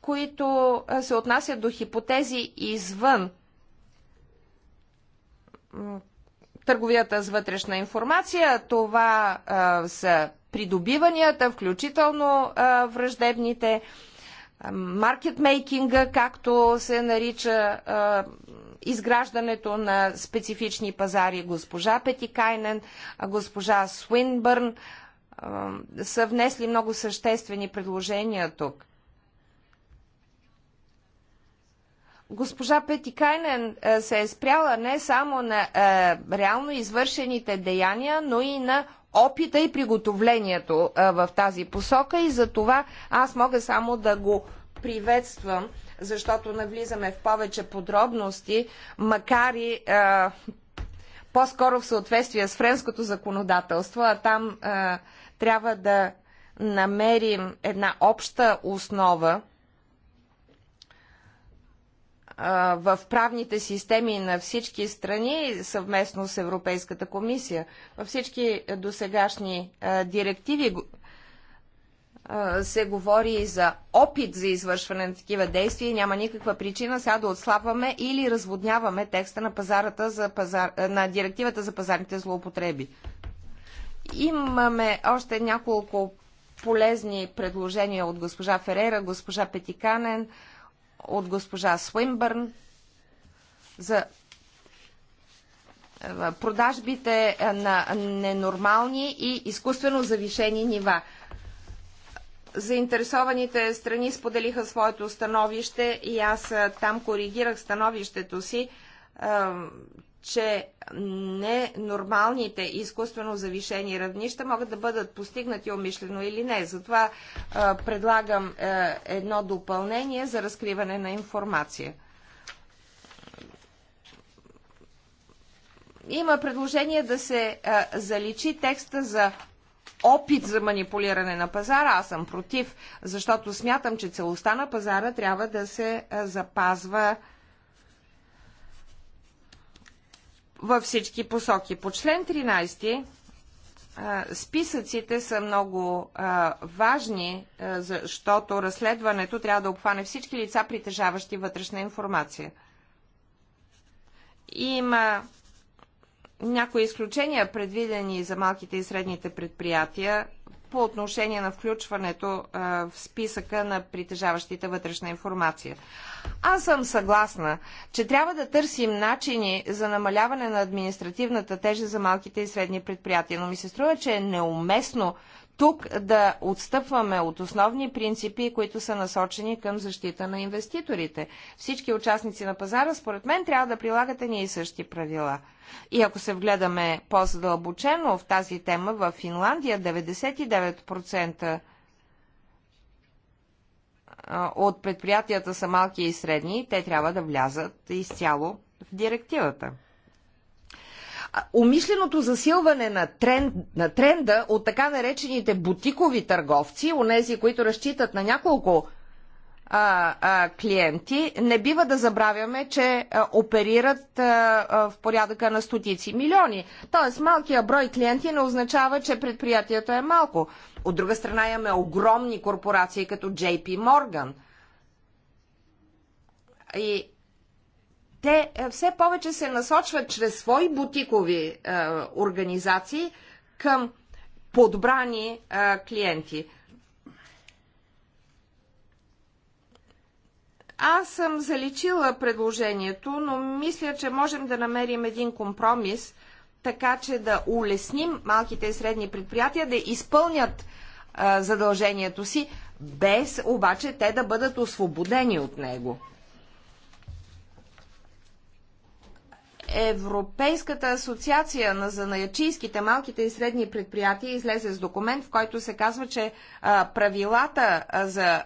които се отнасят до хипотези извън търговията с вътрешна информация. Това а, са придобиванията, включително а, враждебните а, маркетмейкинга, както се нарича изграждането на специфични пазари. Госпожа Петикайнен, госпожа Свинбърн са внесли много съществени предложения тук. Госпожа Петикайнен се е спряла не само на реално извършените деяния, но и на опита и приготовлението в тази посока и за това аз мога само да го приветствам, защото навлизаме в повече подробности, макар и по-скоро в съответствие с френското законодателство, а там трябва да намерим една обща основа в правните системи на всички страни съвместно с Европейската комисия. Във всички досегашни директиви се говори и за опит за извършване на такива действия и няма никаква причина сега да отслабваме или разводняваме текста на, пазарата за пазар, на директивата за пазарните злоупотреби. Имаме още няколко полезни предложения от госпожа Ферера, госпожа Петиканен, от госпожа Свинбърн за е, продажбите е, на ненормални и изкуствено завишени нива. Заинтересованите страни споделиха своето становище и аз е, там коригирах становището си, че ненормалните изкуствено завишени равнища могат да бъдат постигнати умишлено или не. Затова а, предлагам а, едно допълнение за разкриване на информация. Има предложение да се а, заличи текста за опит за манипулиране на пазара. Аз съм против, защото смятам, че целостта на пазара трябва да се а, запазва а, във всички посоки. По член 13 списъците са много важни, защото разследването трябва да обхване всички лица, притежаващи вътрешна информация. Има някои изключения, предвидени за малките и средните предприятия по отношение на включването в списъка на притежаващите вътрешна информация. Аз съм съгласна, че трябва да търсим начини за намаляване на административната тежест за малките и средни предприятия, но ми се струва, че е неуместно тук да отстъпваме от основни принципи, които са насочени към защита на инвеститорите. Всички участници на пазара, според мен, трябва да прилагат едни и същи правила. И ако се вгледаме по-задълбочено в тази тема, в Финландия 99% от предприятията са малки и средни, те трябва да влязат изцяло в директивата умишленото засилване на, тренд, на тренда от така наречените бутикови търговци, онези, които разчитат на няколко а, а, клиенти, не бива да забравяме, че а, оперират а, а, в порядъка на стотици милиони. Тоест, малкия брой клиенти не означава, че предприятието е малко. От друга страна имаме огромни корпорации като JP Morgan. И те е, все повече се насочват чрез свои бутикови е, организации към подбрани е, клиенти. Аз съм заличила предложението, но мисля, че можем да намерим един компромис, така че да улесним малките и средни предприятия да изпълнят е, задължението си, без обаче те да бъдат освободени от него. Европейската асоциация на занаячийските малките и средни предприятия излезе с документ, в който се казва, че правилата за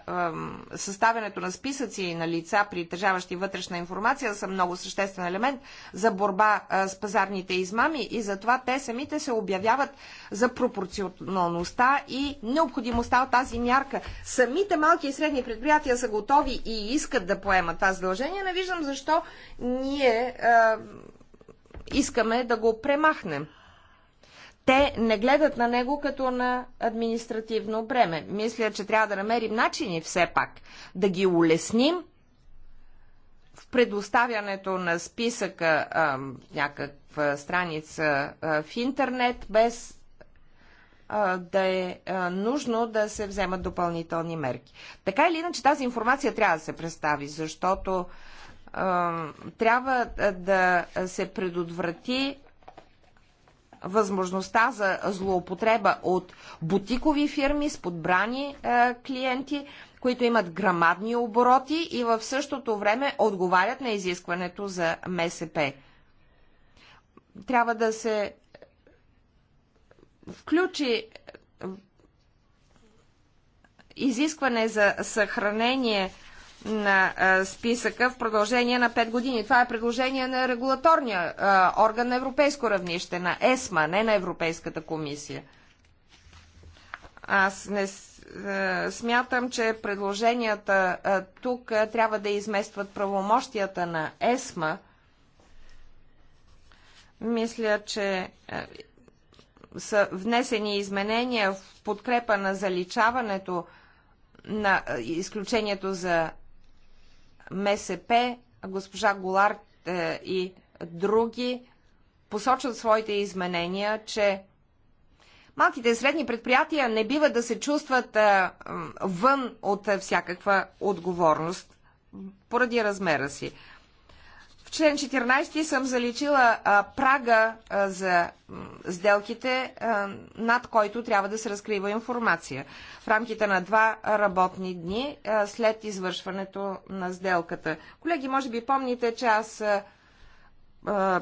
съставянето на списъци на лица, притежаващи вътрешна информация, са много съществен елемент за борба с пазарните измами и затова те самите се обявяват за пропорционалността и необходимостта от тази мярка. Самите малки и средни предприятия са готови и искат да поемат това задължение. Не виждам защо ние искаме да го премахнем. Те не гледат на него като на административно бреме. Мисля, че трябва да намерим начини все пак да ги улесним в предоставянето на списъка а, някаква страница а, в интернет, без а, да е а, нужно да се вземат допълнителни мерки. Така или иначе тази информация трябва да се представи, защото а, трябва да се предотврати възможността за злоупотреба от бутикови фирми с подбрани клиенти, които имат грамадни обороти и в същото време отговарят на изискването за МСП. Трябва да се включи изискване за съхранение на списъка в продължение на 5 години. Това е предложение на регулаторния орган на европейско равнище, на ЕСМА, не на Европейската комисия. Аз не смятам, че предложенията тук трябва да изместват правомощията на ЕСМА. Мисля, че са внесени изменения в подкрепа на заличаването на изключението за МСП, госпожа Голар е, и други посочват своите изменения, че малките и средни предприятия не бива да се чувстват е, вън от всякаква отговорност поради размера си член 14 съм заличила а, прага а, за сделките, а, над който трябва да се разкрива информация. В рамките на два работни дни а, след извършването на сделката. Колеги, може би помните, че аз а,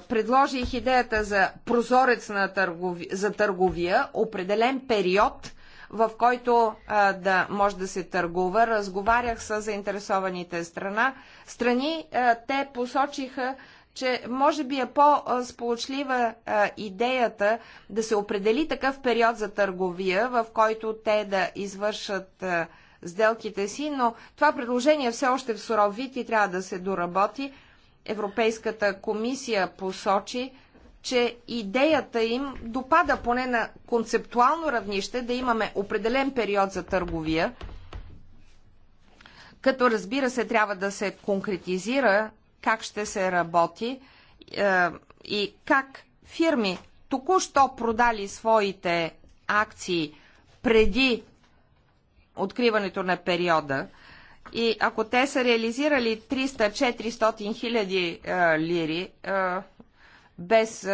предложих идеята за прозорец на търгови, за търговия, определен период в който а, да може да се търгува. Разговарях с заинтересованите страна. страни. А, те посочиха, че може би е по-сполучлива идеята да се определи такъв период за търговия, в който те да извършат а, сделките си, но това предложение все още в суров вид и трябва да се доработи. Европейската комисия посочи, че идеята им допада поне на концептуално равнище да имаме определен период за търговия, като разбира се трябва да се конкретизира как ще се работи е, и как фирми, току-що продали своите акции преди откриването на периода, и ако те са реализирали 300-400 хиляди е, лири, е, без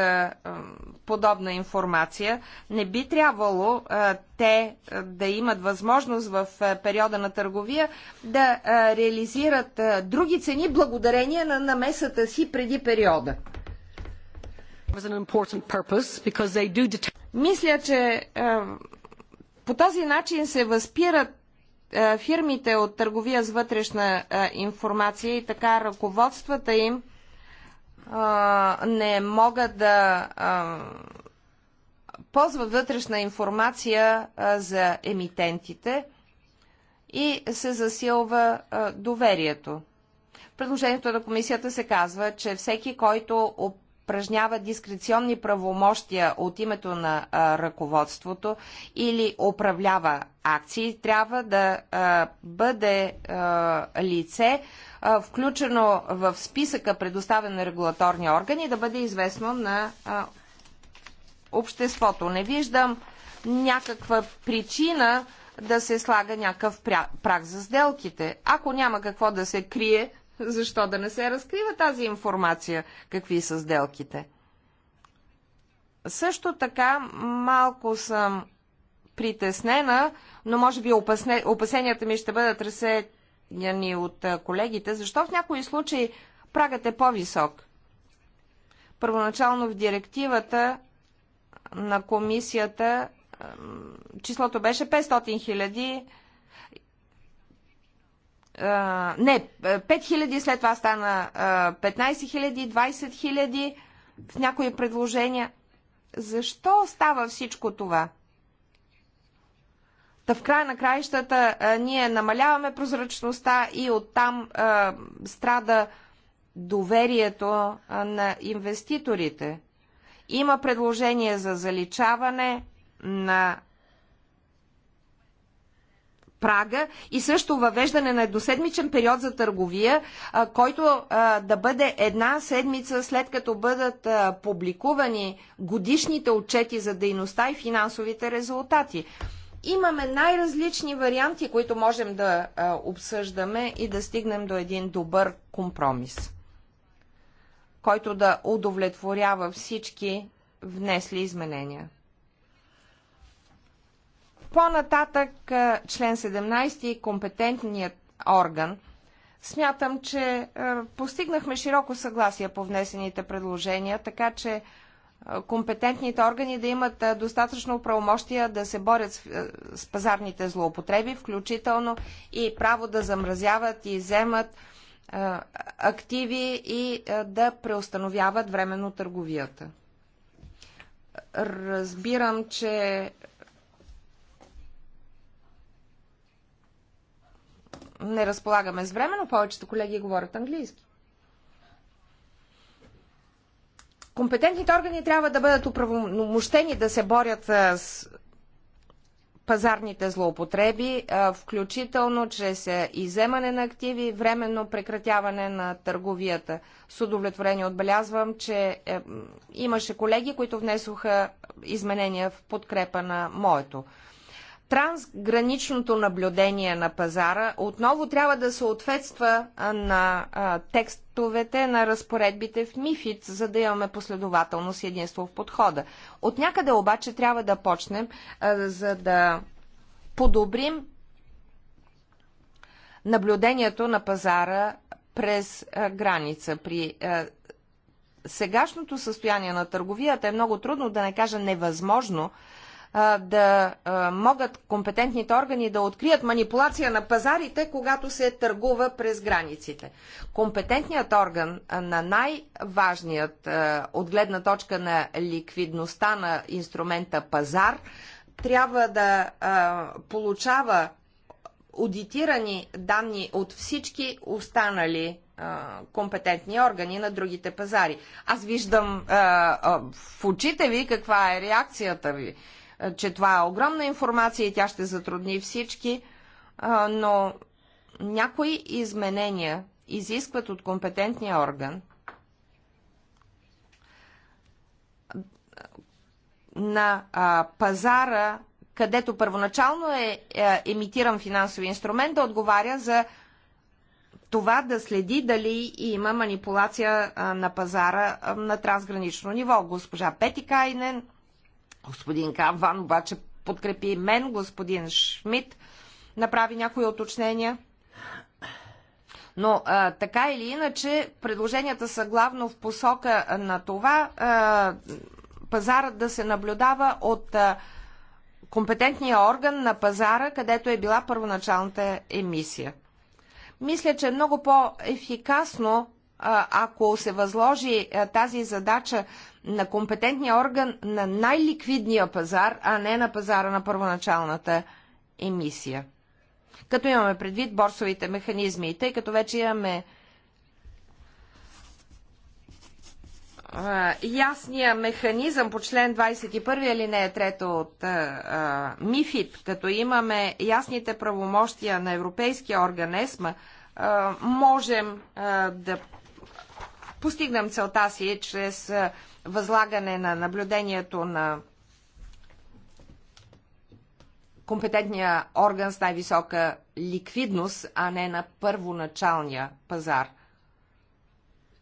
подобна информация. Не би трябвало те да имат възможност в периода на търговия да реализират други цени благодарение на намесата си преди периода. Мисля, че по този начин се възпират фирмите от търговия с вътрешна информация и така ръководствата им а, не мога да а, ползва вътрешна информация а, за емитентите и се засилва а, доверието. В предложението на комисията се казва, че всеки, който упражнява дискреционни правомощия от името на а, ръководството или управлява акции, трябва да а, бъде а, лице, а, включено в списъка, предоставен на регулаторни органи, да бъде известно на обществото. Не виждам някаква причина да се слага някакъв праг за сделките. Ако няма какво да се крие, защо да не се разкрива тази информация, какви са сделките? Също така малко съм притеснена, но може би опасенията ми ще бъдат разсеяти ни от колегите, защо в някои случаи прагът е по-висок? Първоначално в директивата на комисията числото беше 500 хиляди. Не, 5 е, хиляди, след това стана 15 хиляди, 20 хиляди в някои предложения. Защо става всичко това? Та в края на краищата ние намаляваме прозрачността и оттам страда доверието на инвеститорите. Има предложение за заличаване на прага и също въвеждане на едноседмичен период за търговия, който да бъде една седмица след като бъдат публикувани годишните отчети за дейността и финансовите резултати имаме най-различни варианти, които можем да а, обсъждаме и да стигнем до един добър компромис, който да удовлетворява всички внесли изменения. По-нататък член 17 компетентният орган. Смятам, че постигнахме широко съгласие по внесените предложения, така че компетентните органи да имат достатъчно правомощия да се борят с, пазарните злоупотреби, включително и право да замразяват и вземат активи и да преустановяват временно търговията. Разбирам, че не разполагаме с време, но повечето колеги говорят английски. Компетентните органи трябва да бъдат оправомощени да се борят с пазарните злоупотреби, включително чрез иземане на активи, временно прекратяване на търговията. С удовлетворение отбелязвам, че е, имаше колеги, които внесоха изменения в подкрепа на моето трансграничното наблюдение на пазара отново трябва да съответства на текстовете на разпоредбите в МИФИД, за да имаме последователност и единство в подхода. От някъде обаче трябва да почнем, за да подобрим наблюдението на пазара през граница. При сегашното състояние на търговията е много трудно, да не кажа невъзможно, да могат компетентните органи да открият манипулация на пазарите, когато се търгува през границите. Компетентният орган на най-важният от гледна точка на ликвидността на инструмента пазар трябва да получава аудитирани данни от всички останали компетентни органи на другите пазари. Аз виждам а, а, в очите ви каква е реакцията ви. Е, че това е огромна информация и тя ще затрудни всички, е, но някои изменения изискват от компетентния орган на пазара, където първоначално е, е емитиран финансови инструмент, да отговаря за това да следи дали има манипулация на пазара на трансгранично ниво. Госпожа Петикайнен Господин Камван обаче подкрепи мен, господин Шмидт направи някои оточнения. Но а, така или иначе, предложенията са главно в посока на това а, пазарът да се наблюдава от а, компетентния орган на пазара, където е била първоначалната емисия. Мисля, че е много по-ефикасно, ако се възложи а, тази задача на компетентния орган на най-ликвидния пазар, а не на пазара на първоначалната емисия. Като имаме предвид борсовите механизми, и тъй като вече имаме ясния механизъм по член 21 или не е трето от а, МИФИД, като имаме ясните правомощия на Европейския орган ЕСМА, можем да постигнем целта си чрез възлагане на наблюдението на компетентния орган с най-висока ликвидност, а не на първоначалния пазар.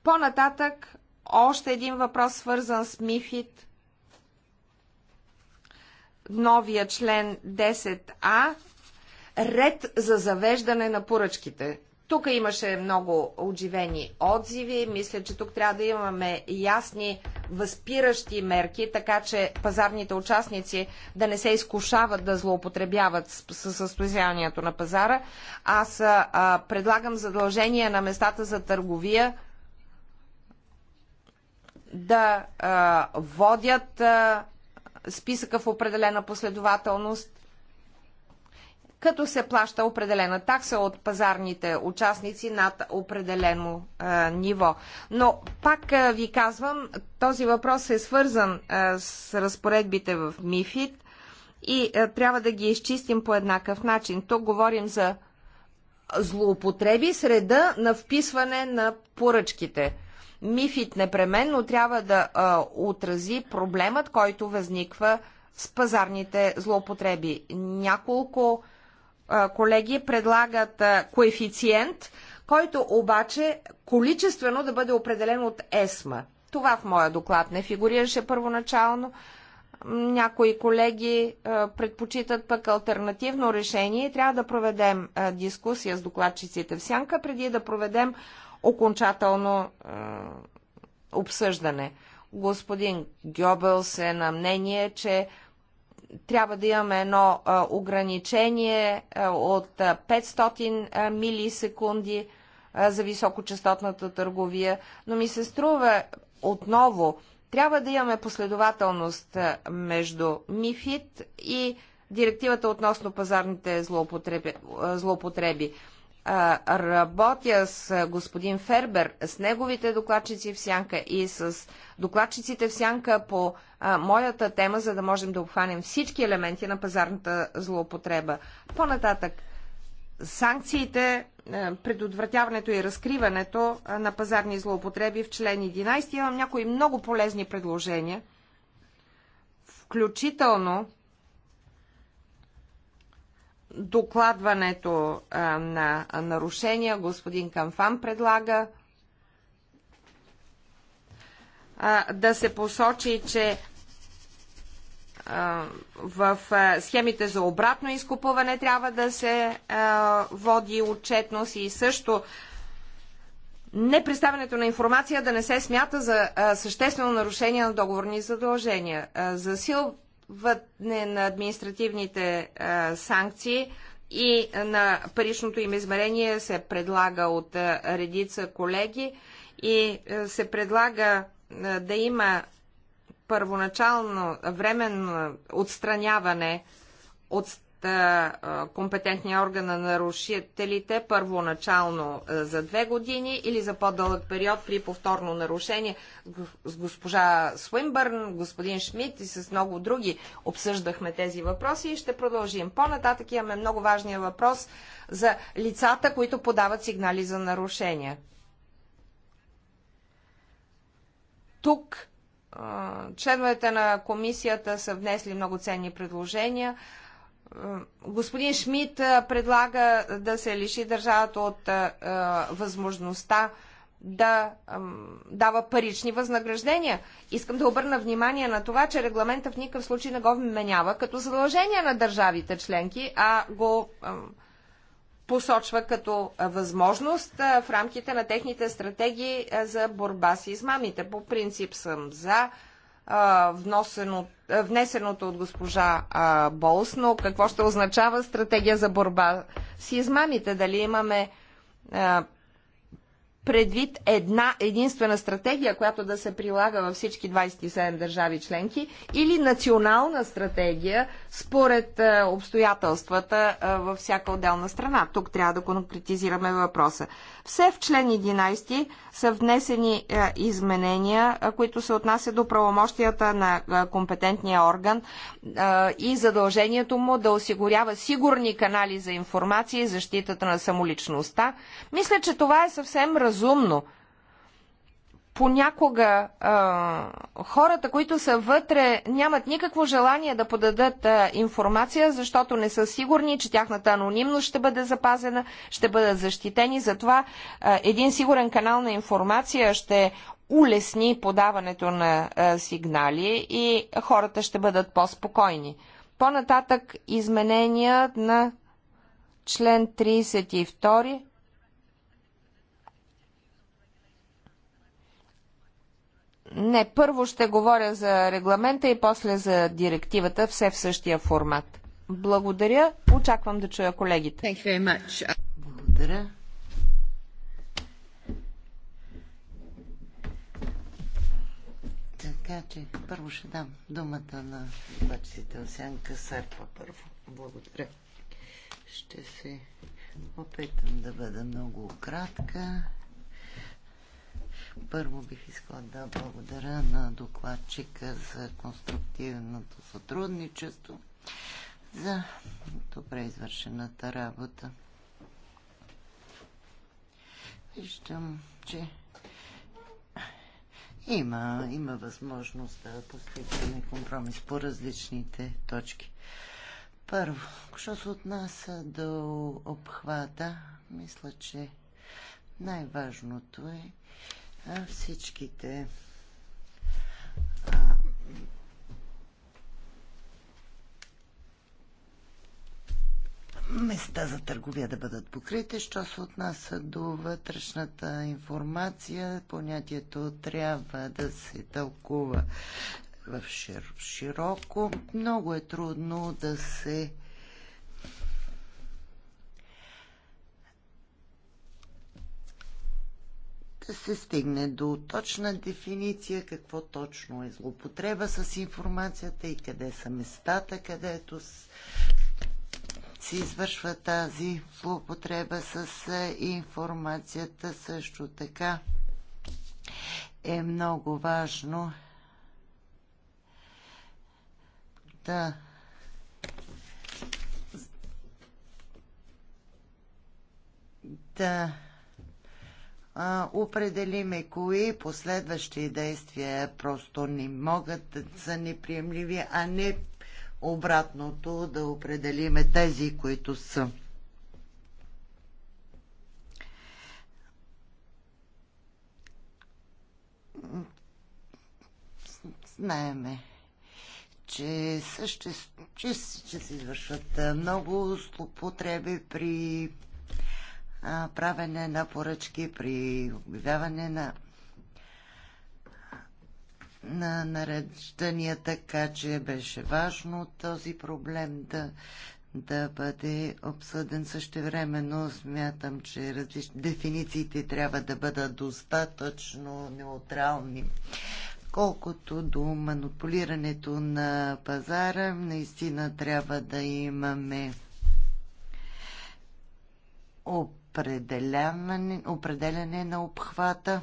По-нататък, още един въпрос, свързан с МИФИД. Новия член 10А. Ред за завеждане на поръчките. Тук имаше много оживени отзиви. Мисля, че тук трябва да имаме ясни възпиращи мерки, така че пазарните участници да не се изкушават да злоупотребяват с състоянието на пазара. Аз а, предлагам задължение на местата за търговия да а, водят а, списъка в определена последователност като се плаща определена такса от пазарните участници над определено а, е, ниво. Но пак а, е, ви казвам, този въпрос е свързан а, е, с разпоредбите в МИФИД и а, трябва да ги изчистим по еднакъв начин. Тук говорим за злоупотреби среда на вписване на поръчките. Мифит непременно трябва да а, отрази проблемът, който възниква с пазарните злоупотреби. Няколко колеги предлагат коефициент, който обаче количествено да бъде определен от ЕСМА. Това в моя доклад не фигурираше първоначално. Някои колеги предпочитат пък альтернативно решение и трябва да проведем дискусия с докладчиците в сянка, преди да проведем окончателно обсъждане. Господин Гьобелс е на мнение, че трябва да имаме едно ограничение от 500 милисекунди за високочастотната търговия, но ми се струва отново, трябва да имаме последователност между МИФИТ и директивата относно пазарните злоупотреби. злоупотреби работя с господин Фербер, с неговите докладчици в сянка и с докладчиците в сянка по моята тема, за да можем да обхванем всички елементи на пазарната злоупотреба. По-нататък, санкциите, предотвратяването и разкриването на пазарни злоупотреби в член 11 имам някои много полезни предложения, включително докладването на нарушения. Господин Камфан предлага да се посочи, че в схемите за обратно изкупуване трябва да се води отчетност и също непредставянето на информация да не се смята за съществено нарушение на договорни задължения. Засил, премахване на административните а, санкции и на паричното им измерение се предлага от а, редица колеги и а, се предлага а, да има първоначално временно отстраняване от да е, е, компетентния орган на нарушителите първоначално е, за две години или за по-дълъг период при повторно нарушение. С госпожа Свинбърн, господин Шмидт и с много други обсъждахме тези въпроси и ще продължим. По-нататък имаме много важния въпрос за лицата, които подават сигнали за нарушения. Тук членовете на комисията са внесли много ценни предложения. Господин Шмидт предлага да се лиши държавата от възможността да дава парични възнаграждения. Искам да обърна внимание на това, че регламента в никакъв случай не го вменява като задължение на държавите членки, а го посочва като възможност в рамките на техните стратегии за борба с измамите. По принцип съм за внесеното от госпожа Болс, но какво ще означава стратегия за борба с измамите? Дали имаме предвид една единствена стратегия, която да се прилага във всички 27 държави членки, или национална стратегия според обстоятелствата във всяка отделна страна. Тук трябва да конкретизираме въпроса. Все в член 11 са внесени е, изменения, е, които се отнасят до правомощията на е, компетентния орган и задължението му да осигурява сигурни канали за информация и защитата на самоличността. Мисля, че това е съвсем разумно понякога а, хората, които са вътре, нямат никакво желание да подадат а, информация, защото не са сигурни, че тяхната анонимност ще бъде запазена, ще бъдат защитени. Затова а, един сигурен канал на информация ще улесни подаването на а, сигнали и хората ще бъдат по-спокойни. По-нататък изменения на член 32 Не, първо ще говоря за регламента и после за директивата, все в същия формат. Благодаря. Очаквам да чуя колегите. Благодаря. Така че първо ще дам думата на бачите Осянка Сарпа първо. Благодаря. Ще се опитам да бъда много кратка. Първо бих искала да благодаря на докладчика за конструктивното сътрудничество, за добре извършената работа. Виждам, че има, има възможност да постигнем компромис по различните точки. Първо, що се отнася до обхвата, мисля, че най-важното е всичките места за търговия да бъдат покрити. Що се отнася до вътрешната информация, понятието трябва да се тълкува в широко. Много е трудно да се да се стигне до точна дефиниция какво точно е злоупотреба с информацията и къде са местата, където се извършва тази злоупотреба с е, информацията. Също така е много важно да да определиме кои последващи действия просто не могат да са неприемливи, а не обратното да определиме тези, които са. Знаеме, че, съще, че, че се извършват много злопотреби при правене на поръчки, при обявяване на на нареждания, така че беше важно този проблем да, да бъде обсъден също време, но Смятам, че различни дефинициите трябва да бъдат достатъчно неутрални. Колкото до манипулирането на пазара, наистина трябва да имаме определяне, определяне на обхвата.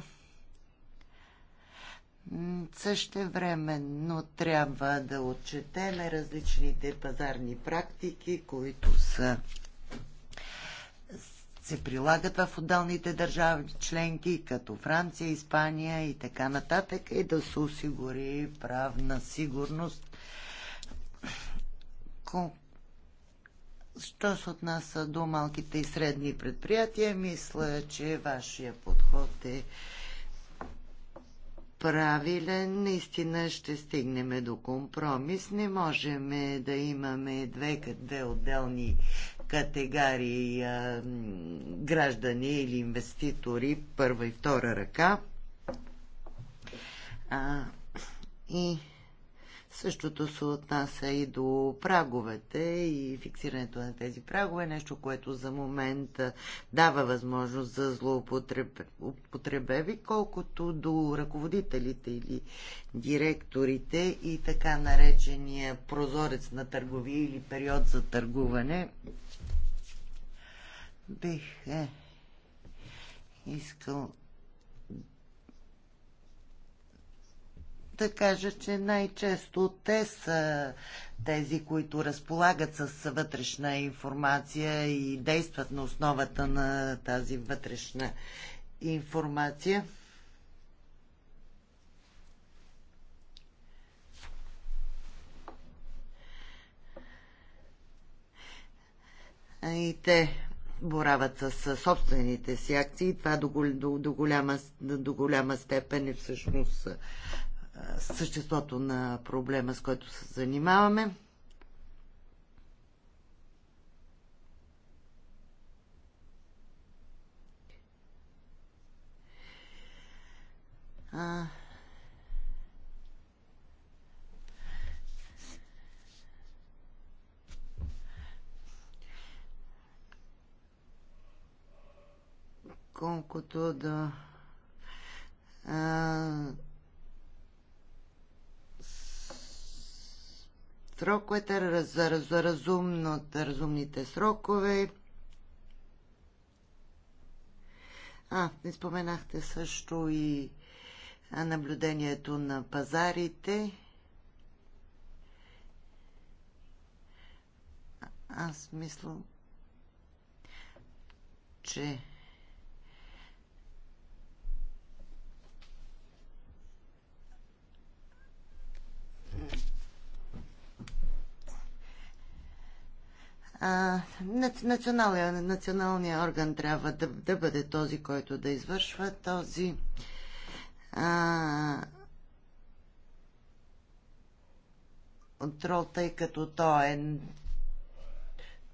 Също време, но трябва да отчетеме различните пазарни практики, които са се прилагат в отделните държави членки, като Франция, Испания и така нататък, и да се осигури правна сигурност Що се отнася до малките и средни предприятия, мисля, че вашия подход е правилен. Наистина ще стигнем до компромис. Не можем да имаме две, две отделни категории а, граждани или инвеститори, първа и втора ръка. А, и Същото се отнася и до праговете и фиксирането на тези прагове, е нещо, което за момент дава възможност за злоупотребеви, колкото до ръководителите или директорите и така наречения прозорец на търговия или период за търгуване. Бих е, искал да кажа, че най-често те са тези, които разполагат с вътрешна информация и действат на основата на тази вътрешна информация. И те борават с собствените си акции. Това до, до, до, голяма, до голяма степен е всъщност съществото на проблема, с който се занимаваме. Колкото да а сроковете, за, за разумно, разумните срокове. А, не споменахте също и наблюдението на пазарите. Аз мисля, че Националният националния, националния орган трябва да, да бъде този, който да извършва този а, контрол, тъй като той е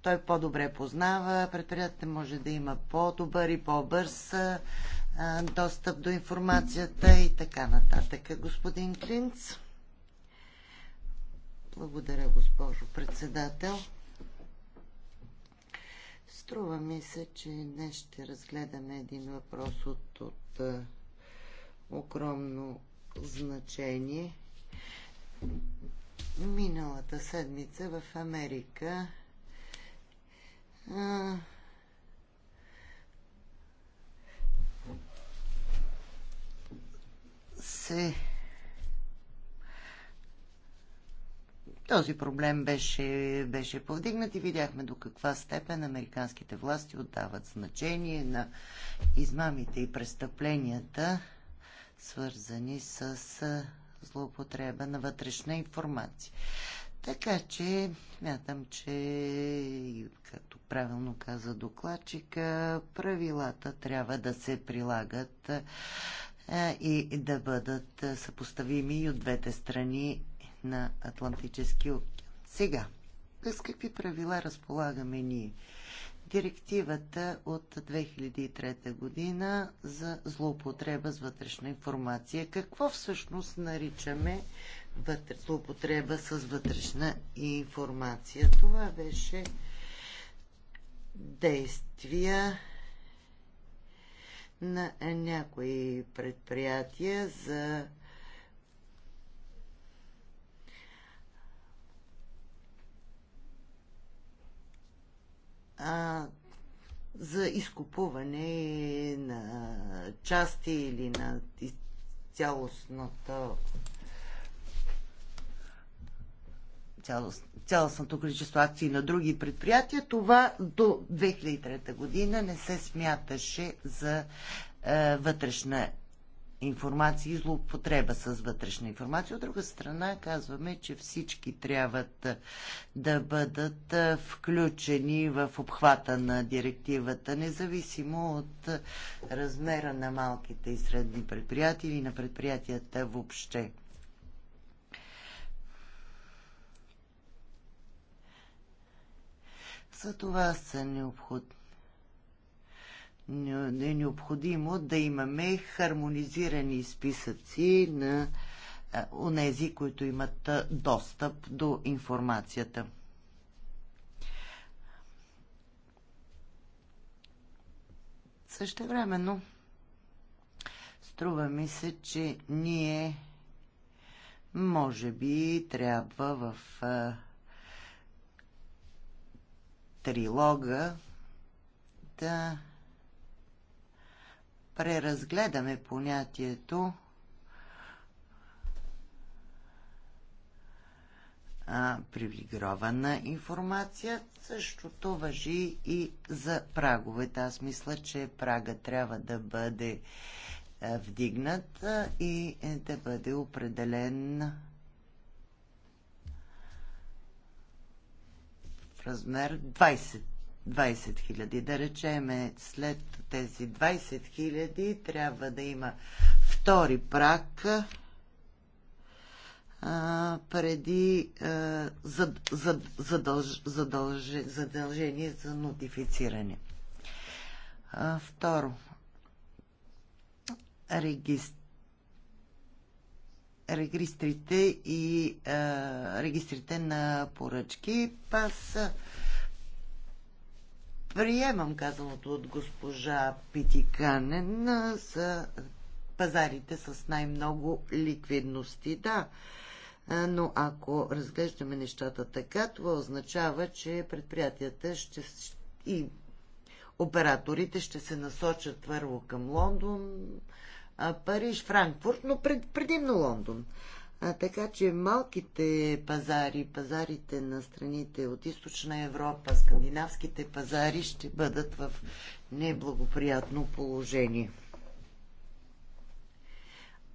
той по-добре познава, предприятите може да има по-добър и по-бърз достъп до информацията и така нататък. Господин Клинц. Благодаря, госпожо председател. Струва ми се, че днес ще разгледаме един въпрос от, от а, огромно значение. Миналата седмица в Америка а, се Този проблем беше, беше повдигнат и видяхме до каква степен американските власти отдават значение на измамите и престъпленията, свързани с злоупотреба на вътрешна информация. Така че мятам, че, както правилно каза докладчика, правилата трябва да се прилагат е, и да бъдат съпоставими и от двете страни на Атлантически океан. Сега, с какви правила разполагаме ние? Директивата от 2003 година за злоупотреба с вътрешна информация. Какво всъщност наричаме вътре, злоупотреба с вътрешна информация? Това беше действия на някои предприятия за а, за изкупуване на части или на цялостната цялост, цялостното количество акции на други предприятия, това до 2003 година не се смяташе за е, вътрешна информация и злоупотреба с вътрешна информация. От друга страна казваме, че всички трябва да бъдат включени в обхвата на директивата, независимо от размера на малките и средни предприятия или на предприятията въобще. За това са необходими е необходимо да имаме хармонизирани списъци на е, онези, които имат е, достъп до информацията. времено, струва ми се, че ние може би трябва в а, е, трилога да преразгледаме понятието привилегирована информация. Същото въжи и за праговете. Аз мисля, че прага трябва да бъде вдигнат и да бъде определен в размер 20 20 хиляди. Да речеме, след тези 20 хиляди трябва да има втори прак а, преди а, зад, зад, задълж, задължение за нотифициране. А, второ, регистр регистрите и а, регистрите на поръчки. Аз Приемам казаното от госпожа Питиканен за пазарите с най-много ликвидности. Да, но ако разглеждаме нещата така, това означава, че предприятията ще, и операторите ще се насочат първо към Лондон, Париж, Франкфурт, но пред, предимно Лондон. А, така че малките пазари, пазарите на страните от източна Европа, скандинавските пазари ще бъдат в неблагоприятно положение.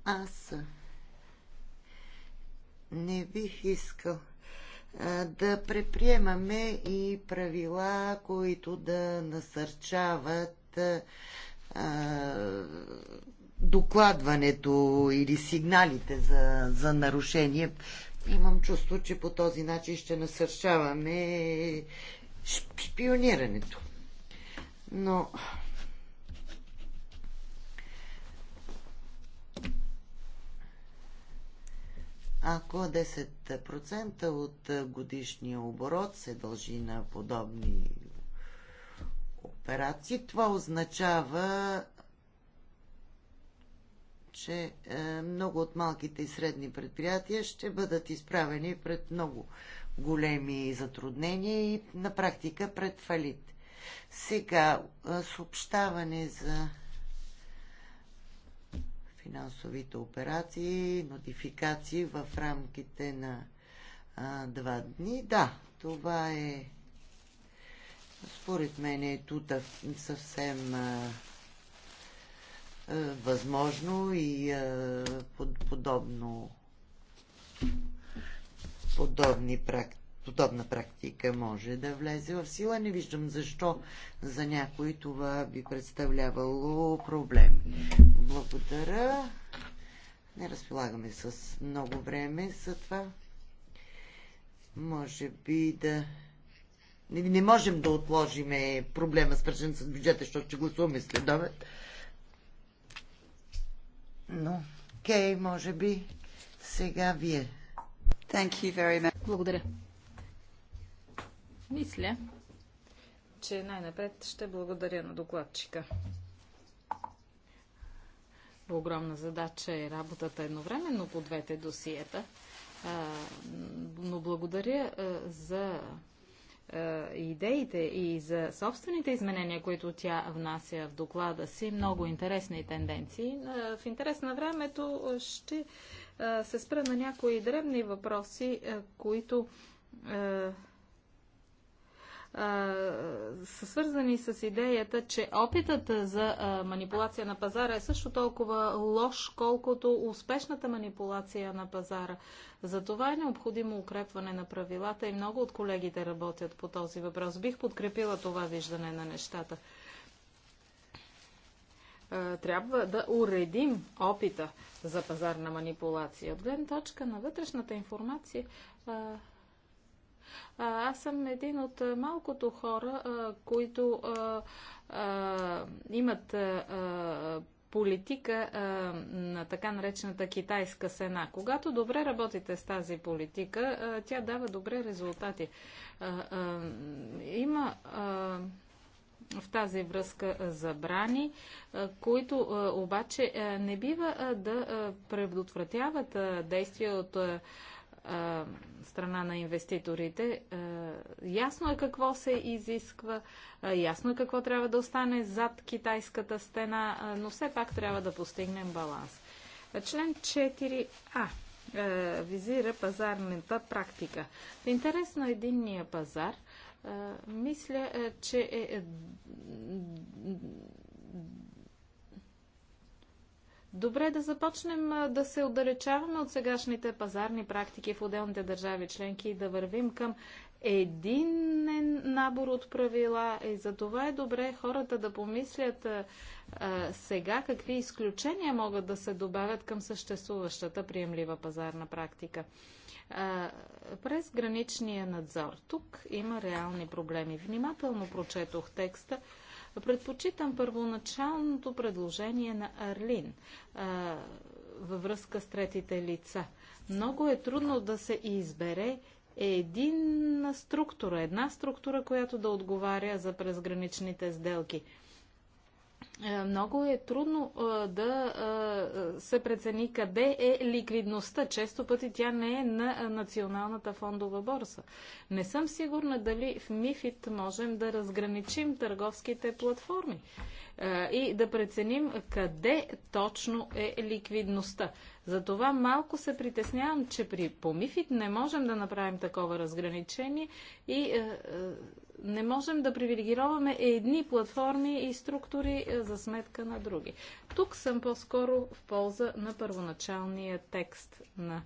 Аз не бих искал да преприемаме и правила, които да насърчават а, докладването или сигналите за, за нарушение. Имам чувство, че по този начин ще насърчаваме шпионирането. Но Ако 10% от годишния оборот се дължи на подобни операции, това означава че е, много от малките и средни предприятия ще бъдат изправени пред много големи затруднения и на практика пред фалит. Сега е, съобщаване за финансовите операции, нотификации в рамките на е, два дни. Да, това е според мен е тута съвсем Е, е, възможно и е, подобно подобни практики подобна практика може да влезе в сила. Не виждам защо за някой това би представлявало проблем. Благодаря. Не разполагаме с много време за това. Може би да... Не, не можем да отложиме проблема с с бюджета, защото ще гласуваме след обед. Но, Кей, може би сега вие. Thank you very much. Благодаря. Мисля, че най-напред ще благодаря на докладчика. Огромна задача е работата едновременно по двете досиета. Но благодаря за е, идеите и за собствените изменения, които тя внася в доклада си, много интересни тенденции. Е, в интерес на времето ще е, се спра на някои дребни въпроси, които са свързани с идеята, че опитът за манипулация на пазара е също толкова лош, колкото успешната манипулация на пазара. За това е необходимо укрепване на правилата и много от колегите работят по този въпрос. Бих подкрепила това виждане на нещата. Трябва да уредим опита за пазарна манипулация. От гледна точка на вътрешната информация, аз съм един от малкото хора, които имат политика а, на така наречената китайска сена. Когато добре работите с тази политика, а, тя дава добре резултати. А, а, има а, в тази връзка забрани, които обаче не бива да предотвратяват действия от а, страна на инвеститорите. А, ясно е какво се изисква, а, ясно е какво трябва да остане зад китайската стена, а, но все пак трябва да постигнем баланс. член 4а а, визира пазарната практика. В интерес на единния пазар, а, мисля, а, че е Добре да започнем да се отдалечаваме от сегашните пазарни практики в отделните държави членки и да вървим към един набор от правила. И за това е добре хората да помислят а, сега какви изключения могат да се добавят към съществуващата приемлива пазарна практика. А, през граничния надзор. Тук има реални проблеми. Внимателно прочетох текста. Предпочитам първоначалното предложение на Арлин а, във връзка с третите лица. Много е трудно да се избере един структура, една структура, която да отговаря за презграничните сделки. Е, много е трудно е, да е, се прецени къде е ликвидността. Често пъти тя не е на националната фондова борса. Не съм сигурна дали в МИФИТ можем да разграничим търговските платформи и да преценим къде точно е ликвидността. Затова малко се притеснявам, че при помифит не можем да направим такова разграничение и не можем да привилегироваме едни платформи и структури е, за сметка на други. Тук съм по-скоро в полза на първоначалния текст на е,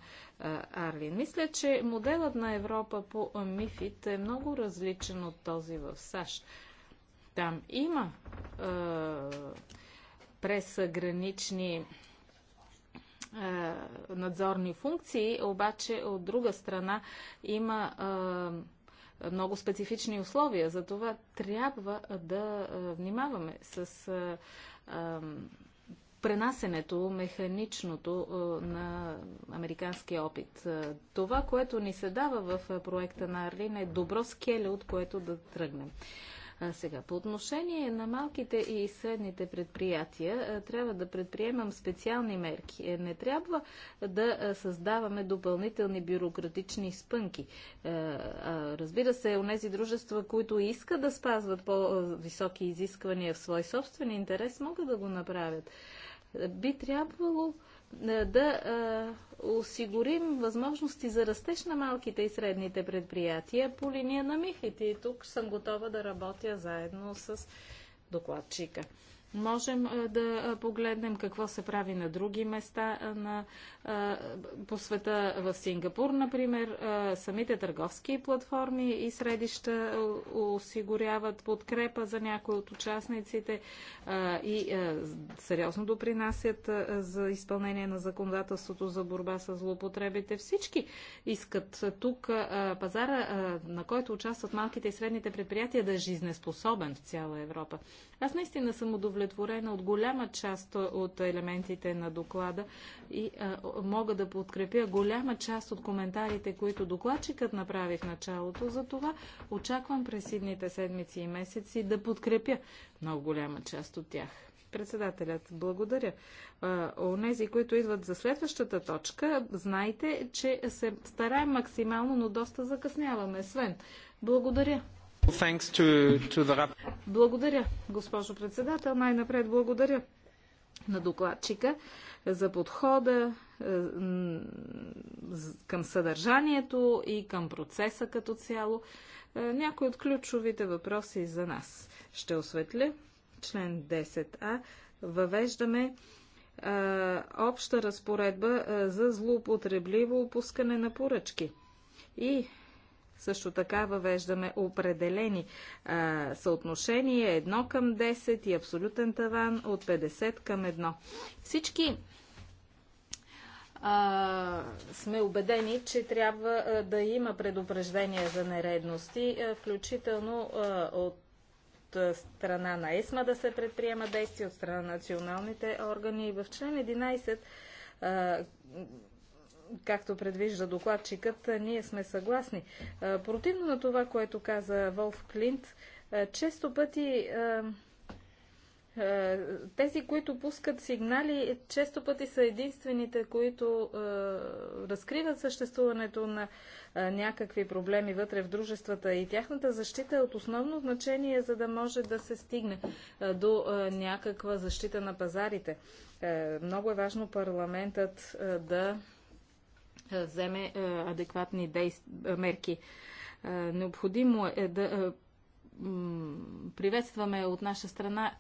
Арлин. Мисля, че моделът на Европа по е, МИФИТ е много различен от този в САЩ. Там има е, пресгранични надзорни функции, обаче от друга страна има е, много специфични условия. Затова трябва да внимаваме с пренасенето механичното на американския опит. Това, което ни се дава в проекта на Арлин е добро скеле, от което да тръгнем. А сега, по отношение на малките и средните предприятия, трябва да предприемам специални мерки. Е, не трябва да създаваме допълнителни бюрократични спънки. Е, разбира се, у нези дружества, които искат да спазват по-високи изисквания в свой собствен интерес, могат да го направят. Е, би трябвало е, да е, осигурим възможности за растеж на малките и средните предприятия по линия на михите. И тук съм готова да работя заедно с докладчика. Можем да погледнем какво се прави на други места на, по света. В Сингапур, например, самите търговски платформи и средища осигуряват подкрепа за някои от участниците и сериозно допринасят за изпълнение на законодателството за борба с злоупотребите. Всички искат тук пазара, на който участват малките и средните предприятия, да е жизнеспособен в цяла Европа. Аз наистина съм удовлетворена от голяма част от елементите на доклада и а, мога да подкрепя голяма част от коментарите, които докладчикът направи в началото. За това очаквам през идните седмици и месеци да подкрепя много голяма част от тях. Председателят, благодаря. Онези, които идват за следващата точка, знайте, че се стараем максимално, но доста закъсняваме. Свен, благодаря. Благодаря, госпожо председател. Най-напред благодаря на докладчика за подхода е, към съдържанието и към процеса като цяло. Е, някои от ключовите въпроси за нас ще осветля. Член 10а. Въвеждаме а, е, обща разпоредба а, за злоупотребливо опускане на поръчки. И също така въвеждаме определени а, съотношения 1 към 10 и абсолютен таван от 50 към 1. Всички а, сме убедени, че трябва а, да има предупреждения за нередности, а, включително а, от страна на ЕСМА да се предприема действия от страна на националните органи. И в член 11 както предвижда докладчикът, ние сме съгласни. Противно на това, което каза Волф Клинт, често пъти тези, които пускат сигнали, често пъти са единствените, които разкриват съществуването на някакви проблеми вътре в дружествата и тяхната защита е от основно значение, за да може да се стигне до някаква защита на пазарите. Е, много е важно парламентът да вземе е, адекватни е, мерки. Е, необходимо е да приветстваме от наша страна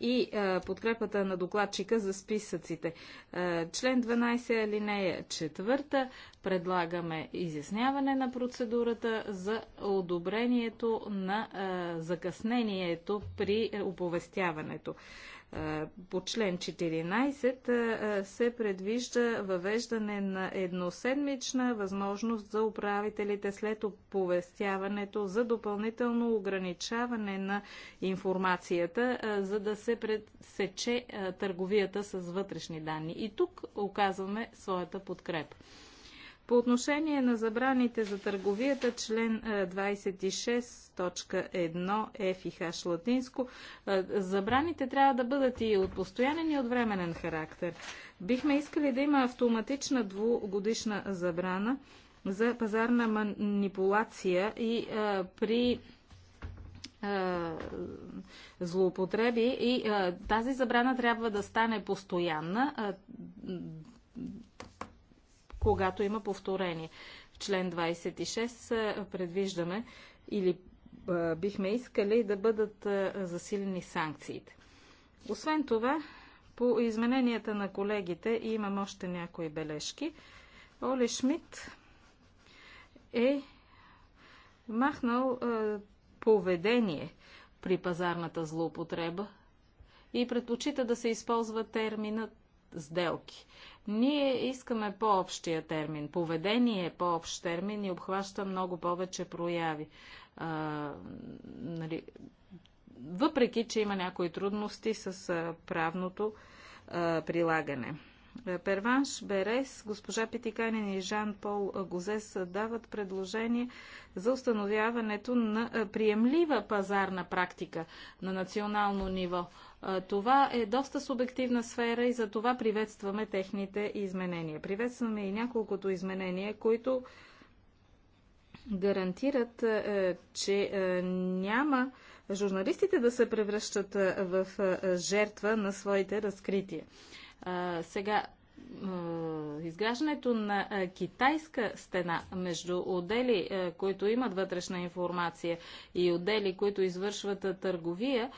и подкрепата на докладчика за списъците. член 12 алинея 4 предлагаме изясняване на процедурата за одобрението на закъснението при оповестяването. Е, по член 14 е, е, се предвижда въвеждане на едноседмична възможност за управителите след оповестяването за допълнително ограничаване на информацията, за да се пресече търговията с вътрешни данни. И тук оказваме своята подкрепа. По отношение на забраните за търговията, член 26.1 е, F и H латинско, е, забраните трябва да бъдат и от постоянен и от временен характер. Бихме искали да има автоматична двугодишна забрана за пазарна манипулация и а, е, при злоупотреби и а, тази забрана трябва да стане постоянна когато има повторение. В член 26 предвиждаме или бихме искали да бъдат засилени санкциите. Освен това, по измененията на колегите имам още някои бележки. Оли Шмидт е махнал поведение при пазарната злоупотреба и предпочита да се използва терминът сделки. Ние искаме по-общия термин. Поведение е по-общ термин и обхваща много повече прояви. А, нали, въпреки, че има някои трудности с правното а, прилагане. Перванш Берес, госпожа Питиканин и Жан-Пол Гозес дават предложение за установяването на приемлива пазарна практика на национално ниво. Това е доста субективна сфера и за това приветстваме техните изменения. Приветстваме и няколкото изменения, които гарантират, че няма журналистите да се превръщат в жертва на своите разкрития сега, изграждането на китайска стена между отдели, които имат вътрешна информация и отдели, които извършват търговия,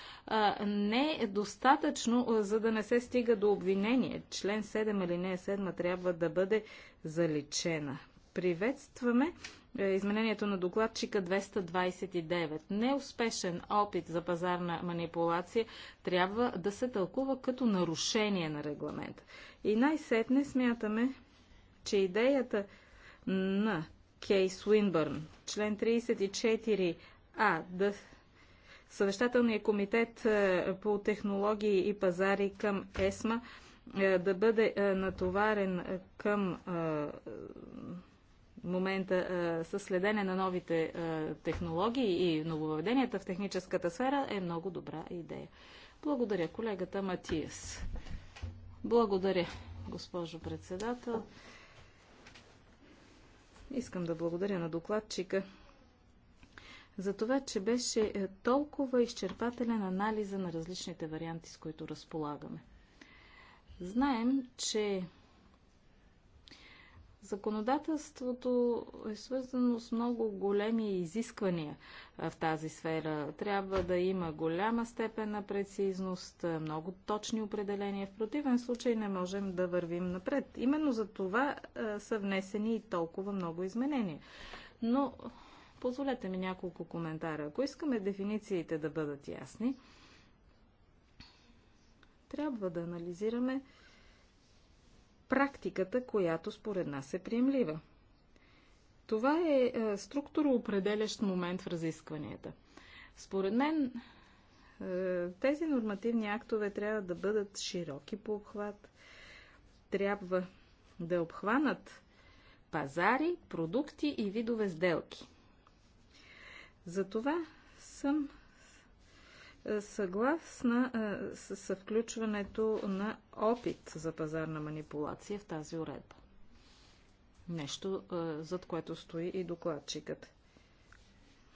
не е достатъчно, за да не се стига до обвинение. Член 7 или не 7 трябва да бъде заличена. Приветстваме е, изменението на докладчика 229. Неуспешен опит за пазарна манипулация трябва да се тълкува като нарушение на регламента. И най-сетне смятаме, че идеята на Кей Суинбърн, член 34а, да съвещателният комитет е, по технологии и пазари към ЕСМА е, да бъде натоварен към момента с следене на новите технологии и нововведенията в техническата сфера е много добра идея. Благодаря, колегата Матиас. Благодаря, госпожо председател. Искам да благодаря на докладчика за това, че беше е, толкова изчерпателен анализа на различните варианти, с които разполагаме. Знаем, че Законодателството е свързано с много големи изисквания в тази сфера. Трябва да има голяма степен на прецизност, много точни определения. В противен случай не можем да вървим напред. Именно за това са внесени и толкова много изменения. Но позволете ми няколко коментара. Ако искаме дефинициите да бъдат ясни, трябва да анализираме практиката, която според нас е приемлива. Това е, е структуроопределящ момент в разискванията. Според мен е, тези нормативни актове трябва да бъдат широки по обхват, трябва да обхванат пазари, продукти и видове сделки. Затова съм съгласна с включването на опит за пазарна манипулация в тази уредба. Нещо, зад което стои и докладчикът.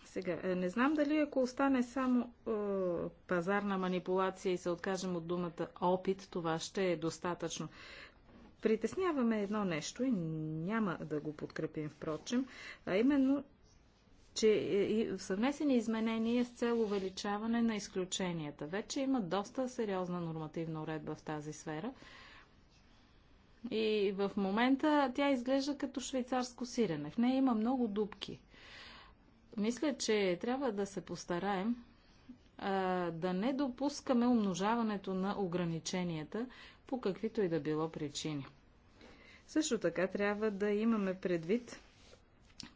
Сега, е, не знам дали ако остане само пазарна манипулация и се откажем от думата опит, това ще е достатъчно. Притесняваме едно нещо и няма да го подкрепим, впрочем, а именно, че е, и съвместни изменения с цел увеличаване на изключенията. Вече има доста сериозна нормативна уредба в тази сфера. И в момента тя изглежда като швейцарско сирене. В нея има много дубки. Мисля, че трябва да се постараем а, да не допускаме умножаването на ограниченията по каквито и да било причини. Също така трябва да имаме предвид,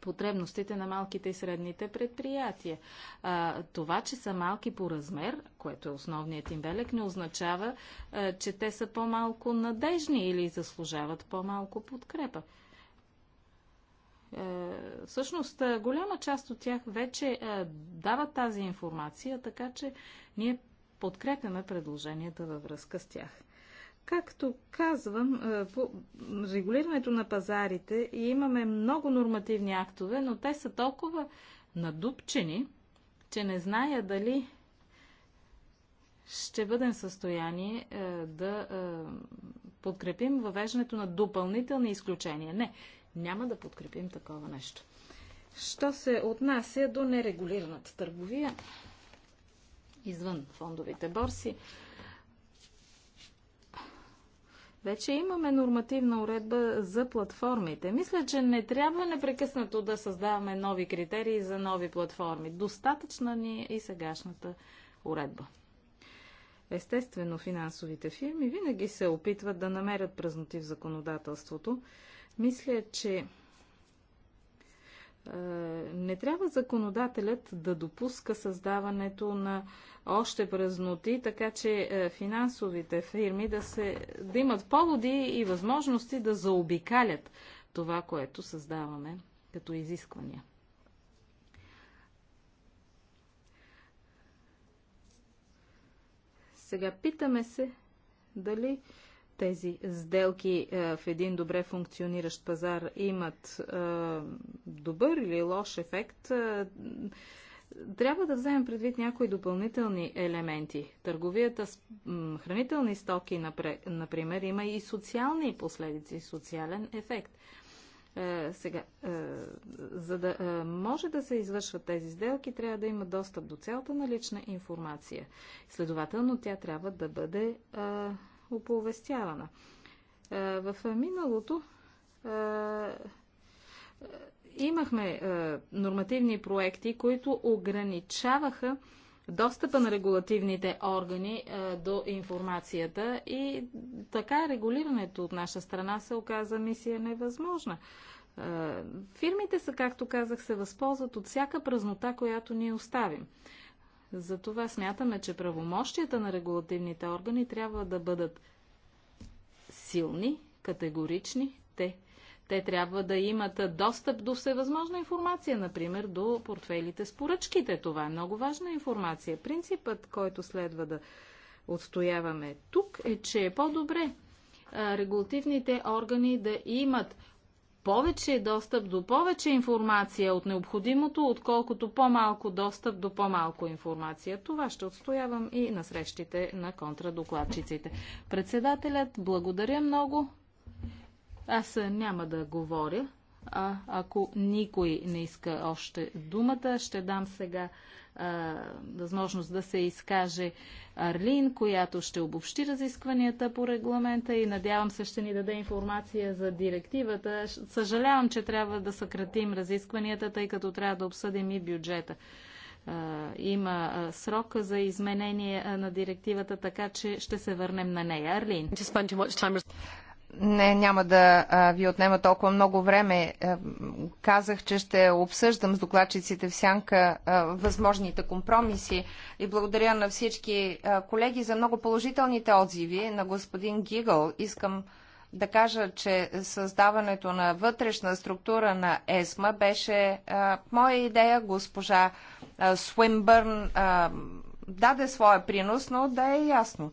потребностите на малките и средните предприятия. А, това, че са малки по размер, което е основният им белег, не означава, а, че те са по-малко надежни или заслужават по-малко подкрепа. Е, всъщност, е, голяма част от тях вече е, дават тази информация, така че ние подкрепяме предложенията във връзка с тях. Както казвам, е, по регулирането на пазарите и имаме много нормативни актове, но те са толкова надупчени, че не зная дали ще бъдем в състояние е, да е, подкрепим въвеждането на допълнителни изключения. Не, няма да подкрепим такова нещо. Що се отнася до нерегулираната търговия извън фондовите борси, вече имаме нормативна уредба за платформите. Мисля, че не трябва непрекъснато да създаваме нови критерии за нови платформи. Достатъчна ни е и сегашната уредба. Естествено, финансовите фирми винаги се опитват да намерят празноти в законодателството. Мисля, че е, не трябва законодателят да допуска създаването на още празноти, така че е, финансовите фирми да, се, да имат поводи и възможности да заобикалят това, което създаваме като изисквания. Сега питаме се дали тези сделки е, в един добре функциониращ пазар имат е, добър или лош ефект трябва да вземем предвид някои допълнителни елементи. Търговията с хранителни стоки, например, има и социални последици, социален ефект. Е, сега, е, за да е, може да се извършват тези сделки, трябва да има достъп до цялата налична информация. Следователно, тя трябва да бъде оповестявана. В миналото имахме е, нормативни проекти, които ограничаваха достъпа на регулативните органи е, до информацията и така регулирането от наша страна се оказа мисия невъзможна. Е, фирмите са, както казах, се възползват от всяка празнота, която ние оставим. Затова смятаме, че правомощията на регулативните органи трябва да бъдат силни, категорични, те те трябва да имат достъп до всевъзможна информация, например до портфелите с поръчките. Това е много важна информация. Принципът, който следва да отстояваме тук е, че е по-добре регулативните органи да имат повече достъп до повече информация от необходимото, отколкото по-малко достъп до по-малко информация. Това ще отстоявам и на срещите на контрадокладчиците. Председателят, благодаря много. Аз няма да говоря. А, ако никой не иска още думата, ще дам сега а, възможност да се изкаже Арлин, която ще обобщи разискванията по регламента и надявам се ще ни даде информация за директивата. Съжалявам, че трябва да съкратим разискванията, тъй като трябва да обсъдим и бюджета. А, има срок за изменение на директивата, така че ще се върнем на нея. Арлин. Не, няма да ви отнема толкова много време. Е, казах, че ще обсъждам с докладчиците в сянка възможните компромиси и благодаря на всички колеги за много положителните отзиви на господин Гигъл. Искам да кажа, че създаването на вътрешна структура на ЕСМА беше а, моя идея. Госпожа а, а, даде своя принос, но да е ясно.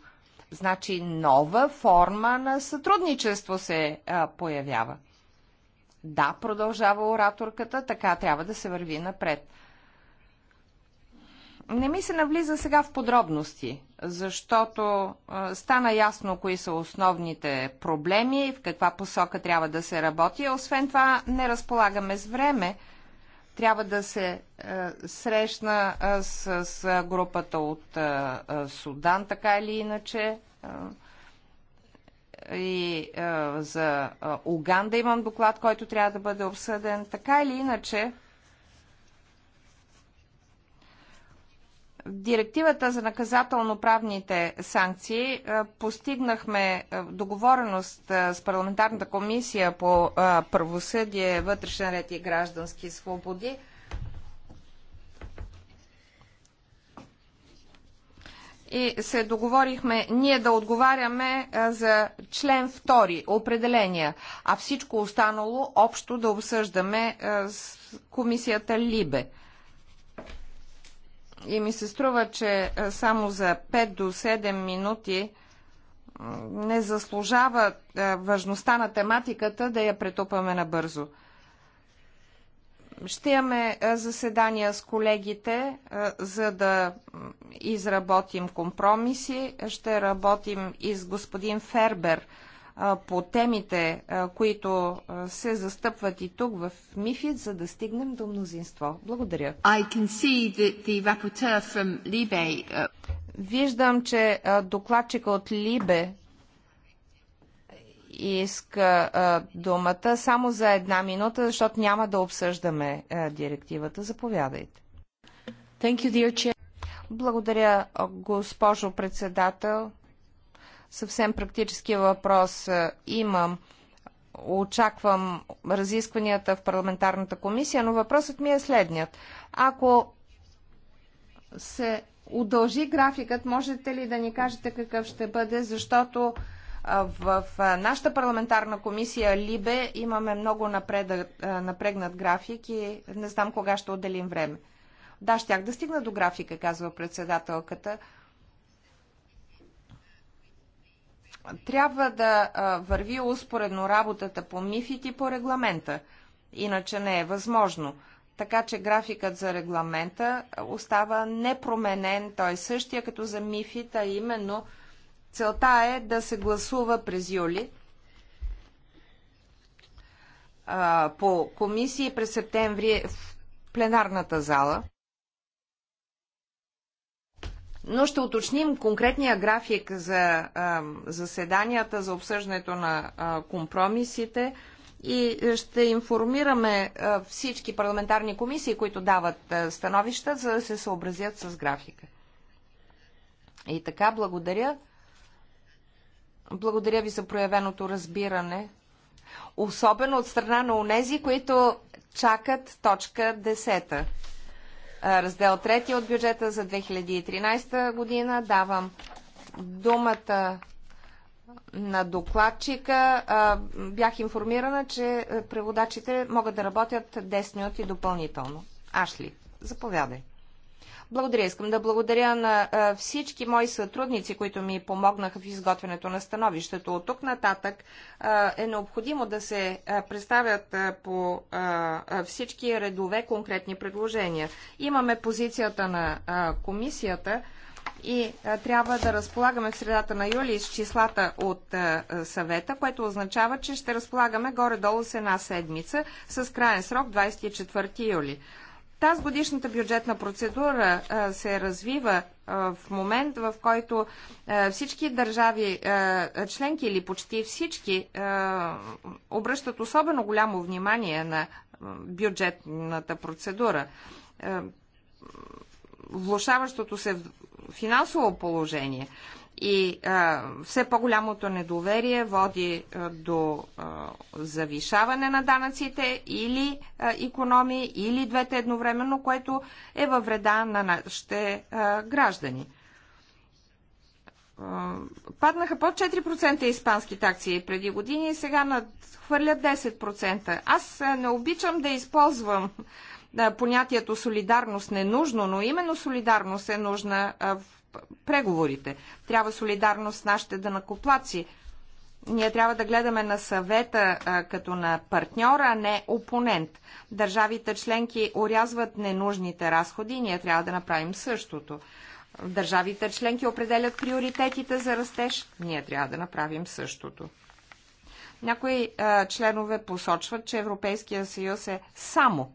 Значи нова форма на сътрудничество се а, появява. Да, продължава ораторката, така трябва да се върви напред. Не ми се навлиза сега в подробности, защото а, стана ясно кои са основните проблеми и в каква посока трябва да се работи. Освен това, не разполагаме с време. Трябва да се е, срещна е, с, с групата от е, Судан, така или иначе и а, за а, Уганда имам доклад, който трябва да бъде обсъден. Така или иначе, директивата за наказателно-правните санкции е, постигнахме е, договореност е, с парламентарната комисия по правосъдие, вътрешен ред и граждански свободи. И се договорихме ние да отговаряме за член 2 определения, а всичко останало общо да обсъждаме с комисията Либе. И ми се струва, че само за 5 до 7 минути не заслужава важността на тематиката да я претупаме набързо. Ще имаме заседания с колегите, за да изработим компромиси. Ще работим и с господин Фербер по темите, които се застъпват и тук в МИФИД, за да стигнем до мнозинство. Благодаря. Libe... Uh, Виждам, че докладчика от Либе иска думата само за една минута, защото няма да обсъждаме директивата. Заповядайте. You, Благодаря, госпожо председател. Съвсем практически въпрос имам. Очаквам разискванията в парламентарната комисия, но въпросът ми е следният. Ако се удължи графикът, можете ли да ни кажете какъв ще бъде, защото в нашата парламентарна комисия Либе имаме много напред, напрегнат график и не знам кога ще отделим време. Да, щях да стигна до графика, казва председателката. трябва да върви успоредно работата по МИФИТ и по регламента. Иначе не е възможно. Така че графикът за регламента остава непроменен, той е същия като за МИФИТ, а именно целта е да се гласува през юли по комисии през септември в пленарната зала но ще уточним конкретния график за заседанията, за обсъждането на компромисите и ще информираме всички парламентарни комисии, които дават становища, за да се съобразят с графика. И така, благодаря. Благодаря ви за проявеното разбиране, особено от страна на унези, които чакат точка 10 раздел 3 от бюджета за 2013 година. Давам думата на докладчика. Бях информирана, че преводачите могат да работят 10 минути допълнително. Ашли, заповядай. Благодаря. Искам да благодаря на всички мои сътрудници, които ми помогнаха в изготвянето на становището. От тук нататък е необходимо да се представят по всички редове конкретни предложения. Имаме позицията на комисията и трябва да разполагаме в средата на юли с числата от съвета, което означава, че ще разполагаме горе-долу с една седмица с крайен срок 24 юли. Тази годишната бюджетна процедура се развива в момент, в който всички държави членки или почти всички обръщат особено голямо внимание на бюджетната процедура. Влушаващото се финансово положение и а, все по-голямото недоверие води а, до а, завишаване на данъците или а, економии, или двете едновременно, което е във вреда на нашите а, граждани. А, паднаха под 4% испанските акции преди години и сега надхвърлят 10%. Аз не обичам да използвам понятието солидарност ненужно, но именно солидарност е нужна в преговорите. Трябва солидарност с нашите данакоплаци. Ние трябва да гледаме на съвета а, като на партньора, а не опонент. Държавите членки орязват ненужните разходи и ние трябва да направим същото. Държавите членки определят приоритетите за растеж. Ние трябва да направим същото. Някои а, членове посочват, че Европейския съюз е само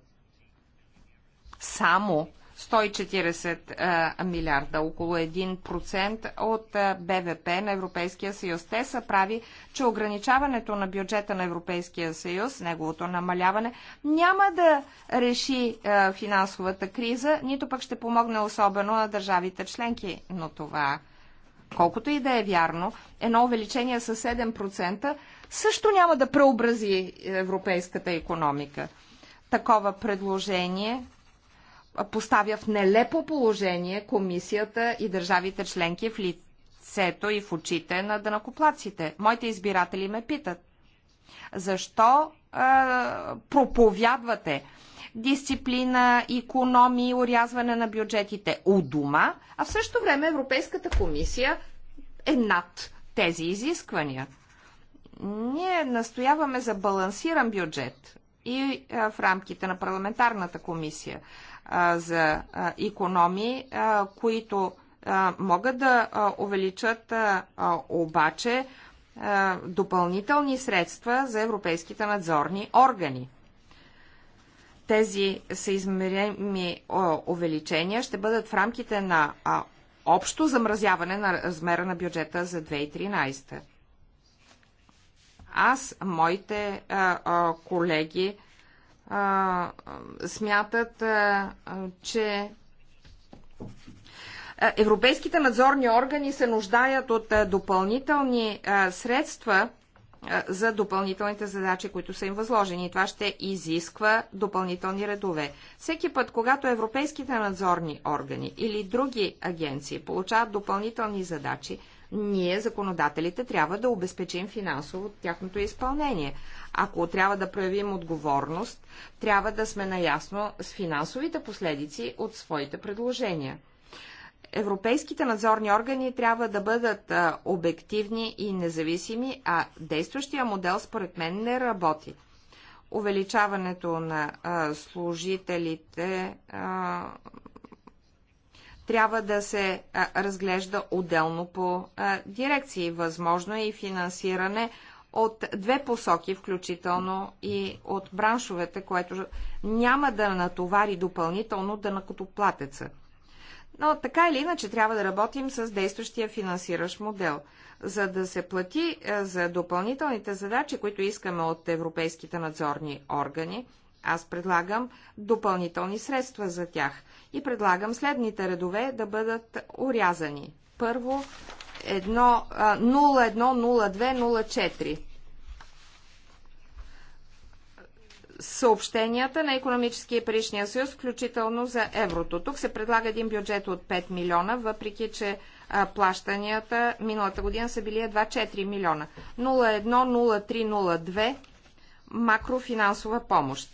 само 140 милиарда, около 1% от БВП на Европейския съюз. Те са прави, че ограничаването на бюджета на Европейския съюз, неговото намаляване, няма да реши финансовата криза, нито пък ще помогне особено на държавите членки. Но това, колкото и да е вярно, едно увеличение с 7% също няма да преобрази европейската економика. Такова предложение поставя в нелепо положение комисията и държавите членки в лицето и в очите на дънакоплаците. Моите избиратели ме питат, защо а, проповядвате дисциплина, економии, урязване на бюджетите у дома, а в същото време Европейската комисия е над тези изисквания. Ние настояваме за балансиран бюджет и в рамките на парламентарната комисия за економии, които могат да увеличат обаче допълнителни средства за европейските надзорни органи. Тези съизмерими увеличения ще бъдат в рамките на общо замразяване на размера на бюджета за 2013. Аз, моите колеги, а, смятат, а, че европейските надзорни органи се нуждаят от допълнителни а, средства а, за допълнителните задачи, които са им възложени. Това ще изисква допълнителни редове. Всеки път, когато европейските надзорни органи или други агенции получават допълнителни задачи, ние, законодателите, трябва да обезпечим финансово тяхното изпълнение. Ако трябва да проявим отговорност, трябва да сме наясно с финансовите последици от своите предложения. Европейските надзорни органи трябва да бъдат а, обективни и независими, а действащия модел според мен не работи. Увеличаването на а, служителите а, трябва да се разглежда отделно по дирекции. Възможно е и финансиране от две посоки, включително и от браншовете, което няма да натовари допълнително да накотоплатеца. Но така или иначе трябва да работим с действащия финансиращ модел. За да се плати е, за допълнителните задачи, които искаме от европейските надзорни органи, аз предлагам допълнителни средства за тях и предлагам следните редове да бъдат урязани. Първо, 1, 010204. Съобщенията на економическия и паричния съюз, включително за еврото. Тук се предлага един бюджет от 5 милиона, въпреки че плащанията миналата година са били едва 4 милиона. 010302 макрофинансова помощ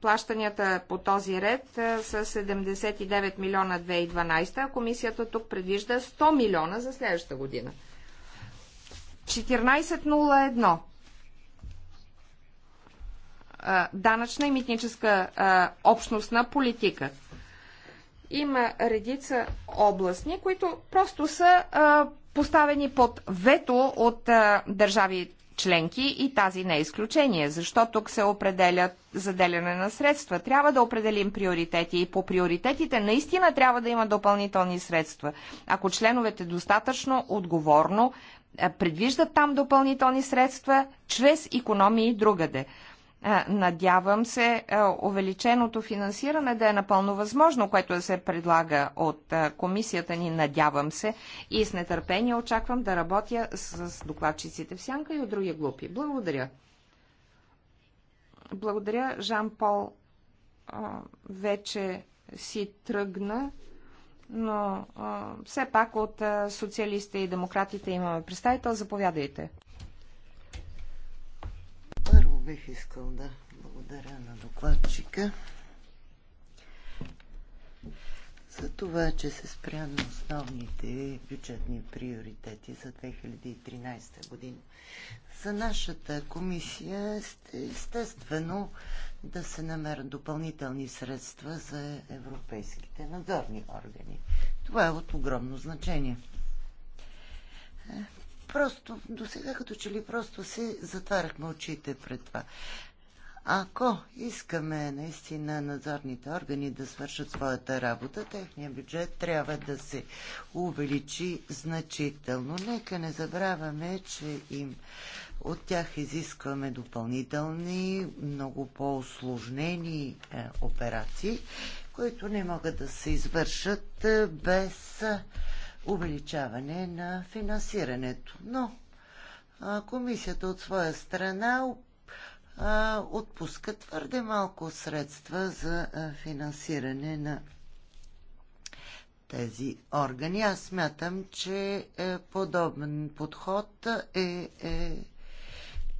плащанията по този ред са 79 милиона 2012, а комисията тук предвижда 100 милиона за следващата година. 14.01 Данъчна и митническа общностна политика. Има редица областни, които просто са поставени под вето от държави членки и тази не е изключение, защото тук се определя заделяне на средства. Трябва да определим приоритети и по приоритетите наистина трябва да има допълнителни средства. Ако членовете достатъчно отговорно е, предвиждат там допълнителни средства чрез економии другаде. Е, надявам се е, увеличеното финансиране да е напълно възможно, което да се предлага от е, комисията ни. Надявам се и с нетърпение очаквам да работя с докладчиците в Сянка и от други глупи. Благодаря. Благодаря. Жан-Пол вече си тръгна, но все пак от социалистите и демократите имаме представител. Заповядайте бих искал да благодаря на докладчика за това, че се спря на основните бюджетни приоритети за 2013 година. За нашата комисия естествено да се намерят допълнителни средства за европейските надзорни органи. Това е от огромно значение. Просто до сега като че ли просто се затваряхме очите пред това. Ако искаме наистина надзорните органи да свършат своята работа, техния бюджет трябва да се увеличи значително. Нека не забравяме, че им от тях изискваме допълнителни, много по-осложнени е, операции, които не могат да се извършат е, без увеличаване на финансирането. Но комисията от своя страна отпуска твърде малко средства за финансиране на тези органи. Аз смятам, че е, подобен подход е, е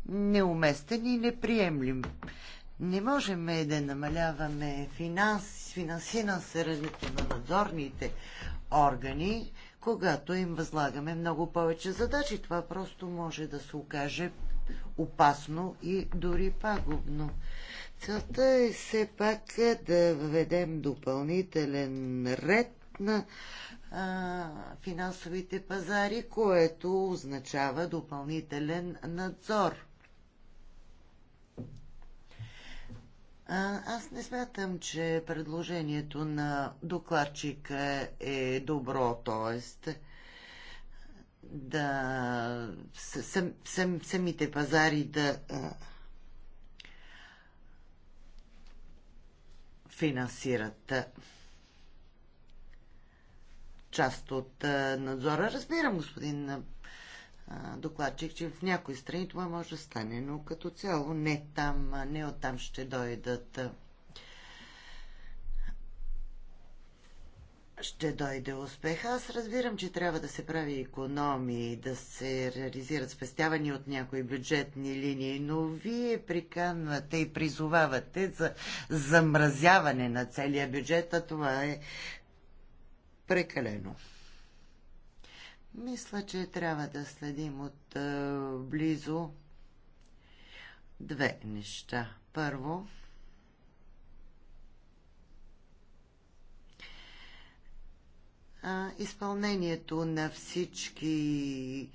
неуместен и неприемлим. Не можем е, да намаляваме финанс, финансирането на надзорните органи, когато им възлагаме много повече задачи. Това просто може да се окаже опасно и дори пагубно. Целта е все пак да введем допълнителен ред на а, финансовите пазари, което означава допълнителен надзор. Аз не смятам, че предложението на докладчика е добро, т.е. да сам, сам, самите пазари да финансират част от надзора. Разбирам, господин докладчик, че в някои страни това може да стане, но като цяло не там, не оттам ще дойдат. Ще дойде успех. Аз разбирам, че трябва да се прави економии, да се реализират спестявания от някои бюджетни линии, но вие приканвате и призовавате за замразяване на целия бюджет, а това е прекалено. Мисля, че трябва да следим от а, е, близо две неща. Първо, а, изпълнението на всички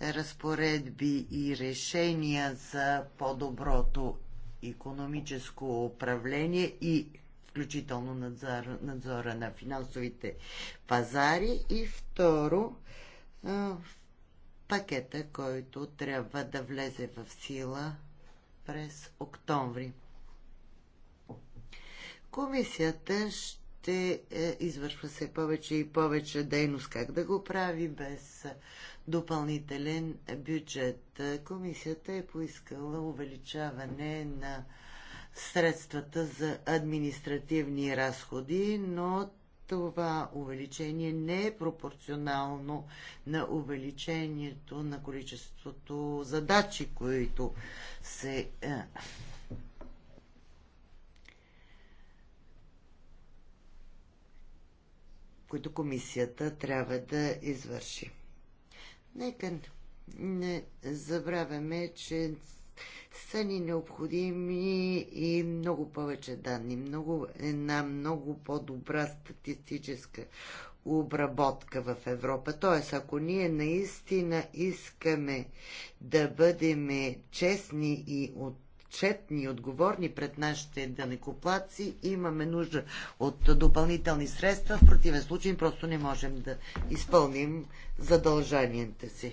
разпоредби и решения за по-доброто економическо управление и включително надзор, надзора на финансовите пазари. И второ, пакета, който трябва да влезе в сила през октомври. Комисията ще е, извършва се повече и повече дейност как да го прави без допълнителен бюджет. Комисията е поискала увеличаване на средствата за административни разходи, но това увеличение не е пропорционално на увеличението на количеството задачи, които се е, които комисията трябва да извърши. Нека не забравяме, че са ни необходими и много повече данни, много, една много по-добра статистическа обработка в Европа. Т.е. ако ние наистина искаме да бъдем честни и отчетни, отговорни пред нашите данекоплаци, имаме нужда от допълнителни средства. В противен случай просто не можем да изпълним задължанията си.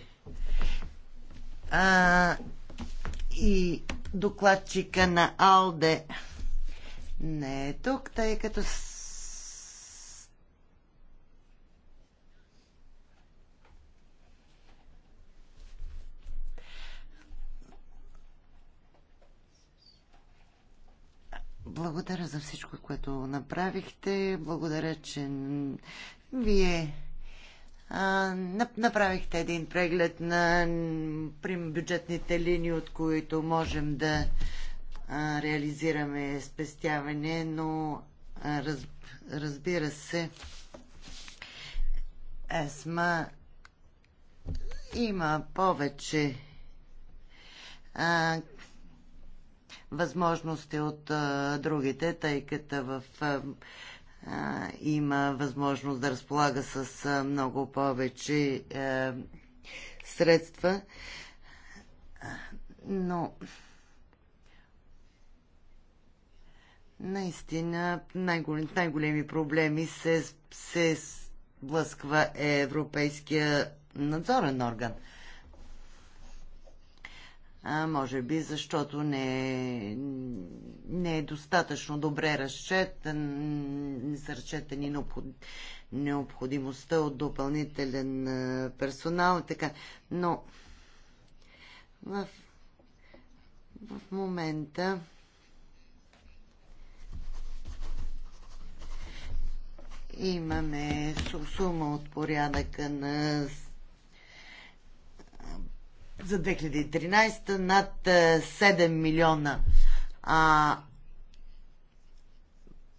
А, и докладчика на Алде не е тук, тъй като Благодаря за всичко, което направихте. Благодаря, че вие направихте един преглед на бюджетните линии, от които можем да реализираме спестяване, но раз, разбира се, ЕСМА има повече а, възможности от а, другите, тъй като в а, има възможност да разполага с много повече е, средства. Но наистина най-големи, най-големи проблеми се, се блъсква Европейския надзорен орган. А, може би защото не е, не е достатъчно добре разчетен, не са разчетени необходимостта от допълнителен персонал и така. Но в, в момента имаме сума от порядъка на за 2013 над 7 е, милиона. А,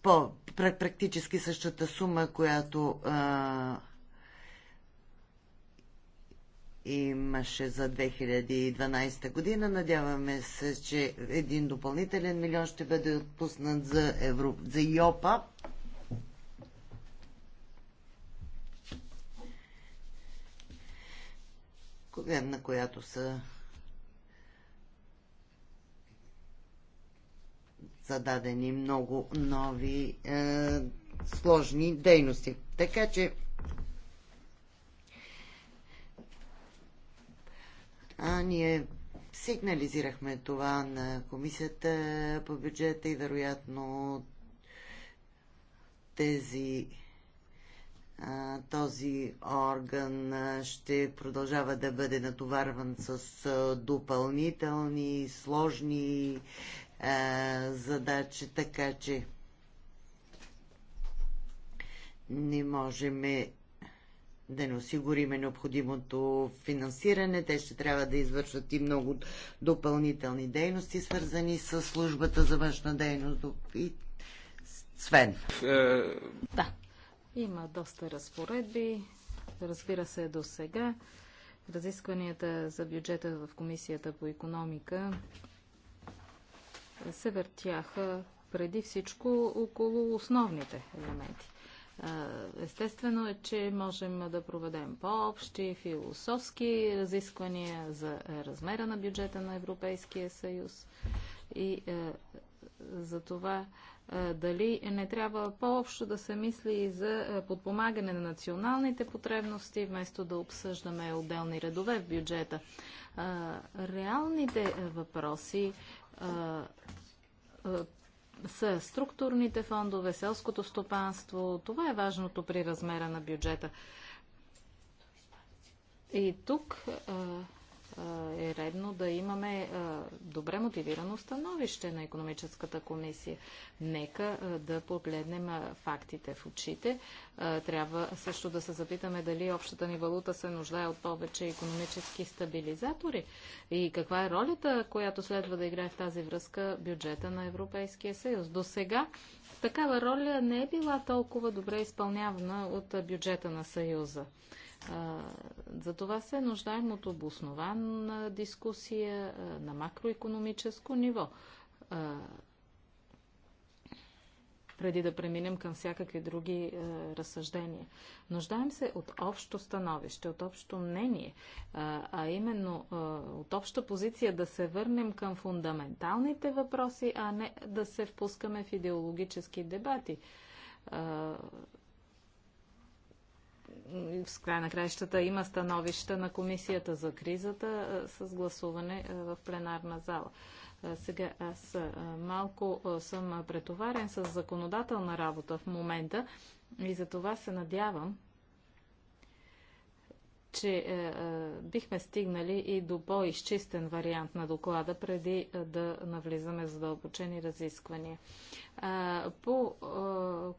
по, практически същата сума, която а, имаше за 2012 година. Надяваме се, че един допълнителен милион ще бъде отпуснат за, Европ, за ЙОПАП. на която са зададени много нови е, сложни дейности. Така че а, ние сигнализирахме това на комисията по бюджета и вероятно тези този орган ще продължава да бъде натоварван с допълнителни сложни задачи, така че не можем да не осигуриме необходимото финансиране. Те ще трябва да извършват и много допълнителни дейности, свързани с службата за външна дейност и Свен. Е, да, има доста разпоредби. Разбира се, до сега разискванията за бюджета в Комисията по економика се въртяха преди всичко около основните елементи. Естествено е, че можем да проведем по-общи философски разисквания за размера на бюджета на Европейския съюз и е, за това дали не трябва по-общо да се мисли и за подпомагане на националните потребности, вместо да обсъждаме отделни редове в бюджета. Реалните въпроси са структурните фондове, селското стопанство. Това е важното при размера на бюджета. И тук е редно да имаме добре мотивирано становище на економическата комисия. Нека да погледнем фактите в очите. Трябва също да се запитаме дали общата ни валута се нуждае от повече економически стабилизатори и каква е ролята, която следва да играе в тази връзка бюджета на Европейския съюз. До сега такава роля не е била толкова добре изпълнявана от бюджета на Съюза. За това се нуждаем от обоснована дискусия на макроекономическо ниво. Преди да преминем към всякакви други разсъждения. Нуждаем се от общо становище, от общо мнение, а именно от обща позиция да се върнем към фундаменталните въпроси, а не да се впускаме в идеологически дебати в края на краищата има становища на комисията за кризата с гласуване в пленарна зала. Сега аз малко съм претоварен с законодателна работа в момента и за това се надявам, че бихме стигнали и до по-изчистен вариант на доклада, преди да навлизаме за задълбочени разисквания. По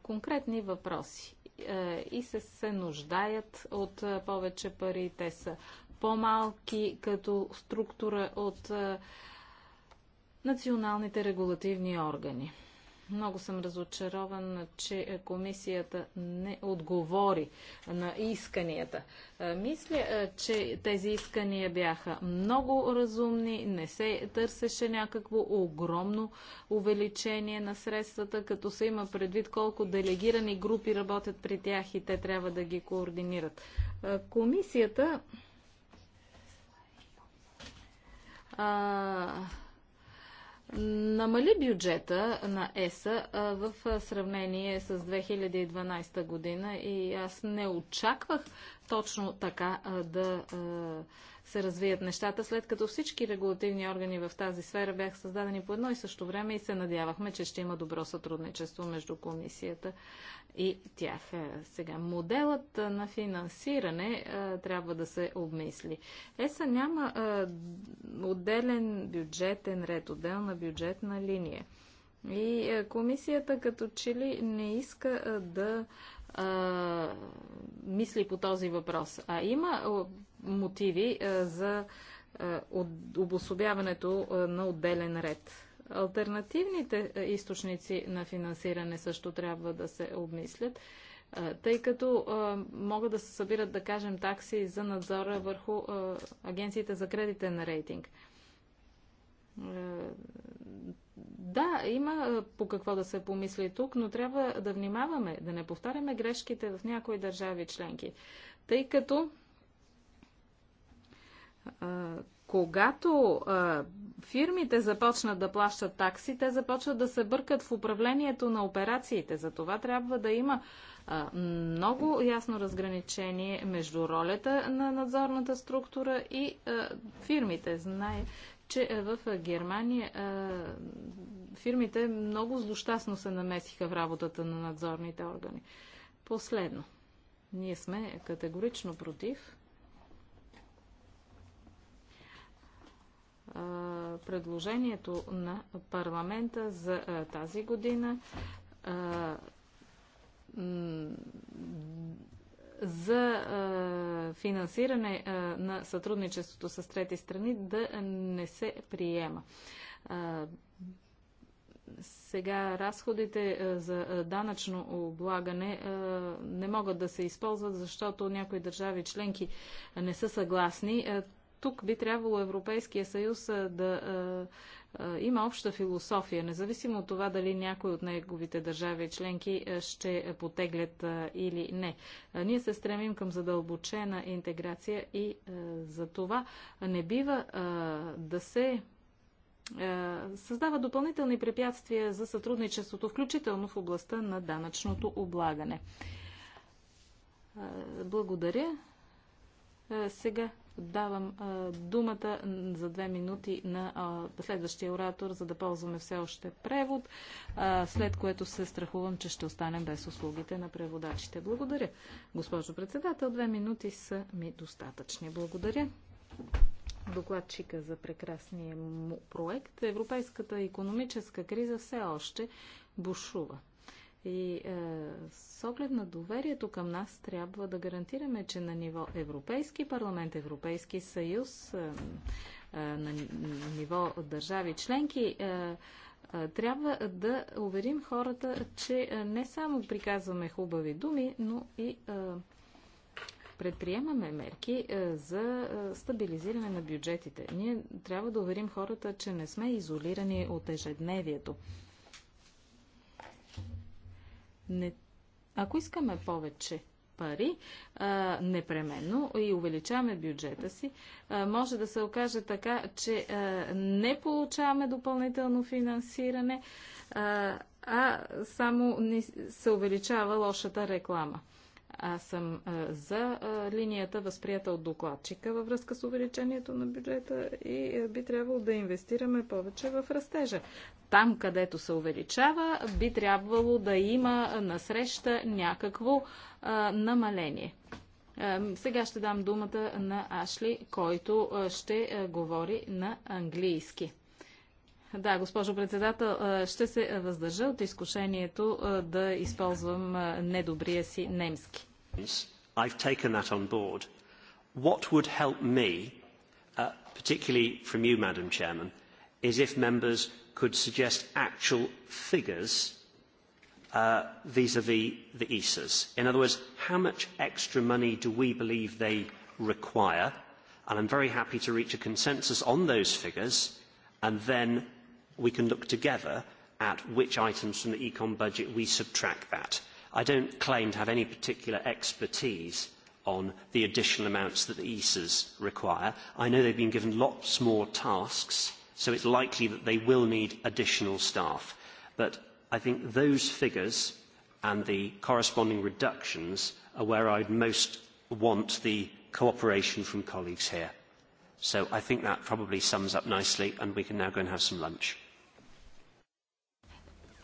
конкретни въпроси е, и се, се нуждаят от е, повече пари. Те са по-малки като структура от е, националните регулативни органи. Много съм разочарован, че комисията не отговори на исканията. Мисля, че тези искания бяха много разумни, не се търсеше някакво огромно увеличение на средствата, като се има предвид колко делегирани групи работят при тях и те трябва да ги координират. Комисията намали бюджета на ЕСА в сравнение с 2012 година и аз не очаквах точно така да се развият нещата, след като всички регулативни органи в тази сфера бяха създадени по едно и също време и се надявахме, че ще има добро сътрудничество между комисията и тях. Е, сега, моделът е, на финансиране е, трябва да се обмисли. ЕСА няма отделен бюджетен ред, отделна бюджетна линия. И комисията като че ли не иска да а, мисли по този въпрос. А има мотиви а, за а, от, обособяването а, на отделен ред. Альтернативните източници на финансиране също трябва да се обмислят, тъй като могат да се събират, да кажем, такси за надзора върху агенциите за кредитен рейтинг да, има е, по какво да се помисли тук, но трябва да внимаваме, да не повтаряме грешките в някои държави членки. Тъй като е, когато е, фирмите започнат да плащат такси, те започват да се бъркат в управлението на операциите. За това трябва да има много ясно разграничение между ролята на надзорната структура и фирмите. Знае, че е, в е, Германия е, фирмите много злощастно се намесиха в работата на надзорните органи. Последно. Ние сме категорично против предложението на парламента за тази година за финансиране на сътрудничеството с трети страни да не се приема. сега разходите за данъчно облагане не могат да се използват, защото някои държави членки не са съгласни. Тук би трябвало Европейския съюз да има обща философия, независимо от това дали някой от неговите държави членки ще потеглят или не. Ние се стремим към задълбочена интеграция и за това не бива да се създава допълнителни препятствия за сътрудничеството, включително в областта на данъчното облагане. Благодаря. Сега Давам а, думата за две минути на а, следващия оратор, за да ползваме все още превод, а, след което се страхувам, че ще останем без услугите на преводачите. Благодаря. Госпожо председател, две минути са ми достатъчни. Благодаря докладчика за прекрасния му проект. Европейската економическа криза все още бушува. И е, с оглед на доверието към нас трябва да гарантираме, че на ниво Европейски парламент, Европейски съюз, е, е, на ниво държави членки, е, е, трябва да уверим хората, че е, не само приказваме хубави думи, но и е, предприемаме мерки за стабилизиране на бюджетите. Ние трябва да уверим хората, че не сме изолирани от ежедневието. Не, ако искаме повече пари, а, непременно и увеличаваме бюджета си, а, може да се окаже така, че а, не получаваме допълнително финансиране, а, а само ни се увеличава лошата реклама аз съм за линията, възприята от докладчика във връзка с увеличението на бюджета и би трябвало да инвестираме повече в растежа. Там, където се увеличава, би трябвало да има насреща някакво а, намаление. Сега ще дам думата на Ашли, който ще говори на английски. Да, госпожо председател, ще се въздържа от изкушението да използвам недобрия си немски. I have taken that on board. What would help me, particularly from you, Madam Chairman, is if members could suggest actual figures vis-à-vis the ESAs. In other words, how much extra money do we believe they require? And I'm very happy to reach a consensus on those figures, and then we can look together at which items from the econ budget we subtract that. I don't claim to have any particular expertise on the additional amounts that the ESAs require. I know they've been given lots more tasks, so it's likely that they will need additional staff. But I think those figures and the corresponding reductions are where I'd most want the cooperation from colleagues here. So I think that probably sums up nicely, and we can now go and have some lunch.